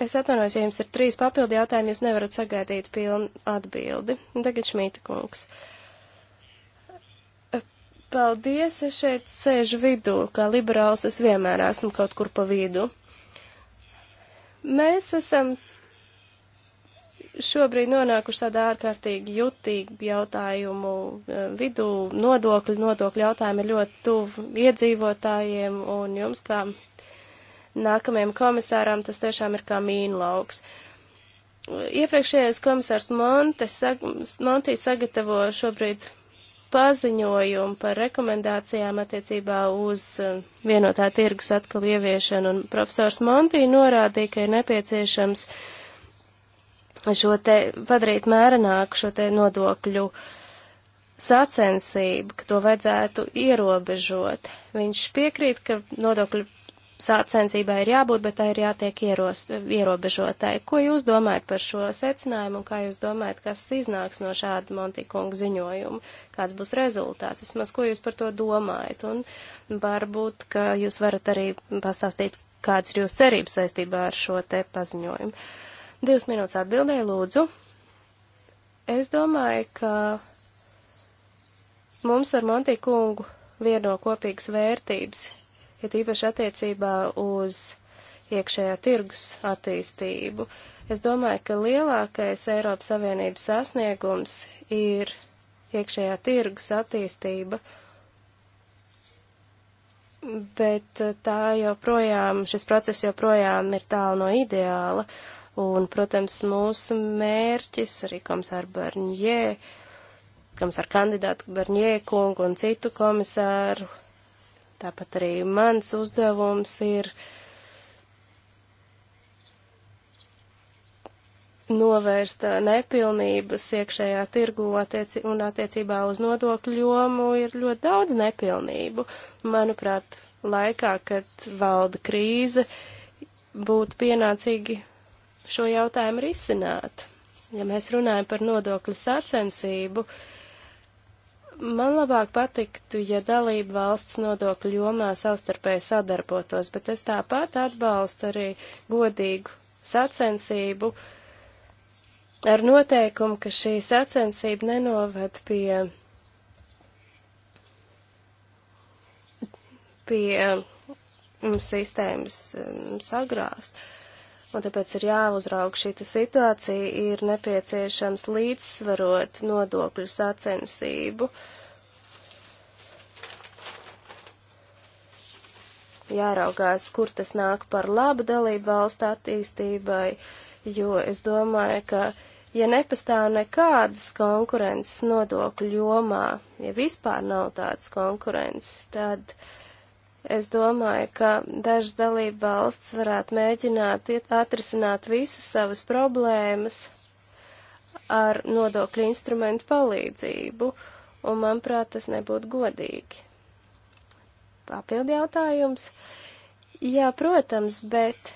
Es atvainojos, ja jums ir trīs papildi jautājumi, jūs nevarat sagaidīt pilnu atbildi. Tagad Šmīta kungs. Paldies, es šeit sēžu vidū, kā liberāls es vienmēr esmu kaut kur pa vidu. Mēs esam šobrīd nonākuši tādā ārkārtīgi jutīgu jautājumu eh, vidū. Nodokļu, nodokļu jautājumi ir ļoti tuvu iedzīvotājiem un jums kā nākamajam komisāram tas tiešām ir kā mīnlauks. Iepriekšējais komisārs Monte, sag, Monti sagatavo šobrīd paziņojumu par rekomendācijām attiecībā uz eh, vienotā tirgus atkal ieviešanu, un profesors Monti norādīja, ka ir nepieciešams uh, šo te padarīt mērenāku šo te nodokļu sacensību, ka to vajadzētu ierobežot. Viņš piekrīt, ka nodokļu sacensībai ir jābūt, bet tā ir jātiek ieros, ierobežotai. Ko jūs domājat par šo secinājumu un kā jūs domājat, kas iznāks no šāda Montikunga ziņojuma? Kāds būs rezultāts? Vismaz, ko jūs par to domājat? Un varbūt, ka jūs varat arī pastāstīt, kādas ir jūsu cerības saistībā ar šo te paziņojumu. Uh, Divas minūtes atbildēju, lūdzu. Es domāju, ka mums ar Monti kungu vieno kopīgas vērtības, ja tīpaši attiecībā uz iekšējā tirgus attīstību. Es domāju, ka lielākais Eiropas Savienības sasniegums ir iekšējā tirgus attīstība, bet tā joprojām, šis process joprojām ir tālu no ideāla, Un, protams, mūsu mērķis arī komisāra Barņē, komisāra kandidāta Barņē kungu un citu komisāru, tāpat arī mans uzdevums ir novērst nepilnības iekšējā tirgu attieci un attiecībā uz nodokļu jomu ir ļoti daudz nepilnību. Manuprāt, laikā, kad valda krīze, būtu pienācīgi šo jautājumu risināt. Ja mēs runājam par nodokļu sacensību, man labāk patiktu, ja dalība valsts nodokļu jomā savstarpēji sadarbotos, bet es tāpat atbalstu arī godīgu sacensību ar noteikumu, ka šī sacensība nenovad pie, pie um, sistēmas um, sagrāvs. Um, un tāpēc ir jāuzraug šī situācija, ir nepieciešams līdzsvarot nodokļu sacensību. Jāraugās, kur tas nāk par labu dalību valstu attīstībai, jo es domāju, ka, ja nepastāv nekādas konkurences nodokļu jomā, ja vispār nav tādas konkurences, tad uh, Es domāju, ka dažas dalība valsts varētu mēģināt atrisināt visas savas problēmas ar nodokļu instrumentu palīdzību, un manuprāt, tas nebūtu godīgi. Papildi jautājums? Jā, protams, bet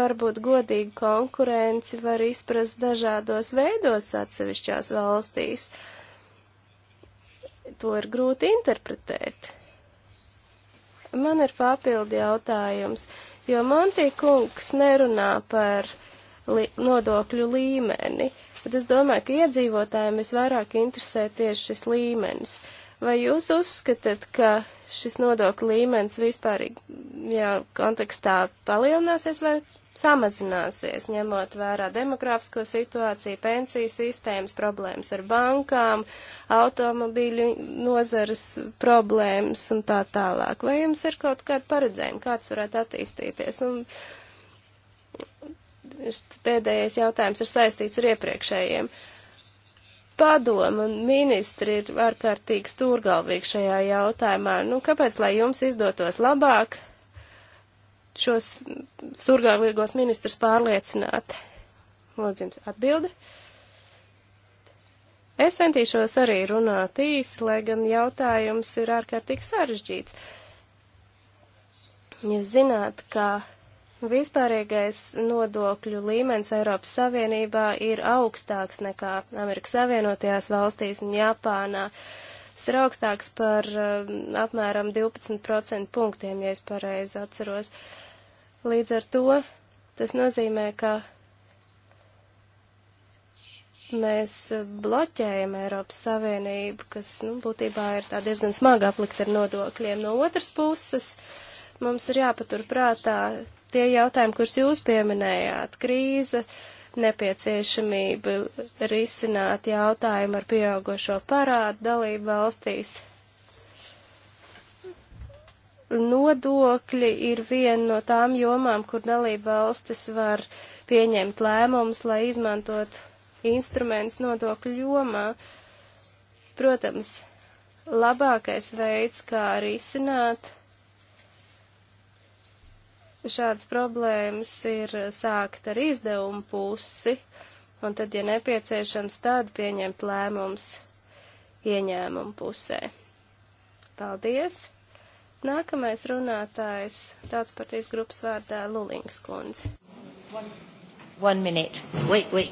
varbūt godīgu konkurenci var izprast dažādos veidos atsevišķās valstīs. To ir grūti interpretēt. Man ir papildi jautājums, jo Monti kungs nerunā par li nodokļu līmeni, bet es domāju, ka iedzīvotājiem visvairāk interesē tieši šis līmenis. Vai jūs uzskatāt, ka šis nodokļu līmenis vispār jā, kontekstā palielināsies vai samazināsies, ņemot vērā demografisko situāciju, pensiju sistēmas, problēmas ar bankām, automobīļu nozares problēmas un tā tālāk. Vai jums ir kaut kāda paredzējuma, kāds varētu attīstīties? Un pēdējais jautājums ir saistīts ar iepriekšējiem. Padoma un ministri ir ārkārtīgi stūrgalvīgi šajā jautājumā. Nu, kāpēc, lai jums izdotos labāk, šos surgālīgos ministrus pārliecināt? Lūdzu, jums atbildi. Es centīšos arī runāt īsi, lai gan jautājums ir ārkārtīgi sarežģīts. Jūs zināt, ka vispārīgais nodokļu līmenis Eiropas Savienībā ir augstāks nekā Amerikas Savienotajās valstīs un Japānā. Tas ir augstāks par um, apmēram 12% punktiem, ja es pareizi atceros. Uh, Līdz ar to tas nozīmē, ka mēs bloķējam Eiropas Savienību, kas nu, būtībā ir tā diezgan smaga aplikt ar nodokļiem. No otras puses, mums ir jāpatur prātā tie jautājumi, kurus jūs pieminējāt - krīze, nepieciešamība risināt jautājumu ar pieaugošo parādu dalību valstīs, nodokļi ir viena no tām jomām, kur dalība valstis var pieņemt lēmumus, lai izmantot instrumentus nodokļu jomā. Protams, labākais veids, kā arī izsināt šādas problēmas, ir sākt ar izdevumu pusi, un tad, ja nepieciešams, tad pieņemt lēmums ieņēmumu pusē. Paldies! Nākamais runātājs tāds partijas grupas vārdā Lulings kundze. One, one minute. Wait, wait.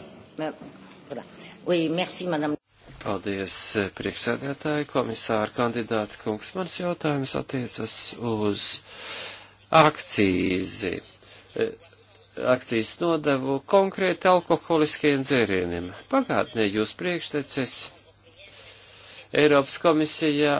Oui, merci, madame. Paldies, priekšsēdētāji, komisāra kandidāta kungs. Mans jautājums attiecas uz akcīzi, akcijas nodevu konkrēti alkoholiskajiem dzērieniem. Pagātnē jūs priekštecis Eiropas komisijā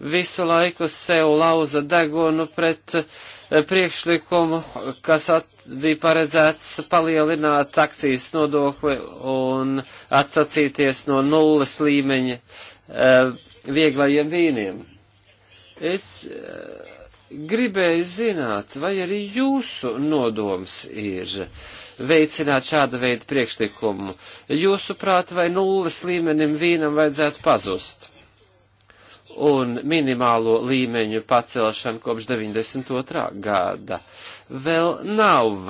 visu laiku sev lauza degunu pret eh, priekšlikumu, kas at, bija paredzēts palielināt akcijas nodokli un atsacīties no nulles līmeņa uh, vieglajiem vīniem. Es uh, gribēju zināt, vai arī jūsu nodoms ir veicināt šāda veida priekšlikumu. Jūsuprāt, vai nulles līmenim vīnam vajadzētu pazust? un minimālo līmeņu pacelšanu kopš 92. gada vēl nav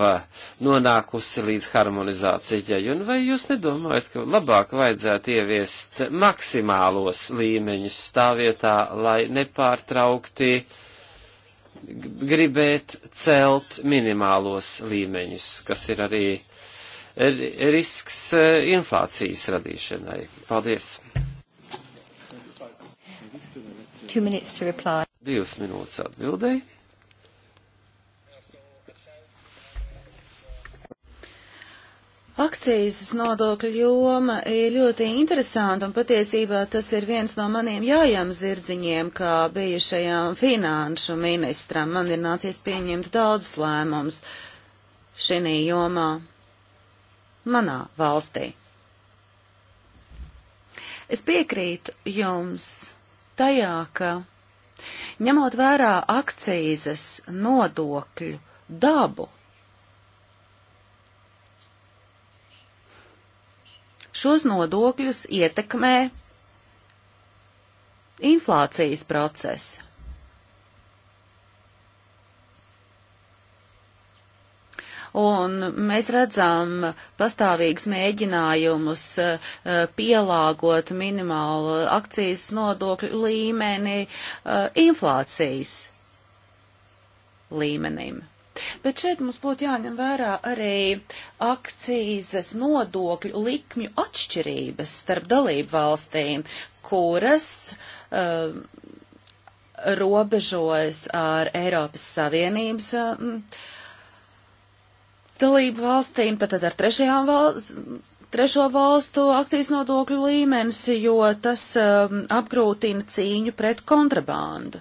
nonākusi līdz harmonizācijai, un vai jūs nedomājat, ka labāk vajadzētu ieviest maksimālos līmeņus stāvietā, lai nepārtraukti gribēt celt minimālos līmeņus, kas ir arī risks eh, inflācijas radīšanai? Paldies! two minutes to reply. Divas minūtes atbildēji. Akcijas nodokļu joma ir ļoti interesanta un patiesībā tas ir viens no maniem jājām zirdziņiem, kā bijušajam finanšu ministram. Man ir nācies pieņemt daudz lēmums šī jomā manā valstī. Es piekrītu jums tajā, ka ņemot vērā akcīzes nodokļu dabu, šos nodokļus ietekmē inflācijas procesi. un mēs redzam pastāvīgs mēģinājumus eh, pielāgot minimālu akcijas nodokļu līmeni eh, inflācijas līmenim. Bet šeit mums būtu jāņem vērā arī akcijas nodokļu likmju atšķirības starp dalību valstīm, kuras uh, robežojas ar Eiropas Savienības uh, dalību valstīm, tātad ar trešajām valstīm trešo valstu akcijas nodokļu līmenis, jo tas um, apgrūtina cīņu pret kontrabandu.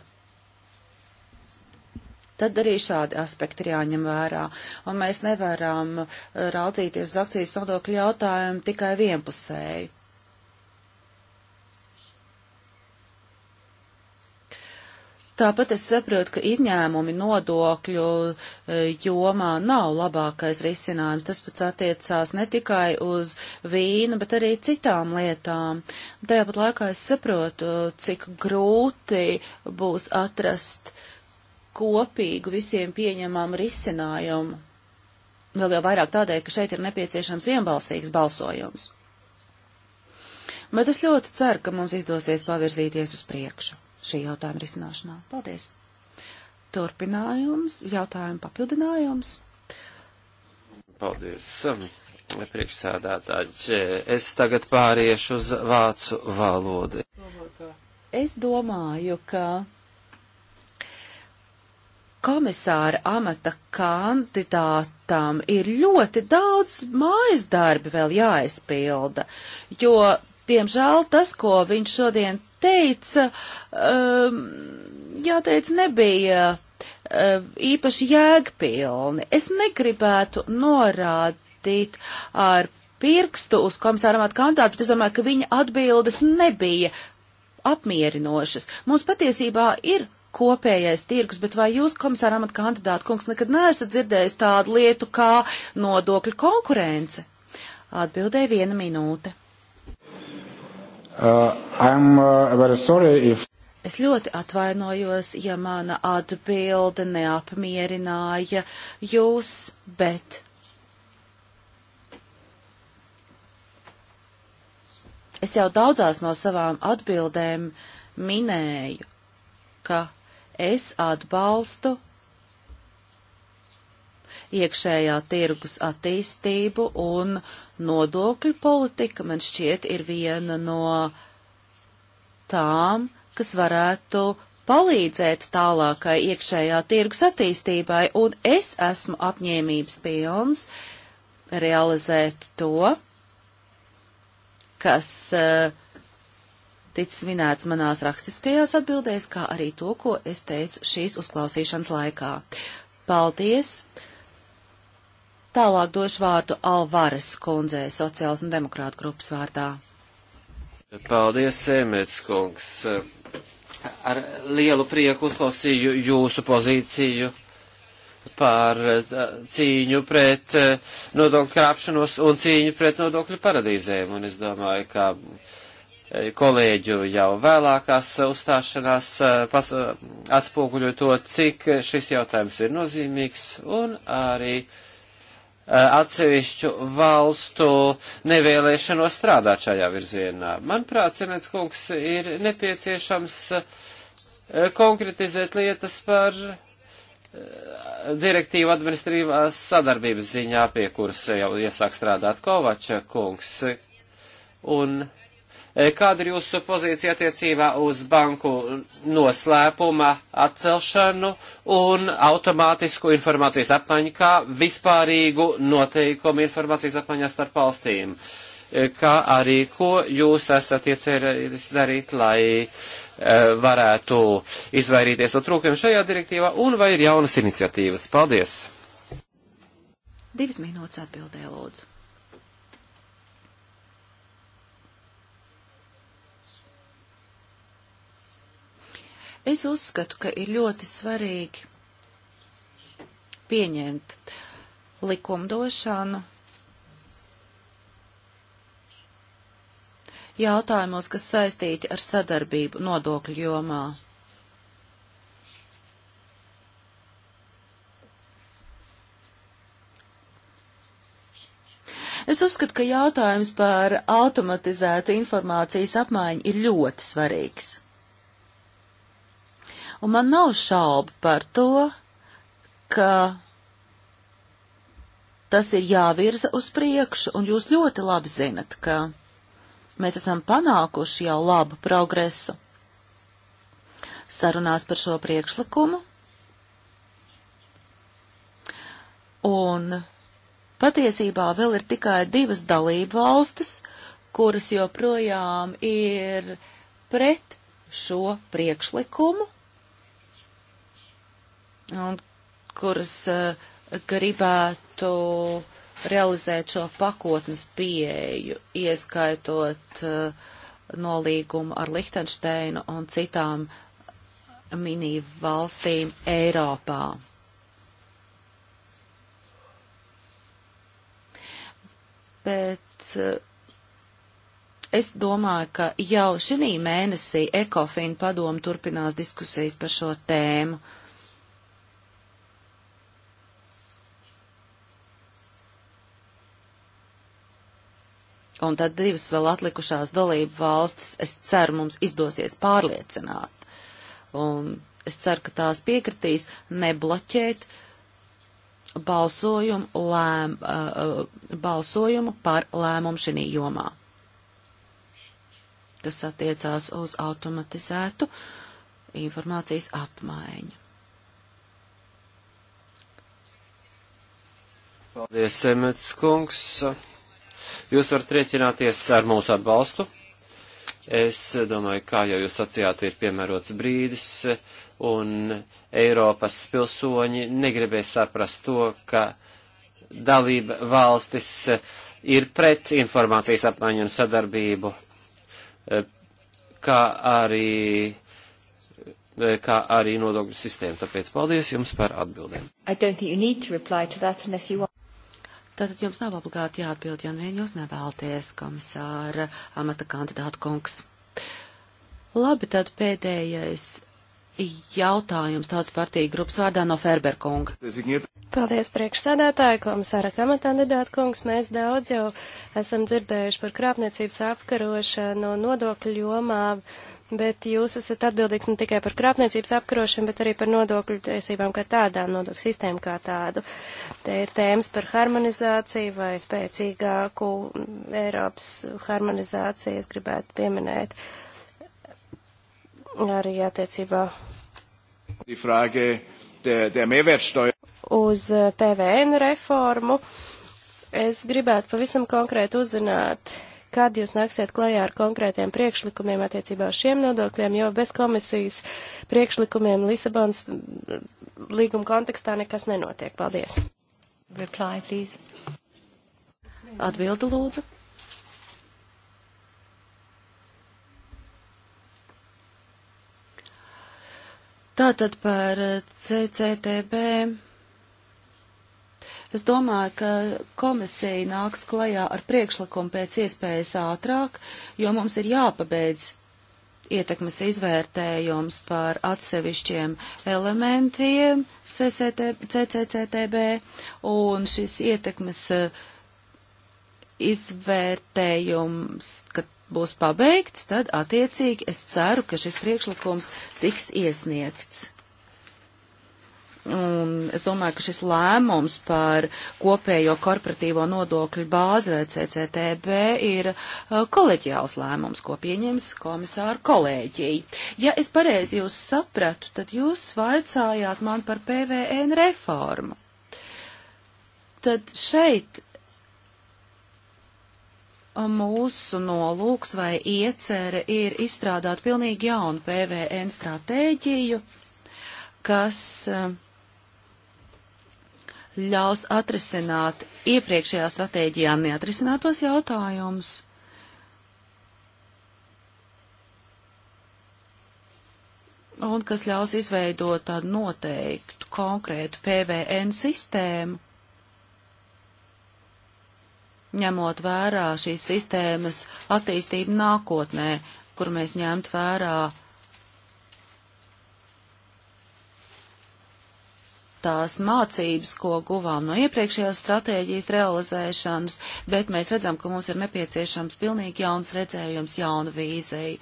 Tad arī šādi aspekti ir jāņem vērā, un mēs nevaram uh, raudzīties uz akcijas nodokļu jautājumu tikai vienpusēji. Tāpat es saprotu, ka izņēmumi nodokļu e, jomā nav labākais risinājums. Tas pats attiecās ne tikai uz vīnu, bet arī citām lietām. Tāpat laikā es saprotu, cik grūti būs atrast kopīgu visiem pieņemamu risinājumu. Vēl jau vairāk tādēļ, ka šeit ir nepieciešams vienbalsīgs balsojums. Bet es ļoti ceru, ka mums izdosies pavirzīties uz priekšu šī jautājuma risināšanā. Paldies! Turpinājums, jautājuma papildinājums. Paldies, um, priekšsēdētāji. Es tagad pāriešu uz vācu valodu. Es domāju, ka komisāra amata kandidātam ir ļoti daudz mājas darbi vēl jāizpilda, jo, diemžēl, tas, ko viņš šodien teica, um, jāteic, nebija um, īpaši jēgpilni. Es negribētu norādīt ar pirkstu uz komisāram atkandātu, bet es domāju, ka viņa atbildes nebija apmierinošas. Mums patiesībā ir kopējais tirgus, bet vai jūs, komisāra amata kandidāta kungs, nekad neesat dzirdējis tādu lietu kā nodokļu konkurence? Atbildēja viena minūte. Uh, uh if... Es ļoti atvainojos, ja mana atbilde neapmierināja jūs, bet Es jau daudzās no savām atbildēm minēju, ka es atbalstu iekšējā tirgus attīstību un Nodokļu politika, man šķiet, ir viena no tām, kas varētu palīdzēt tālākai iekšējā tirgus attīstībai, un es esmu apņēmības pilns realizēt to, kas eh, ticis minēts manās rakstiskajās atbildēs, kā arī to, ko es teicu šīs uzklausīšanas laikā. Paldies! Tālāk došu vārdu Alvares kundzei sociāls un demokrāta grupas vārdā. Paldies, Sēmēts kungs. Ar lielu prieku uzklausīju jūsu pozīciju par cīņu pret nodokļu krāpšanos un cīņu pret nodokļu paradīzēm. Un es domāju, ka kolēģu jau vēlākās uzstāšanās pas, atspoguļo to, cik šis jautājums ir nozīmīgs un arī uh, Eh, atsevišķu valstu nevēlēšanos strādāt šajā virzienā. Manuprāt, Cemets kungs ir nepieciešams eh, konkretizēt lietas par eh, direktīvu administrīvās sadarbības ziņā, pie kuras jau iesāk strādāt Kovača kungs. Un E, kāda ir jūsu pozīcija attiecībā uz banku noslēpuma atcelšanu un automātisku informācijas apmaiņu kā vispārīgu noteikumu informācijas apmaiņā starp valstīm? E, kā arī, ko jūs esat iecerējis darīt, lai e, varētu izvairīties no trūkiem šajā direktīvā un vai ir jaunas iniciatīvas? Paldies! Divas minūtes atbildē, lūdzu. Es uzskatu, ka ir ļoti svarīgi pieņemt likumdošanu jautājumos, kas saistīti ar sadarbību nodokļu jomā. Es uzskatu, ka jautājums par automatizētu informācijas apmaiņu ir ļoti svarīgs. Un man nav šaubu par to, ka tas ir jāvirza uz priekšu, un jūs ļoti labi zinat, ka mēs esam panākuši jau labu progresu. Sarunās par šo priekšlikumu. Un patiesībā vēl ir tikai divas dalību valstis, kuras joprojām ir pret šo priekšlikumu, un kuras uh, gribētu realizēt šo pakotnes pieeju, ieskaitot uh, nolīgumu ar Lihtensteinu un citām mini valstīm Eiropā. bet eh, es domāju, ka jau šī mēnesī Ekofina padomu turpinās diskusijas par šo tēmu. un tad divas vēl atlikušās dalību valstis, es ceru, mums izdosies pārliecināt. Un es ceru, ka tās piekritīs nebloķēt balsojumu, lēm, uh, uh balsojumu par lēmumu šī jomā, kas attiecās uz automatizētu informācijas apmaiņu. Paldies, Emets kungs. Jūs varat rēķināties ar mūsu atbalstu. Es domāju, kā jau jūs sacījāt, ir piemērots brīdis, un Eiropas pilsoņi negribēs saprast to, ka dalība valstis ir pret informācijas apmaiņu un sadarbību, kā arī kā arī nodokļu sistēma. Tāpēc paldies jums par atbildēm. To to Tātad jums nav obligāti jāatbild, ja nu vien jūs nevēlties, komisāra amata kandidāta kungs. Labi, tad pēdējais jautājums tāds partija grupas vārdā no Ferberkunga. Paldies, priekšsēdētāji, komisāra kamatandidāta kungs. Mēs daudz jau esam dzirdējuši par krāpniecības apkarošanu nodokļu jomā bet jūs esat atbildīgs ne tikai par krāpniecības apkarošanu, bet arī par nodokļu tiesībām kā tādām, nodokļu sistēmu kā tādu. Te ir tēmas par harmonizāciju vai spēcīgāku Eiropas harmonizāciju, es gribētu pieminēt arī attiecībā. Uz eh, PVN reformu es gribētu pavisam konkrēti uzzināt, kad jūs nāksiet klajā ar konkrētiem priekšlikumiem attiecībā uz šiem nodokļiem, jo bez komisijas priekšlikumiem Lisabonas mm, līguma kontekstā nekas nenotiek. Paldies. Reply, please. Atbildu lūdzu. Tātad par CCTB Es domāju, ka komisija nāks klajā ar priekšlikumu pēc iespējas ātrāk, jo mums ir jāpabeidz ietekmes izvērtējums par atsevišķiem elementiem CCCTB, un šis ietekmes eh, izvērtējums, kad būs pabeigts, tad attiecīgi es ceru, ka šis priekšlikums tiks iesniegts. Un es domāju, ka šis lēmums par kopējo korporatīvo nodokļu bāzi vai CCTB ir uh, koleģiāls lēmums, ko pieņems komisāra kolēģija. Ja es pareizi jūs sapratu, tad jūs vaicājāt man par PVN reformu. Tad šeit uh, mūsu nolūks vai iecere ir izstrādāt pilnīgi jaunu PVN stratēģiju, kas uh, ļaus atrisināt iepriekšējā stratēģijā neatrisinātos jautājumus. Un kas ļaus izveidot tādu noteiktu konkrētu PVN sistēmu, ņemot vērā šīs sistēmas attīstību nākotnē, kur mēs ņemt vērā uh, tās mācības, ko guvām no iepriekšējās stratēģijas realizēšanas, bet mēs redzam, ka mums ir nepieciešams pilnīgi jauns redzējums, jauna vīzija.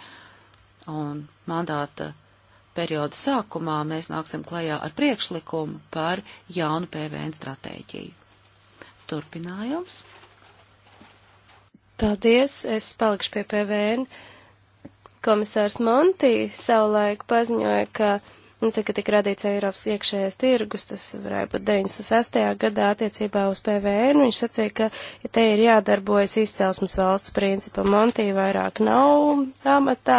Un mandāta perioda sākumā mēs nāksim klajā ar priekšlikumu par jaunu PVN stratēģiju. Turpinājums. Paldies, es palikšu pie PVN. Komisārs Monti savulaik paziņoja, ka Un nu, tagad tika radīts Eiropas iekšējais tirgus, tas varēja būt 96. gadā attiecībā uz PVN. Viņš sacīja, ka ja te ir jādarbojas izcelsmes valsts principa, Monti vairāk nav amatā,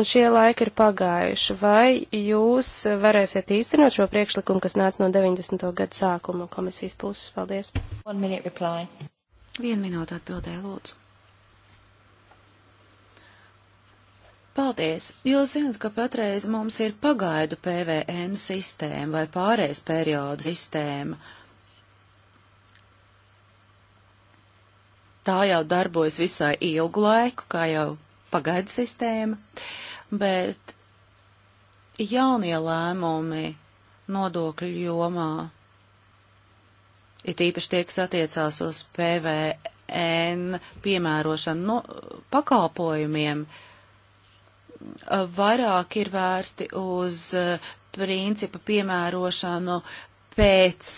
un šie laiki ir pagājuši. Vai jūs varēsiet īstenot šo priekšlikumu, kas nāca no 90. gadu sākuma komisijas puses? Paldies. Vienu minūtu atbildēju, lūdzu. Paldies! Jūs zinat, ka patreiz mums ir pagaidu PVN sistēma vai pārējais perioda sistēma. Tā jau darbojas visai ilgu laiku, kā jau pagaidu sistēma, bet jaunie lēmumi nodokļu jomā it īpaši tie, kas attiecās uz PVN piemērošanu no, pakalpojumiem, uh, Eh, vairāk ir vērsti uz eh, principa piemērošanu pēc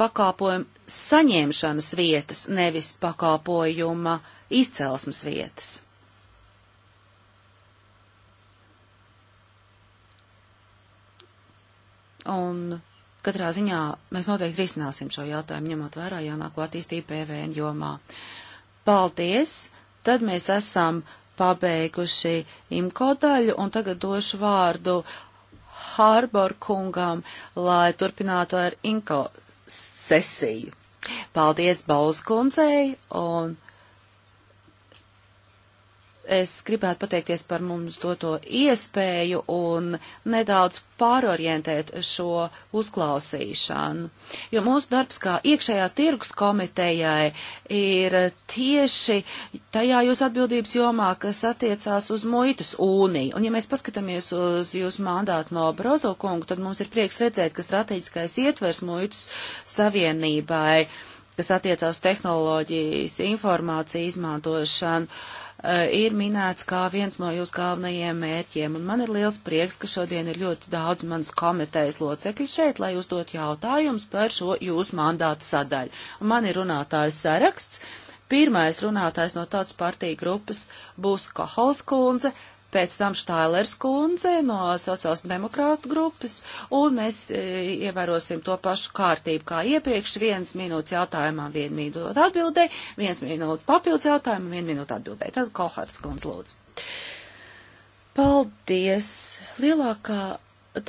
pakāpojuma saņemšanas vietas, nevis pakāpojuma izcelsmes vietas. Un katrā ziņā mēs noteikti risināsim šo jautājumu, ņemot vērā jaunāko attīstību PVN jomā. Paldies! Tad mēs esam pabeiguši imko daļu, un tagad došu vārdu Harbor kungam, lai turpinātu ar inko sesiju. Paldies Bauskundzei, un Es gribētu pateikties par mums doto iespēju un nedaudz pārorientēt šo uzklausīšanu, jo mūsu darbs kā iekšējā tirgus komitejai ir tieši tajā jūsu atbildības jomā, kas attiecās uz muitas uniju. Un ja mēs paskatāmies uz jūsu mandātu no Brozo kungu, tad mums ir prieks redzēt, ka strateģiskais ietvers muitas savienībai kas attiecās tehnoloģijas, informāciju izmantošanu, uh, Eh, ir minēts kā viens no jūsu galvenajiem mērķiem. Un man ir liels prieks, ka šodien ir ļoti daudz manas komitejas locekļi šeit, lai uzdot jautājumus par šo jūsu mandātu sadaļu. Un man ir runātājs saraksts. Pirmais runātājs no tautas partija grupas būs Kohols kundze, pēc tam Štailers kundze no sociāls demokrātu grupas, un mēs e, ievērosim to pašu kārtību kā iepriekš. Viens minūtes jautājumam, viena minūte atbildē, viens minūtes papildus jautājumam, viena minūte atbildē. Tad Kohārds kundze lūdzu. Paldies! Lielākā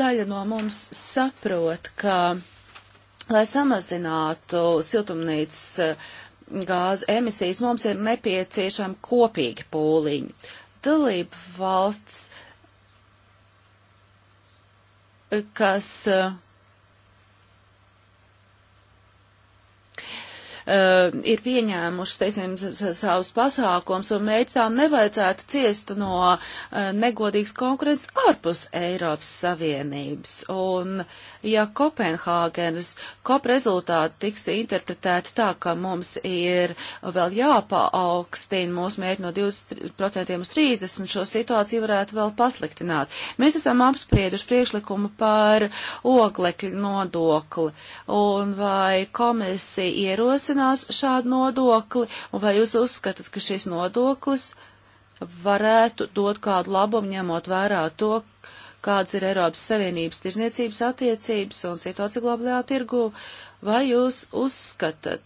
daļa no mums saprot, ka, lai samazinātu siltumnīcas e, gāzu emisijas, mums ir nepieciešama kopīga pūliņa dalību valsts, kas uh, ir pieņēmušas, teiksim, savus pasākums, un mēģinām nevajadzētu ciest no uh, negodīgas konkurences ārpus Eiropas Savienības. Un uh, ja Kopenhāgenes kop rezultāti tiks interpretēti tā, ka mums ir vēl jāpaaugstina mūsu mērķi no 20% uz 30%, šo situāciju varētu vēl pasliktināt. Mēs esam apsprieduši priekšlikumu par oglekļu nodokli, un vai komisija ierosinās šādu nodokli, un vai jūs uzskatāt, ka šis nodoklis varētu dot kādu labumu, ņemot vērā to, kādas ir Eiropas Savienības tirzniecības attiecības un situācija globālajā tirgu, vai jūs uzskatat,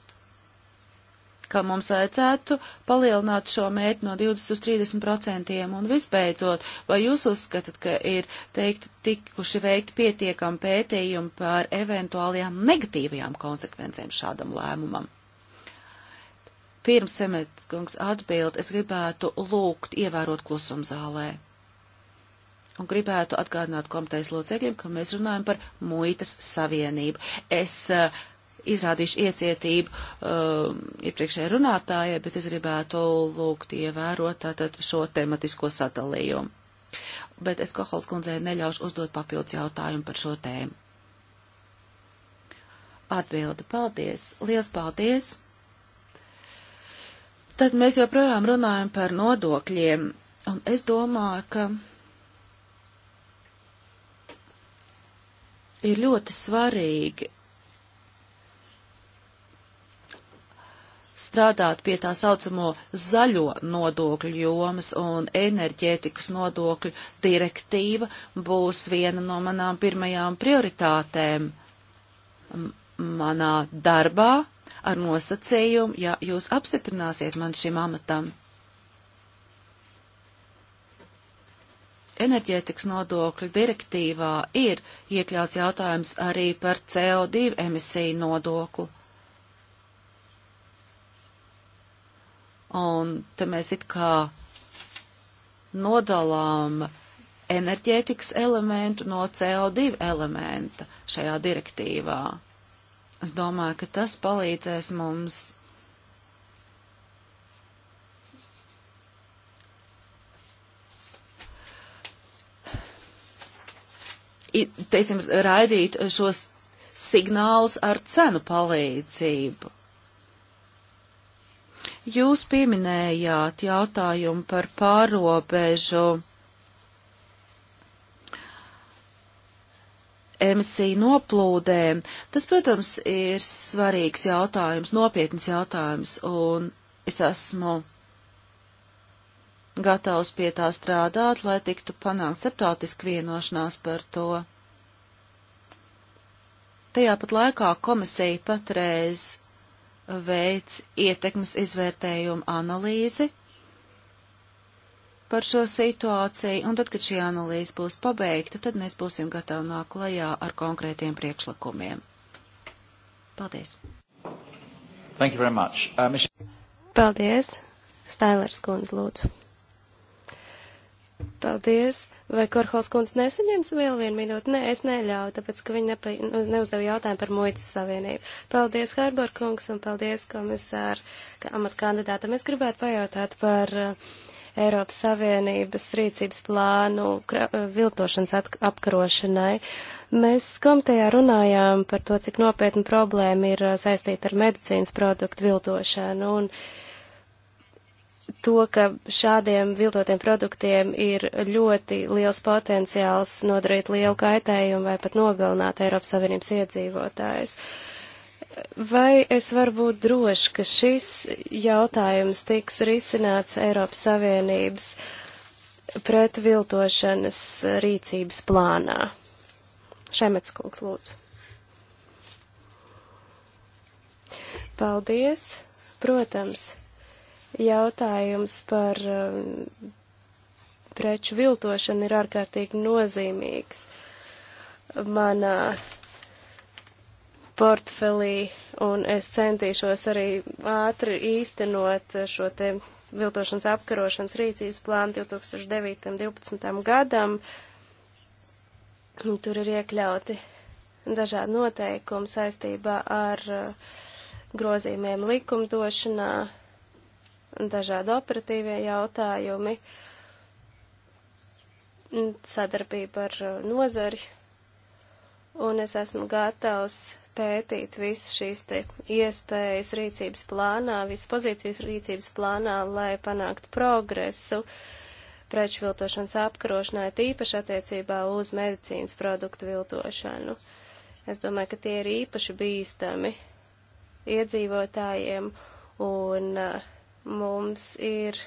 ka mums vajadzētu palielināt šo mērķi no 20 uz 30 procentiem, un visbeidzot, vai jūs uzskatat, ka ir teikt, tikuši veikti pietiekami pētījumi par eventuālajām negatīvajām konsekvencēm šādam lēmumam? Pirms Semetskungs atbild, es gribētu lūgt ievērot klusumzālē. zālē un gribētu atgādināt komitejas locekļiem, ka mēs runājam par muitas savienību. Es uh, izrādīšu iecietību uh, iepriekšējai runātājai, bet es gribētu lūgt ievērot tātad šo tematisko sadalījumu. Bet es Kohals kundzei neļaušu uzdot papildus jautājumu par šo tēmu. Atbilde. Paldies. Liels paldies. Tad mēs joprojām runājam par nodokļiem. Un es domāju, ka ir ļoti svarīgi strādāt pie tā saucamo zaļo nodokļu jomas un enerģētikas nodokļu direktīva būs viena no manām pirmajām prioritātēm manā darbā ar nosacījumu, ja jūs apstiprināsiet man šim amatam. enerģētikas nodokļu direktīvā ir iekļauts jautājums arī par CO2 emisiju nodoklu. Un te mēs it kā nodalām enerģētikas elementu no CO2 elementa šajā direktīvā. Es domāju, ka tas palīdzēs mums teiksim, raidīt šos signālus ar cenu palīdzību. Jūs pieminējāt jautājumu par pārobežu emisiju noplūdēm. Tas, protams, ir svarīgs jautājums, nopietns jautājums, un es esmu gatavs pie tā strādāt, lai tiktu panākt starptautiski vienošanās par to. Tajā pat laikā komisija patreiz veic ietekmes izvērtējumu analīzi par šo situāciju, un tad, kad šī analīze būs pabeigta, tad mēs būsim gatavi nākt klajā ar konkrētiem priekšlikumiem. Paldies! Thank you very much. Uh, Paldies! Stailers kundze, lūdzu. Paldies. Vai Korhols kundze nesaņems vēl vienu minūti? Nē, es neļauju, tāpēc, ka viņi nepa, nu, neuzdeva jautājumu par muitas savienību. Paldies, Harbor kungs, un paldies, komisāri, ka amat kandidātam. Es gribētu pajautāt par uh, Eiropas Savienības rīcības plānu eh, viltošanas apkarošanai. Mēs komitejā runājām par to, cik nopietna problēma ir eh, saistīta ar medicīnas produktu viltošanu, un to, ka šādiem viltotiem produktiem ir ļoti liels potenciāls nodarīt lielu kaitējumu vai pat nogalināt Eiropas Savienības iedzīvotājus. Vai es varu būt droši, ka šis jautājums tiks risināts Eiropas Savienības pret viltošanas rīcības plānā? Šemets kungs, lūdzu. Paldies. Protams jautājums par um, preču viltošanu ir ārkārtīgi nozīmīgs. Manā portfelī, un es centīšos arī ātri īstenot šo te viltošanas apkarošanas rīcības plānu 2009-2012 gadam. Tur ir iekļauti dažādi noteikumi saistībā ar uh, grozījumiem likumdošanā, dažādi operatīvie jautājumi, sadarbība ar uh, nozari, un es esmu gatavs pētīt visas šīs te iespējas rīcības plānā, visas pozīcijas rīcības plānā, lai panāktu progresu preču viltošanas apkarošanā, tīpaši attiecībā uz medicīnas produktu viltošanu. Es domāju, ka tie ir īpaši bīstami iedzīvotājiem un uh, Mums ir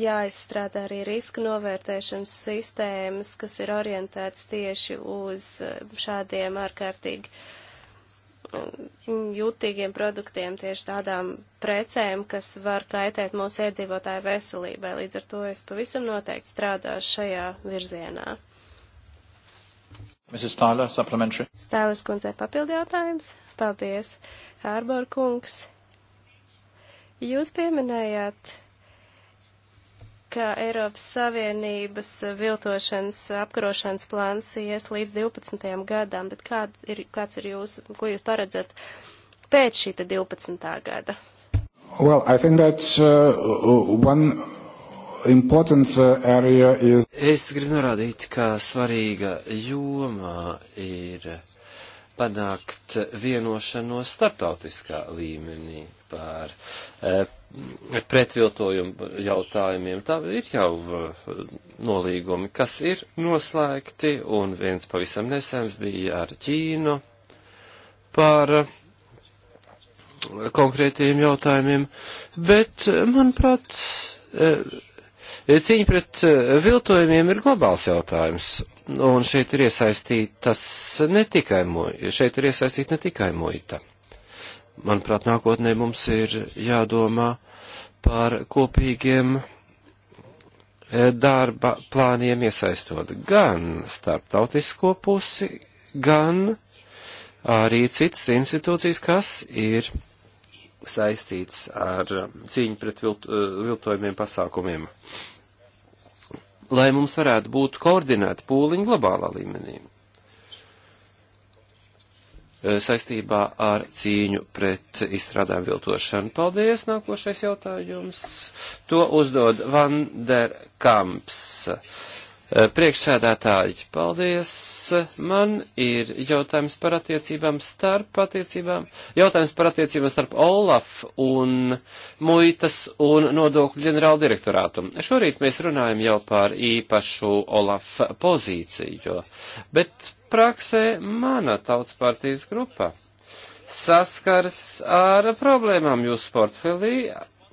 jāizstrādā arī riska novērtēšanas sistēmas, kas ir orientētas tieši uz eh, šādiem ārkārtīgi eh, jūtīgiem produktiem, tieši tādām precēm, kas var kaitēt mūsu iedzīvotāju veselībai. Līdz ar to es pavisam noteikti strādāšu šajā virzienā. Mrs. Stāles, supplementary. Stāles kundzei papildi jautājums. Paldies, Hārbor kungs. Jūs pieminējāt, ka Eiropas Savienības viltošanas apkarošanas plāns ies līdz 12. gadam, bet kāds ir, kāds ir jūs, ko jūs paredzat pēc šīta 12. gada? Well, I think that uh, one important uh, area is. Es gribu norādīt, ka svarīga joma ir panākt vienošanos starptautiskā līmenī par e, pretviltojumu jautājumiem. Tā ir jau eh, nolīgumi, kas ir noslēgti, un viens pavisam nesens bija ar Ķīnu par eh, konkrētiem jautājumiem, bet, manuprāt, e, cīņa pret viltojumiem ir globāls jautājums, Un šeit ir iesaistītas ne tikai muita, šeit ir iesaistīta ne tikai muita. Manuprāt, nākotnē mums ir jādomā par kopīgiem e, darba plāniem iesaistot gan starptautisko pusi, gan arī citas institūcijas, kas ir saistīts ar cīņu pret vilt, e, viltojumiem pasākumiem. Uh, lai mums varētu būt koordinēti pūliņi globālā līmenī eh, saistībā ar cīņu pret izstrādājumu viltošanu. Paldies, nākošais jautājums. To uzdod Vanderkamps. Eh, priekšsēdētāji, paldies. Man ir jautājums par attiecībām starp attiecībām. Jautājums par attiecībām starp Olaf un muitas un nodokļu ģenerāla direktorātu. Šorīt mēs runājam jau par īpašu Olaf pozīciju, bet praksē mana tautas partijas grupa saskars ar problēmām jūsu portfelī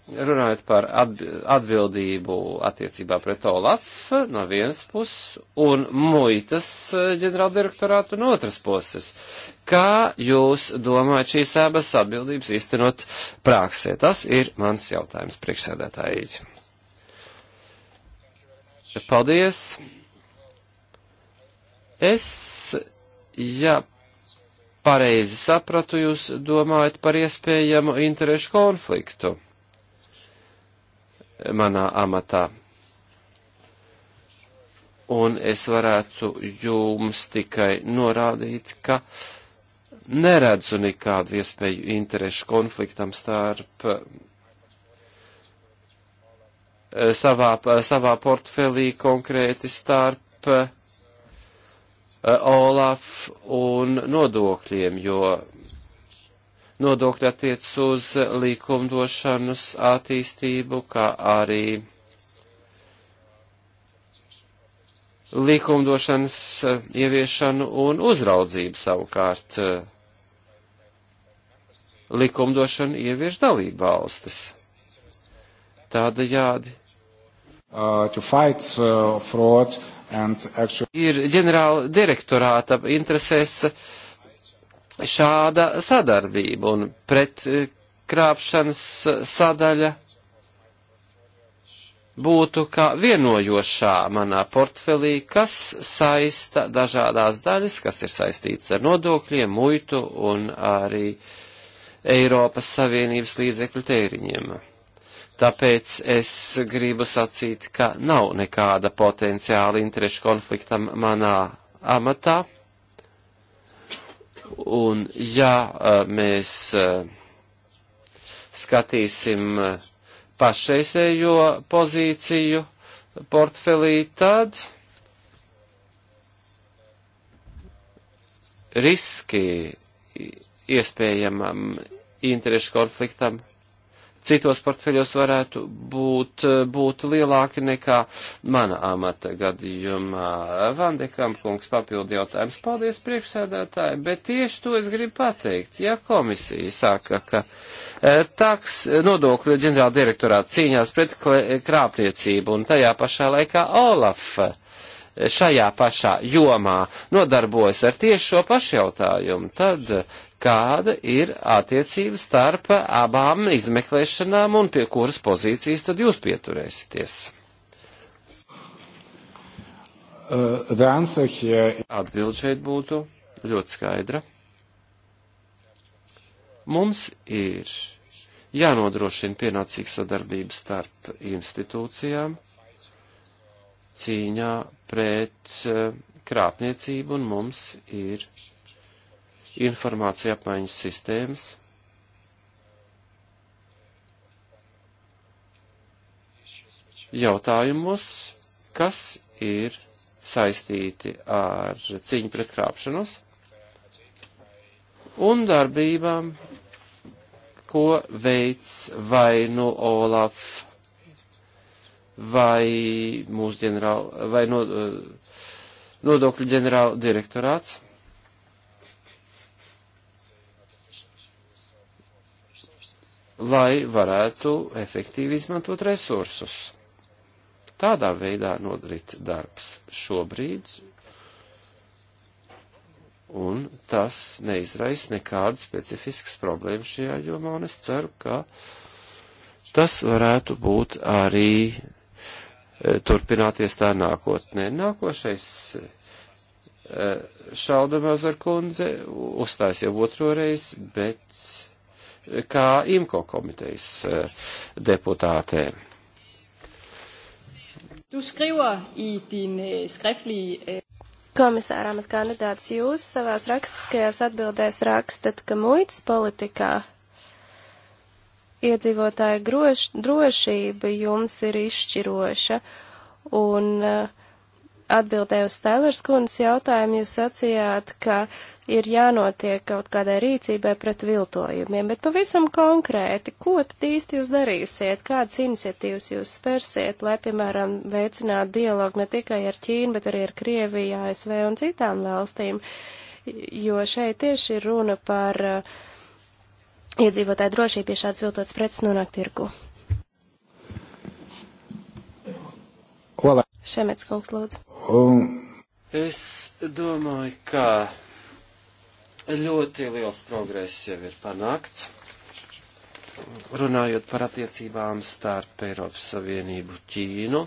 runājot par atbildību attiecībā pret Olaf no vienas puses un muitas eh, ģenerāldirektorātu no otras puses. Kā jūs domājat šīs abas atbildības īstenot prāksē? Tas ir mans jautājums priekšsēdētāji. Paldies. Es, ja pareizi sapratu, jūs domājat par iespējamu interešu konfliktu manā amatā. Un es varētu jums tikai norādīt, ka neredzu nekādu iespēju interešu konfliktam starp eh, savā, savā portfelī konkrēti starp eh, Olaf un nodokļiem, jo nodokļi attiec uz likumdošanas attīstību, kā arī likumdošanas eh, ieviešanu un uzraudzību savukārt. Eh, likumdošanu ievieš dalību valstis. Tādējādi. Uh, fight, uh, actually... Ir ģenerāla direktorāta interesēs uh, šāda sadarbība un pret eh, krāpšanas sadaļa būtu kā vienojošā manā portfelī, kas saista dažādās daļas, kas ir saistītas ar nodokļiem, muitu un arī Eiropas Savienības līdzekļu tēriņiem. Tāpēc es gribu sacīt, ka nav nekāda potenciāla interešu konfliktam manā amatā Un ja mēs skatīsim pašreizējo pozīciju portfelī, tad riski iespējamam interešu konfliktam citos portfeļos varētu būt, būt lielāki nekā mana amata gadījumā. Vandekam kungs papildi jautājums. Paldies priekšsēdētāji, bet tieši to es gribu pateikt. Ja komisija saka, ka e, taks nodokļu ģenerāla direktorā cīņās pret krāpniecību un tajā pašā laikā Olaf e, šajā pašā jomā nodarbojas ar tieši šo pašu jautājumu, tad kāda ir attiecība starp abām izmeklēšanām un pie kuras pozīcijas tad jūs pieturēsieties? Uh, here... Atbild šeit būtu ļoti skaidra. Mums ir jānodrošina pienācīga sadarbība starp institūcijām cīņā pret uh, krāpniecību, un mums ir informācija apmaiņas sistēmas. Jautājumus, kas ir saistīti ar cīņu pret krāpšanos un darbībām, ko veids vai nu Olaf vai mūsu ģenerāla vai no, nu, eh, nodokļu ģenerāla direktorāts. lai varētu efektīvi izmantot resursus. Tādā veidā nodarīts darbs šobrīd, un tas neizrais nekādas specifiskas problēmas šajā jomā, un es ceru, ka tas varētu būt arī e, turpināties tā nākotnē. Nākošais e, šaudamās ar kundze uzstājas jau otro reizi, bet kā IMCO komitejas eh, deputātē. Du skriver i din øh, skriftlige... Øh... Komisāra amat kandidāts, jūs savās rakstiskajās atbildēs rakstat, ka muitas politikā iedzīvotāja groš, drošība jums ir izšķiroša, un atbildē uz Stēlers kundas jautājumu jūs sacījāt, ka uh, ir jānotiek kaut kādai rīcībai pret viltojumiem, bet pavisam konkrēti, ko tad īsti jūs darīsiet, kādas iniciatīvas jūs spērsiet, lai, piemēram, veicinātu dialogu ne tikai ar Ķīnu, bet arī ar Krieviju, ASV un citām valstīm, jo šeit tieši ir runa par uh, iedzīvotāju drošību, ja šāds viltots preces nonāk tirgu. Šemets kungs, lūdzu. Um. Es domāju, ka Ļoti liels progress jau ir panākts. Runājot par attiecībām starp Eiropas Savienību Ķīnu,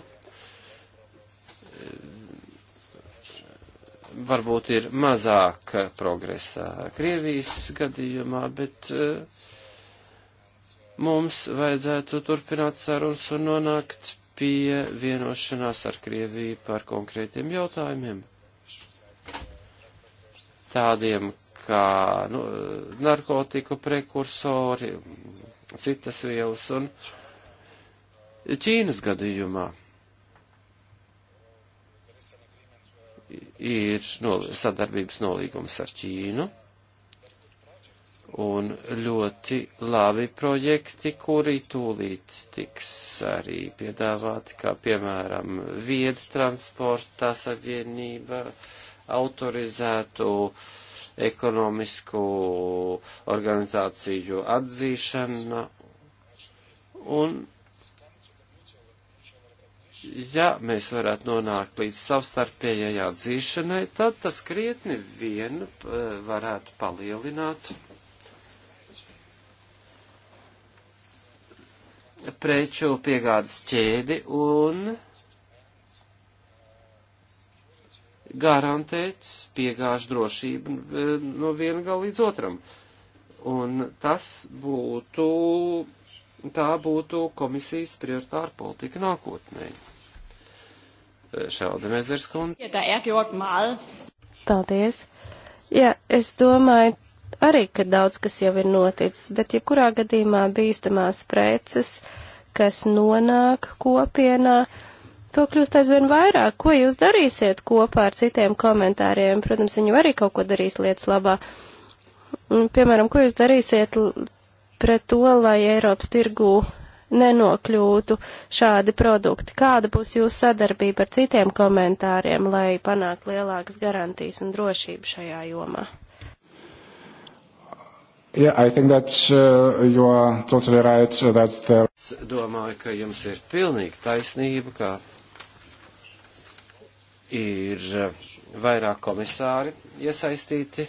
varbūt ir mazāk progresā Krievijas gadījumā, bet eh, mums vajadzētu turpināt sarunas un nonākt pie vienošanās ar Krieviju par konkrētiem jautājumiem tādiem kā nu, narkotiku prekursori, citas vielas un Ķīnas gadījumā. Ir no, sadarbības nolīgums ar Ķīnu un ļoti labi projekti, kuri tūlīt tiks arī piedāvāti, kā piemēram viedtransporta savienība. Uh, autorizētu ekonomisku organizāciju atzīšana un ja mēs varētu nonākt līdz savstarpējai atzīšanai, tad tas krietni vien eh, varētu palielināt preču piegādes ķēdi un garantēt piegāžu drošību e, no viena gala līdz otram. Un tas būtu, tā būtu komisijas prioritāra politika nākotnē. E, Šāda Mezers kundze. Er Paldies. Jā, es domāju arī, ka daudz kas jau ir noticis, bet jebkurā gadījumā bīstamās preces, kas nonāk kopienā, uh, to kļūst aizvien vairāk. Ko jūs darīsiet kopā ar citiem komentāriem? Protams, viņi arī kaut ko darīs lietas labā. Un, piemēram, ko jūs darīsiet pret to, lai Eiropas tirgū nenokļūtu šādi produkti? Kāda būs jūsu sadarbība ar citiem komentāriem, lai panāktu lielākas garantijas un drošību šajā jomā? Yeah, I think that uh, you are totally right. Uh, that there... Es domāju, ka jums ir pilnīgi taisnība, ka ir eh, vairāk komisāri iesaistīti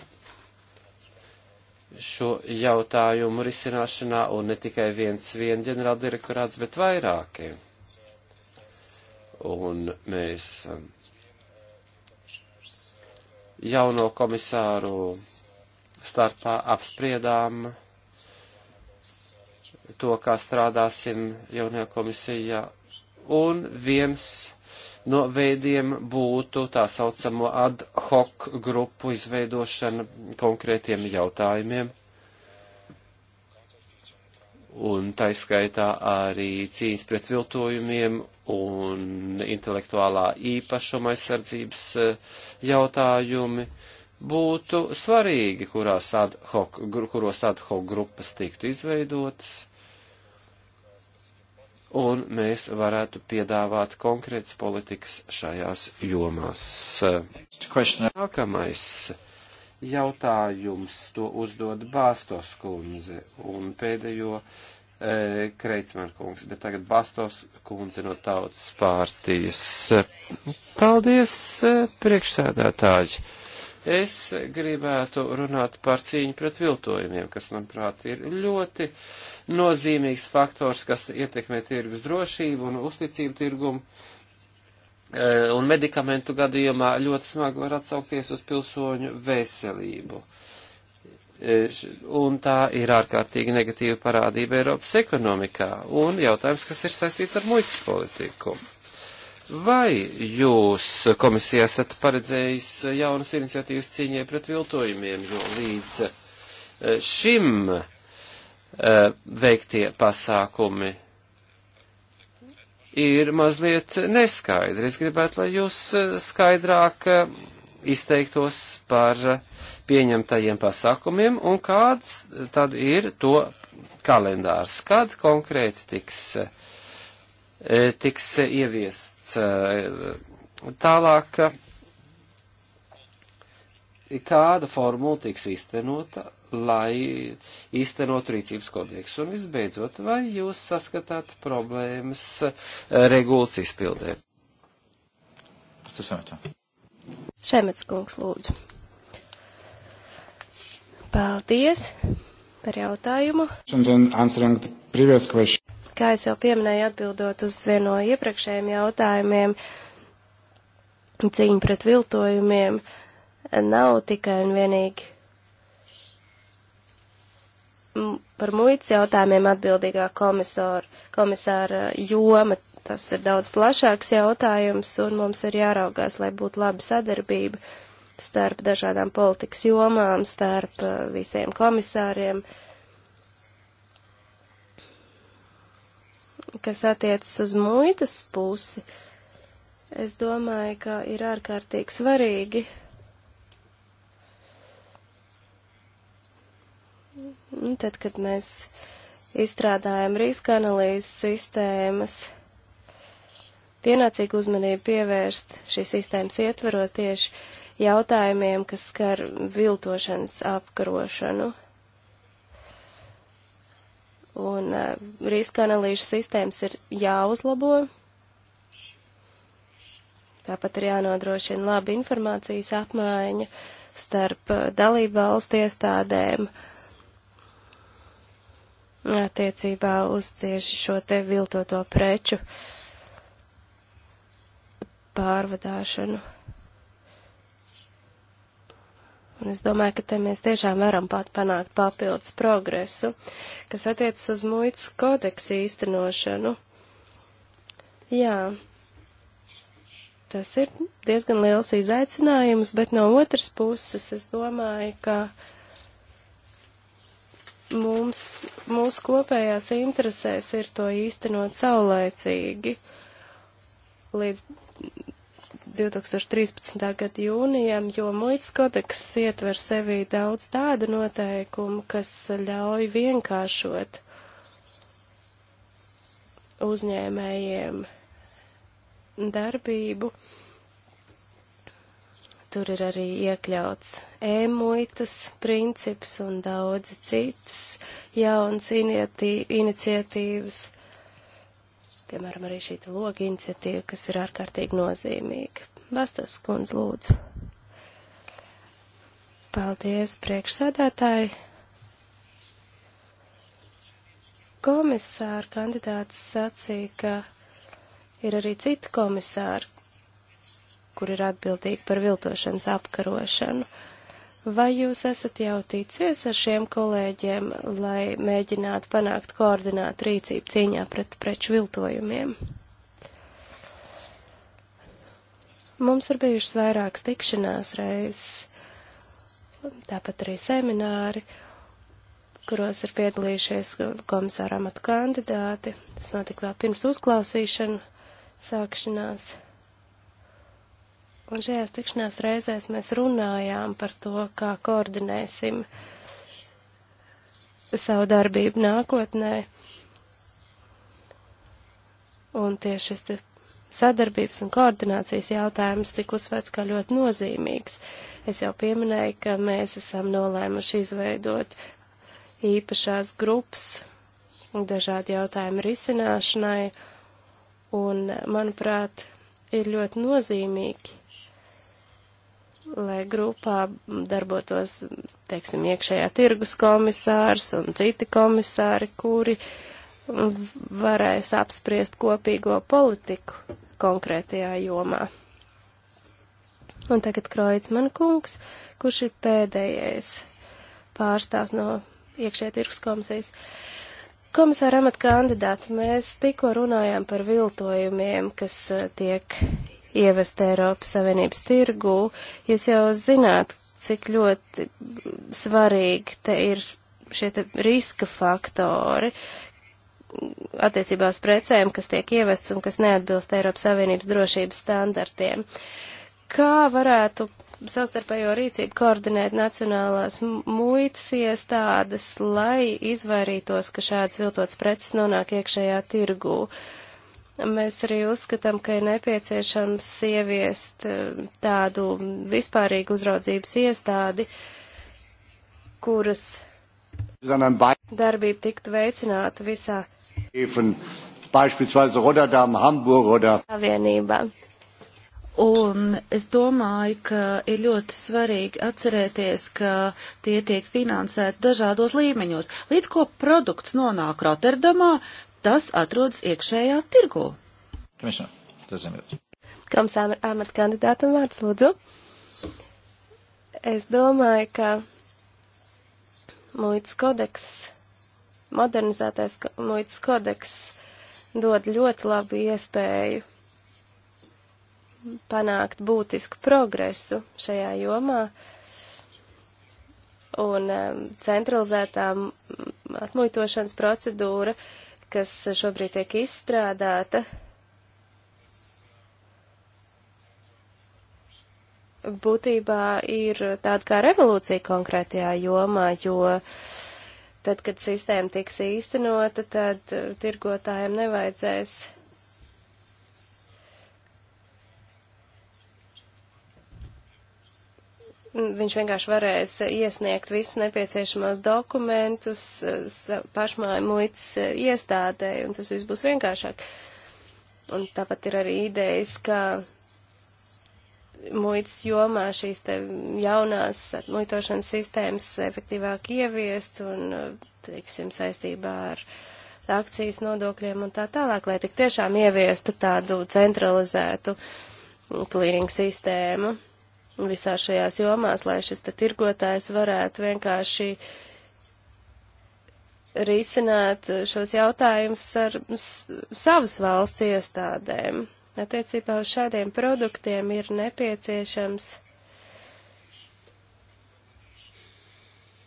šo jautājumu risināšanā, un ne tikai viens vien ģenerāldirektorāts, bet vairāki. Un mēs eh, jauno komisāru starpā apspriedām to, kā strādāsim jaunajā komisijā, un viens no veidiem būtu tā saucamo ad hoc grupu izveidošana konkrētiem jautājumiem. Un taiskaitā arī cīņas pret viltojumiem un intelektuālā īpašuma aizsardzības eh, jautājumi būtu svarīgi, ad hoc, kuros ad hoc grupas tiktu izveidotas un mēs varētu piedāvāt konkrētas politikas šajās jomās. Nākamais jautājums to uzdod Bāstos kundze un pēdējo e, Kreitsmar kungs, bet tagad Bāstos kundze no tautas pārtīs. Paldies, e, priekšsēdētāji! Es gribētu runāt par cīņu pret viltojumiem, kas, manuprāt, ir ļoti nozīmīgs faktors, kas ietekmē tirgus drošību un uzticību tirgumu. E, un medikamentu gadījumā ļoti smagi var atsaukties uz pilsoņu veselību. E, un tā ir ārkārtīgi negatīva parādība Eiropas ekonomikā. Un jautājums, kas ir saistīts ar muitas politiku. Vai jūs komisijā esat paredzējis jaunas iniciatīvas cīņai pret viltojumiem, jo līdz eh, šim eh, veiktie pasākumi ir mazliet neskaidri. Es gribētu, lai jūs eh, skaidrāk izteiktos par pieņemtajiem pasākumiem un kāds tad ir to kalendārs, kad konkrēts tiks uh, E, tiks ieviests e, tālāk, kāda formula tiks īstenota, lai īstenotu rīcības kodeksu. Un visbeidzot, vai jūs saskatāt problēmas e, regulas izpildē? Šemets kungs, lūdzu. Paldies par jautājumu. Kā es jau pieminēju, atbildot uz vieno no iepriekšējiem jautājumiem, cīņa pret viltojumiem nav tikai un vienīgi par muitas jautājumiem atbildīgā komisāra, komisāra joma. Tas ir daudz plašāks jautājums, un mums ir jāraugās, lai būtu laba sadarbība starp dažādām politikas jomām, starp eh, visiem komisāriem, uh, kas attiecas uz muitas pusi, es domāju, ka ir ārkārtīgi svarīgi Tad, kad mēs izstrādājam riska analīzes sistēmas, pienācīgu uzmanību pievērst šīs sistēmas ietveros tieši jautājumiem, kas skar viltošanas apkarošanu un eh, riska analīžu sistēmas ir jāuzlabo. Tāpat ir jānodrošina laba informācijas apmaiņa starp eh, dalību valstu iestādēm attiecībā uz tieši šo te viltoto preču pārvadāšanu. Un es domāju, ka te mēs tiešām varam pat panākt papildus progresu, kas attiecas uz muitas kodeksu īstenošanu. Jā, tas ir diezgan liels izaicinājums, bet no otras puses es domāju, ka mums, mūsu kopējās interesēs ir to īstenot saulēcīgi līdz 2013. gada jūnijam, jo muitas kodeks ietver sevī daudz tādu noteikumu, kas ļauj vienkāršot uzņēmējiem darbību. Tur ir arī iekļauts e-muitas princips un daudzi citas jauns iniciatīvas. Piemēram, arī šī loga iniciatīva, kas ir ārkārtīgi nozīmīga. Bastos kundz, lūdzu. Paldies, priekšsēdētāji. Komisāra kandidāts sacīja, ka ir arī citi komisāri, kur ir atbildīgi par viltošanas apkarošanu. Vai jūs esat jau ticies ar šiem kolēģiem, lai mēģinātu panākt koordinātu rīcību cīņā pret preču viltojumiem? Mums ir bijušas vairākas tikšanās reizes, tāpat arī semināri, kuros ir piedalījušies komisāra amatu kandidāti. Tas notika vēl pirms uzklausīšanu sākšanās. Un šajās tikšanās reizēs mēs runājām par to, kā koordinēsim savu darbību nākotnē. Un tieši šis sadarbības un koordinācijas jautājums tika uzsvērts kā ļoti nozīmīgs. Es jau pieminēju, ka mēs esam nolēmuši izveidot īpašās grupas dažādu jautājumu risināšanai, un, manuprāt, ir ļoti nozīmīgi, lai grupā darbotos, teiksim, iekšējā tirgus komisārs un citi komisāri, kuri varēs apspriest kopīgo politiku konkrētajā jomā. Un tagad Kroicman kungs, kurš ir pēdējais pārstāvs no iekšējā tirgus komisijas. Komisāra amata kandidāti, mēs tikko runājām par viltojumiem, kas eh, tiek ievest Eiropas Savienības tirgū. Jūs jau zināt, cik ļoti svarīgi te ir šie te riska faktori attiecībās precēm, kas tiek ievests un kas neatbilst Eiropas Savienības drošības standartiem. Kā varētu savstarpējo rīcību koordinēt nacionālās muitas iestādes, lai izvairītos, ka šādas viltotas preces nonāk iekšējā tirgū? Uh, Mēs arī uzskatām, ka ir nepieciešams ieviest eh, tādu vispārīgu uzraudzības iestādi, kuras darbība tiktu veicināta visā savienībā. Un es domāju, ka ir ļoti svarīgi atcerēties, ka tie tiek finansēti dažādos līmeņos. Līdz ko produkts nonāk Rotterdamā, tas atrodas iekšējā tirgu. Komisāra amata kandidātam vārds lūdzu. Es domāju, ka muitas kodeks, modernizētais muitas kodeks dod ļoti labu iespēju panākt būtisku progresu šajā jomā. Un um, centralizētā atmuitošanas procedūra uh, kas šobrīd tiek izstrādāta, būtībā ir tāda kā revolūcija konkrētajā jomā, jo tad, kad sistēma tiks īstenota, tad tirgotājiem nevajadzēs viņš vienkārši varēs iesniegt visus nepieciešamos dokumentus pašmāju muitas iestādē, un tas viss būs vienkāršāk. Un tāpat ir arī idejas, ka muitas jomā šīs te jaunās muitošanas sistēmas efektīvāk ieviest un, teiksim, saistībā ar akcijas nodokļiem un tā tālāk, lai tik tiešām ieviestu tādu centralizētu klīringu sistēmu visā šajās jomās, lai šis te tirgotājs varētu vienkārši risināt šos jautājumus ar savas valsts iestādēm. Attiecībā uz šādiem produktiem ir nepieciešams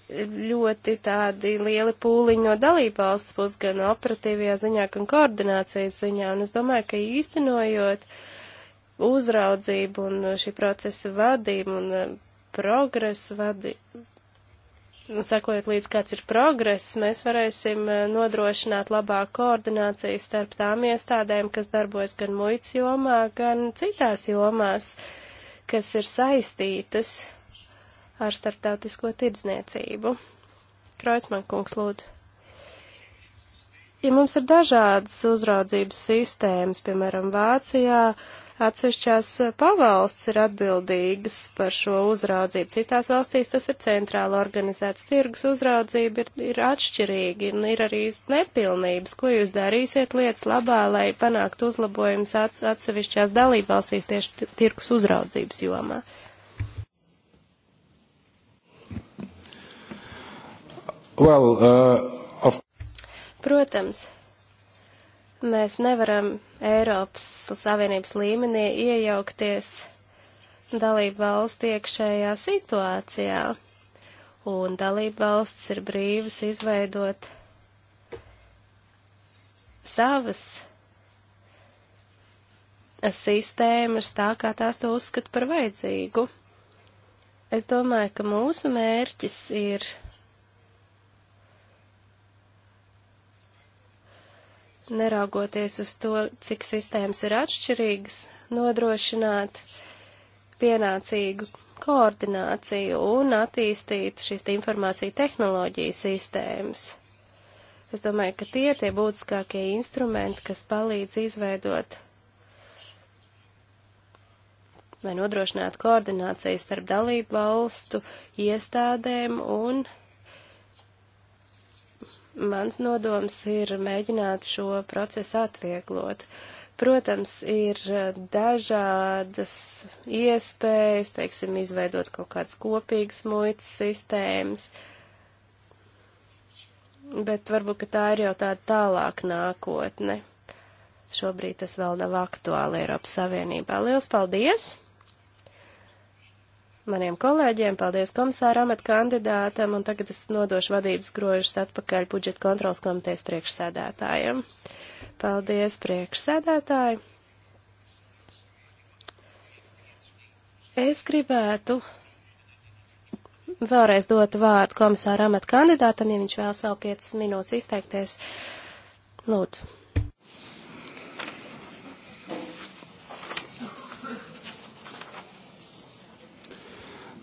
ļoti tādi lieli pūliņi no dalībvalsts puses, gan operatīvajā ziņā, gan koordinācijas ziņā. Un es domāju, ka īstenojot uh, uzraudzību un eh, šī procesa vadību un eh, progresu vadību. Sakojot līdz kāds ir progress, mēs varēsim eh, nodrošināt labāku koordināciju starp tām iestādēm, kas darbojas gan muitas jomā, gan citās jomās, kas ir saistītas ar starptautisko tirdzniecību. Kreutzmann kungs lūdzu ja mums ir dažādas uzraudzības sistēmas, piemēram, Vācijā, Atsevišķās eh, pavalsts ir atbildīgas par šo uzraudzību. Citās valstīs tas ir centrāli organizēts tirgus uzraudzība, ir, ir atšķirīgi un ir arī nepilnības. Ko jūs darīsiet lietas labā, lai panāktu uzlabojums atsevišķās dalībvalstīs tieši tirgus uzraudzības jomā? Well, uh, of... Protams, mēs nevaram Eiropas Savienības līmenī iejaukties dalību valstu iekšējā situācijā, un dalību valsts ir brīvas izveidot savas sistēmas tā, kā tās to uzskata par vajadzīgu. Es domāju, ka mūsu mērķis ir neraugoties uz to, cik sistēmas ir atšķirīgas, nodrošināt pienācīgu koordināciju un attīstīt šīs te informācija tehnoloģija sistēmas. Es domāju, ka tie ir tie būtiskākie instrumenti, kas palīdz izveidot lai nodrošinātu koordināciju starp dalību valstu iestādēm un mans nodoms ir mēģināt šo procesu atvieglot. Protams, ir e, dažādas iespējas, teiksim, izveidot kaut kādas kopīgas muitas sistēmas, bet varbūt, ka tā ir jau tāda tālāk nākotne. Šobrīd tas vēl nav aktuāli Eiropas Savienībā. Liels paldies! maniem kolēģiem, paldies komisāra amat kandidātam, un tagad es nodošu vadības grožus atpakaļ budžeta kontrols komitejas priekšsēdētājiem. Paldies, priekšsēdētāji! Es gribētu vēlreiz dot vārdu komisāra amata kandidātam, ja viņš vēlas vēl 5 minūtes izteikties. Lūdzu.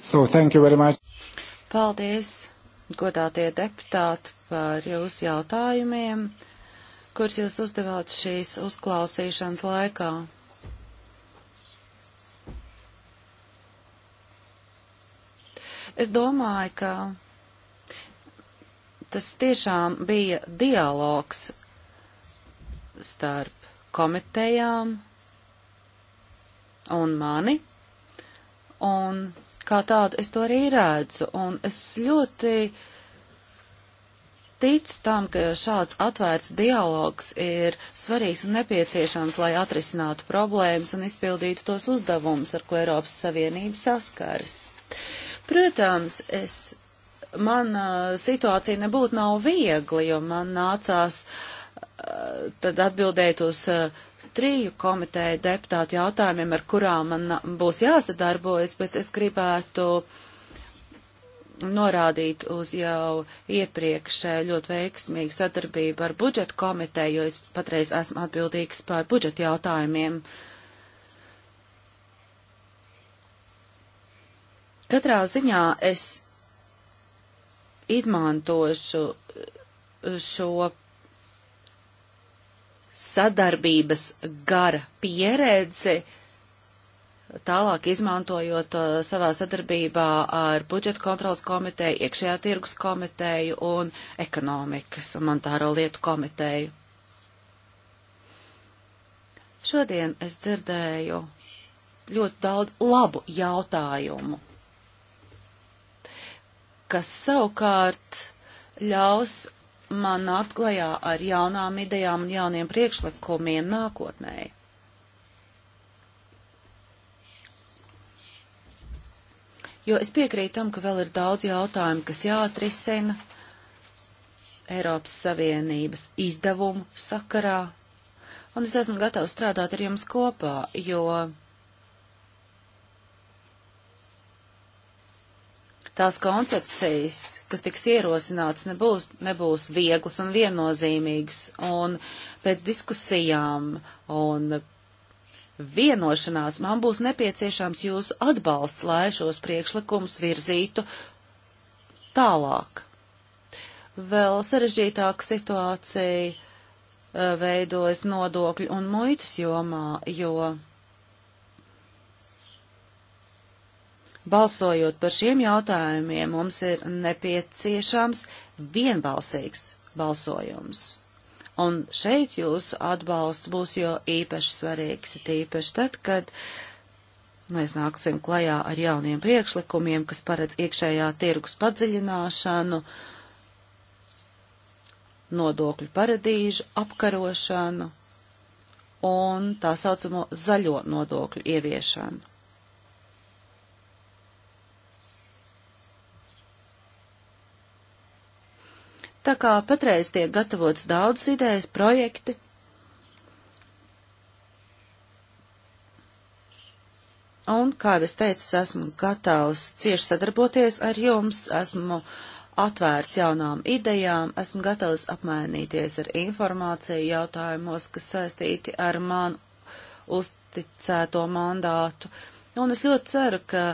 So, thank you very much. Paldies, godātie deputāti, par jūsu jautājumiem, kurus jūs uzdevāt šīs uzklausīšanas laikā. Es domāju, ka tas tiešām bija dialogs starp komitejām un mani, un kā tādu es to arī redzu, un es ļoti ticu tam, ka šāds atvērts dialogs ir svarīgs un nepieciešams, lai atrisinātu problēmas un izpildītu tos uzdevumus, ar ko Eiropas Savienība saskaras. Protams, es, man situācija nebūtu nav viegli, jo man nācās uh, tad atbildēt uz eh, triju komiteju deputātu jautājumiem, ar kurām man būs jāsadarbojas, bet es gribētu norādīt uz jau iepriekš eh, ļoti veiksmīgu sadarbību ar budžetu komiteju, jo es patreiz esmu atbildīgs par budžetu jautājumiem. Katrā ziņā es izmantošu eh, šo sadarbības gara pieredzi, tālāk izmantojot uh, savā sadarbībā ar budžeta kontrolas komiteju, iekšējā tirgus komiteju un ekonomikas un monetāro lietu komiteju. Šodien es dzirdēju ļoti daudz labu jautājumu, kas savukārt ļaus man nāk klajā ar jaunām idejām un jauniem priekšlikumiem nākotnē. Jo es piekrītu tam, ka vēl ir daudz jautājumu, kas jāatrisina Eiropas Savienības izdevumu sakarā, un es esmu gatavs strādāt ar jums kopā, jo tās koncepcijas, kas tiks ierosināts, nebūs, nebūs vieglas un viennozīmīgas. Un pēc diskusijām un vienošanās man būs nepieciešams jūsu atbalsts, lai šos priekšlikumus virzītu tālāk. Vēl sarežģītāka situācija eh, veidojas nodokļu un muitas jomā, jo Balsojot par šiem jautājumiem, mums ir nepieciešams vienbalsīgs balsojums. Un šeit jūsu atbalsts būs jo īpaši svarīgs, tīpaši tad, kad mēs nāksim klajā ar jauniem priekšlikumiem, kas paredz iekšējā tirgus padziļināšanu, nodokļu paradīžu apkarošanu un tā saucamo zaļo nodokļu ieviešanu. Tā kā patreiz tiek gatavots daudz idejas, projekti. Un, kā es teicu, esmu gatavs cieši sadarboties ar jums, esmu atvērts jaunām idejām, esmu gatavs apmainīties ar informāciju jautājumos, kas saistīti ar manu uzticēto mandātu. Un es ļoti ceru, ka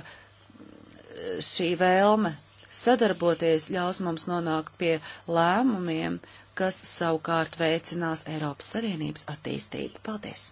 šī vēlme Sadarboties ļaus mums nonākt pie lēmumiem, kas savukārt veicinās Eiropas Savienības attīstību. Paldies!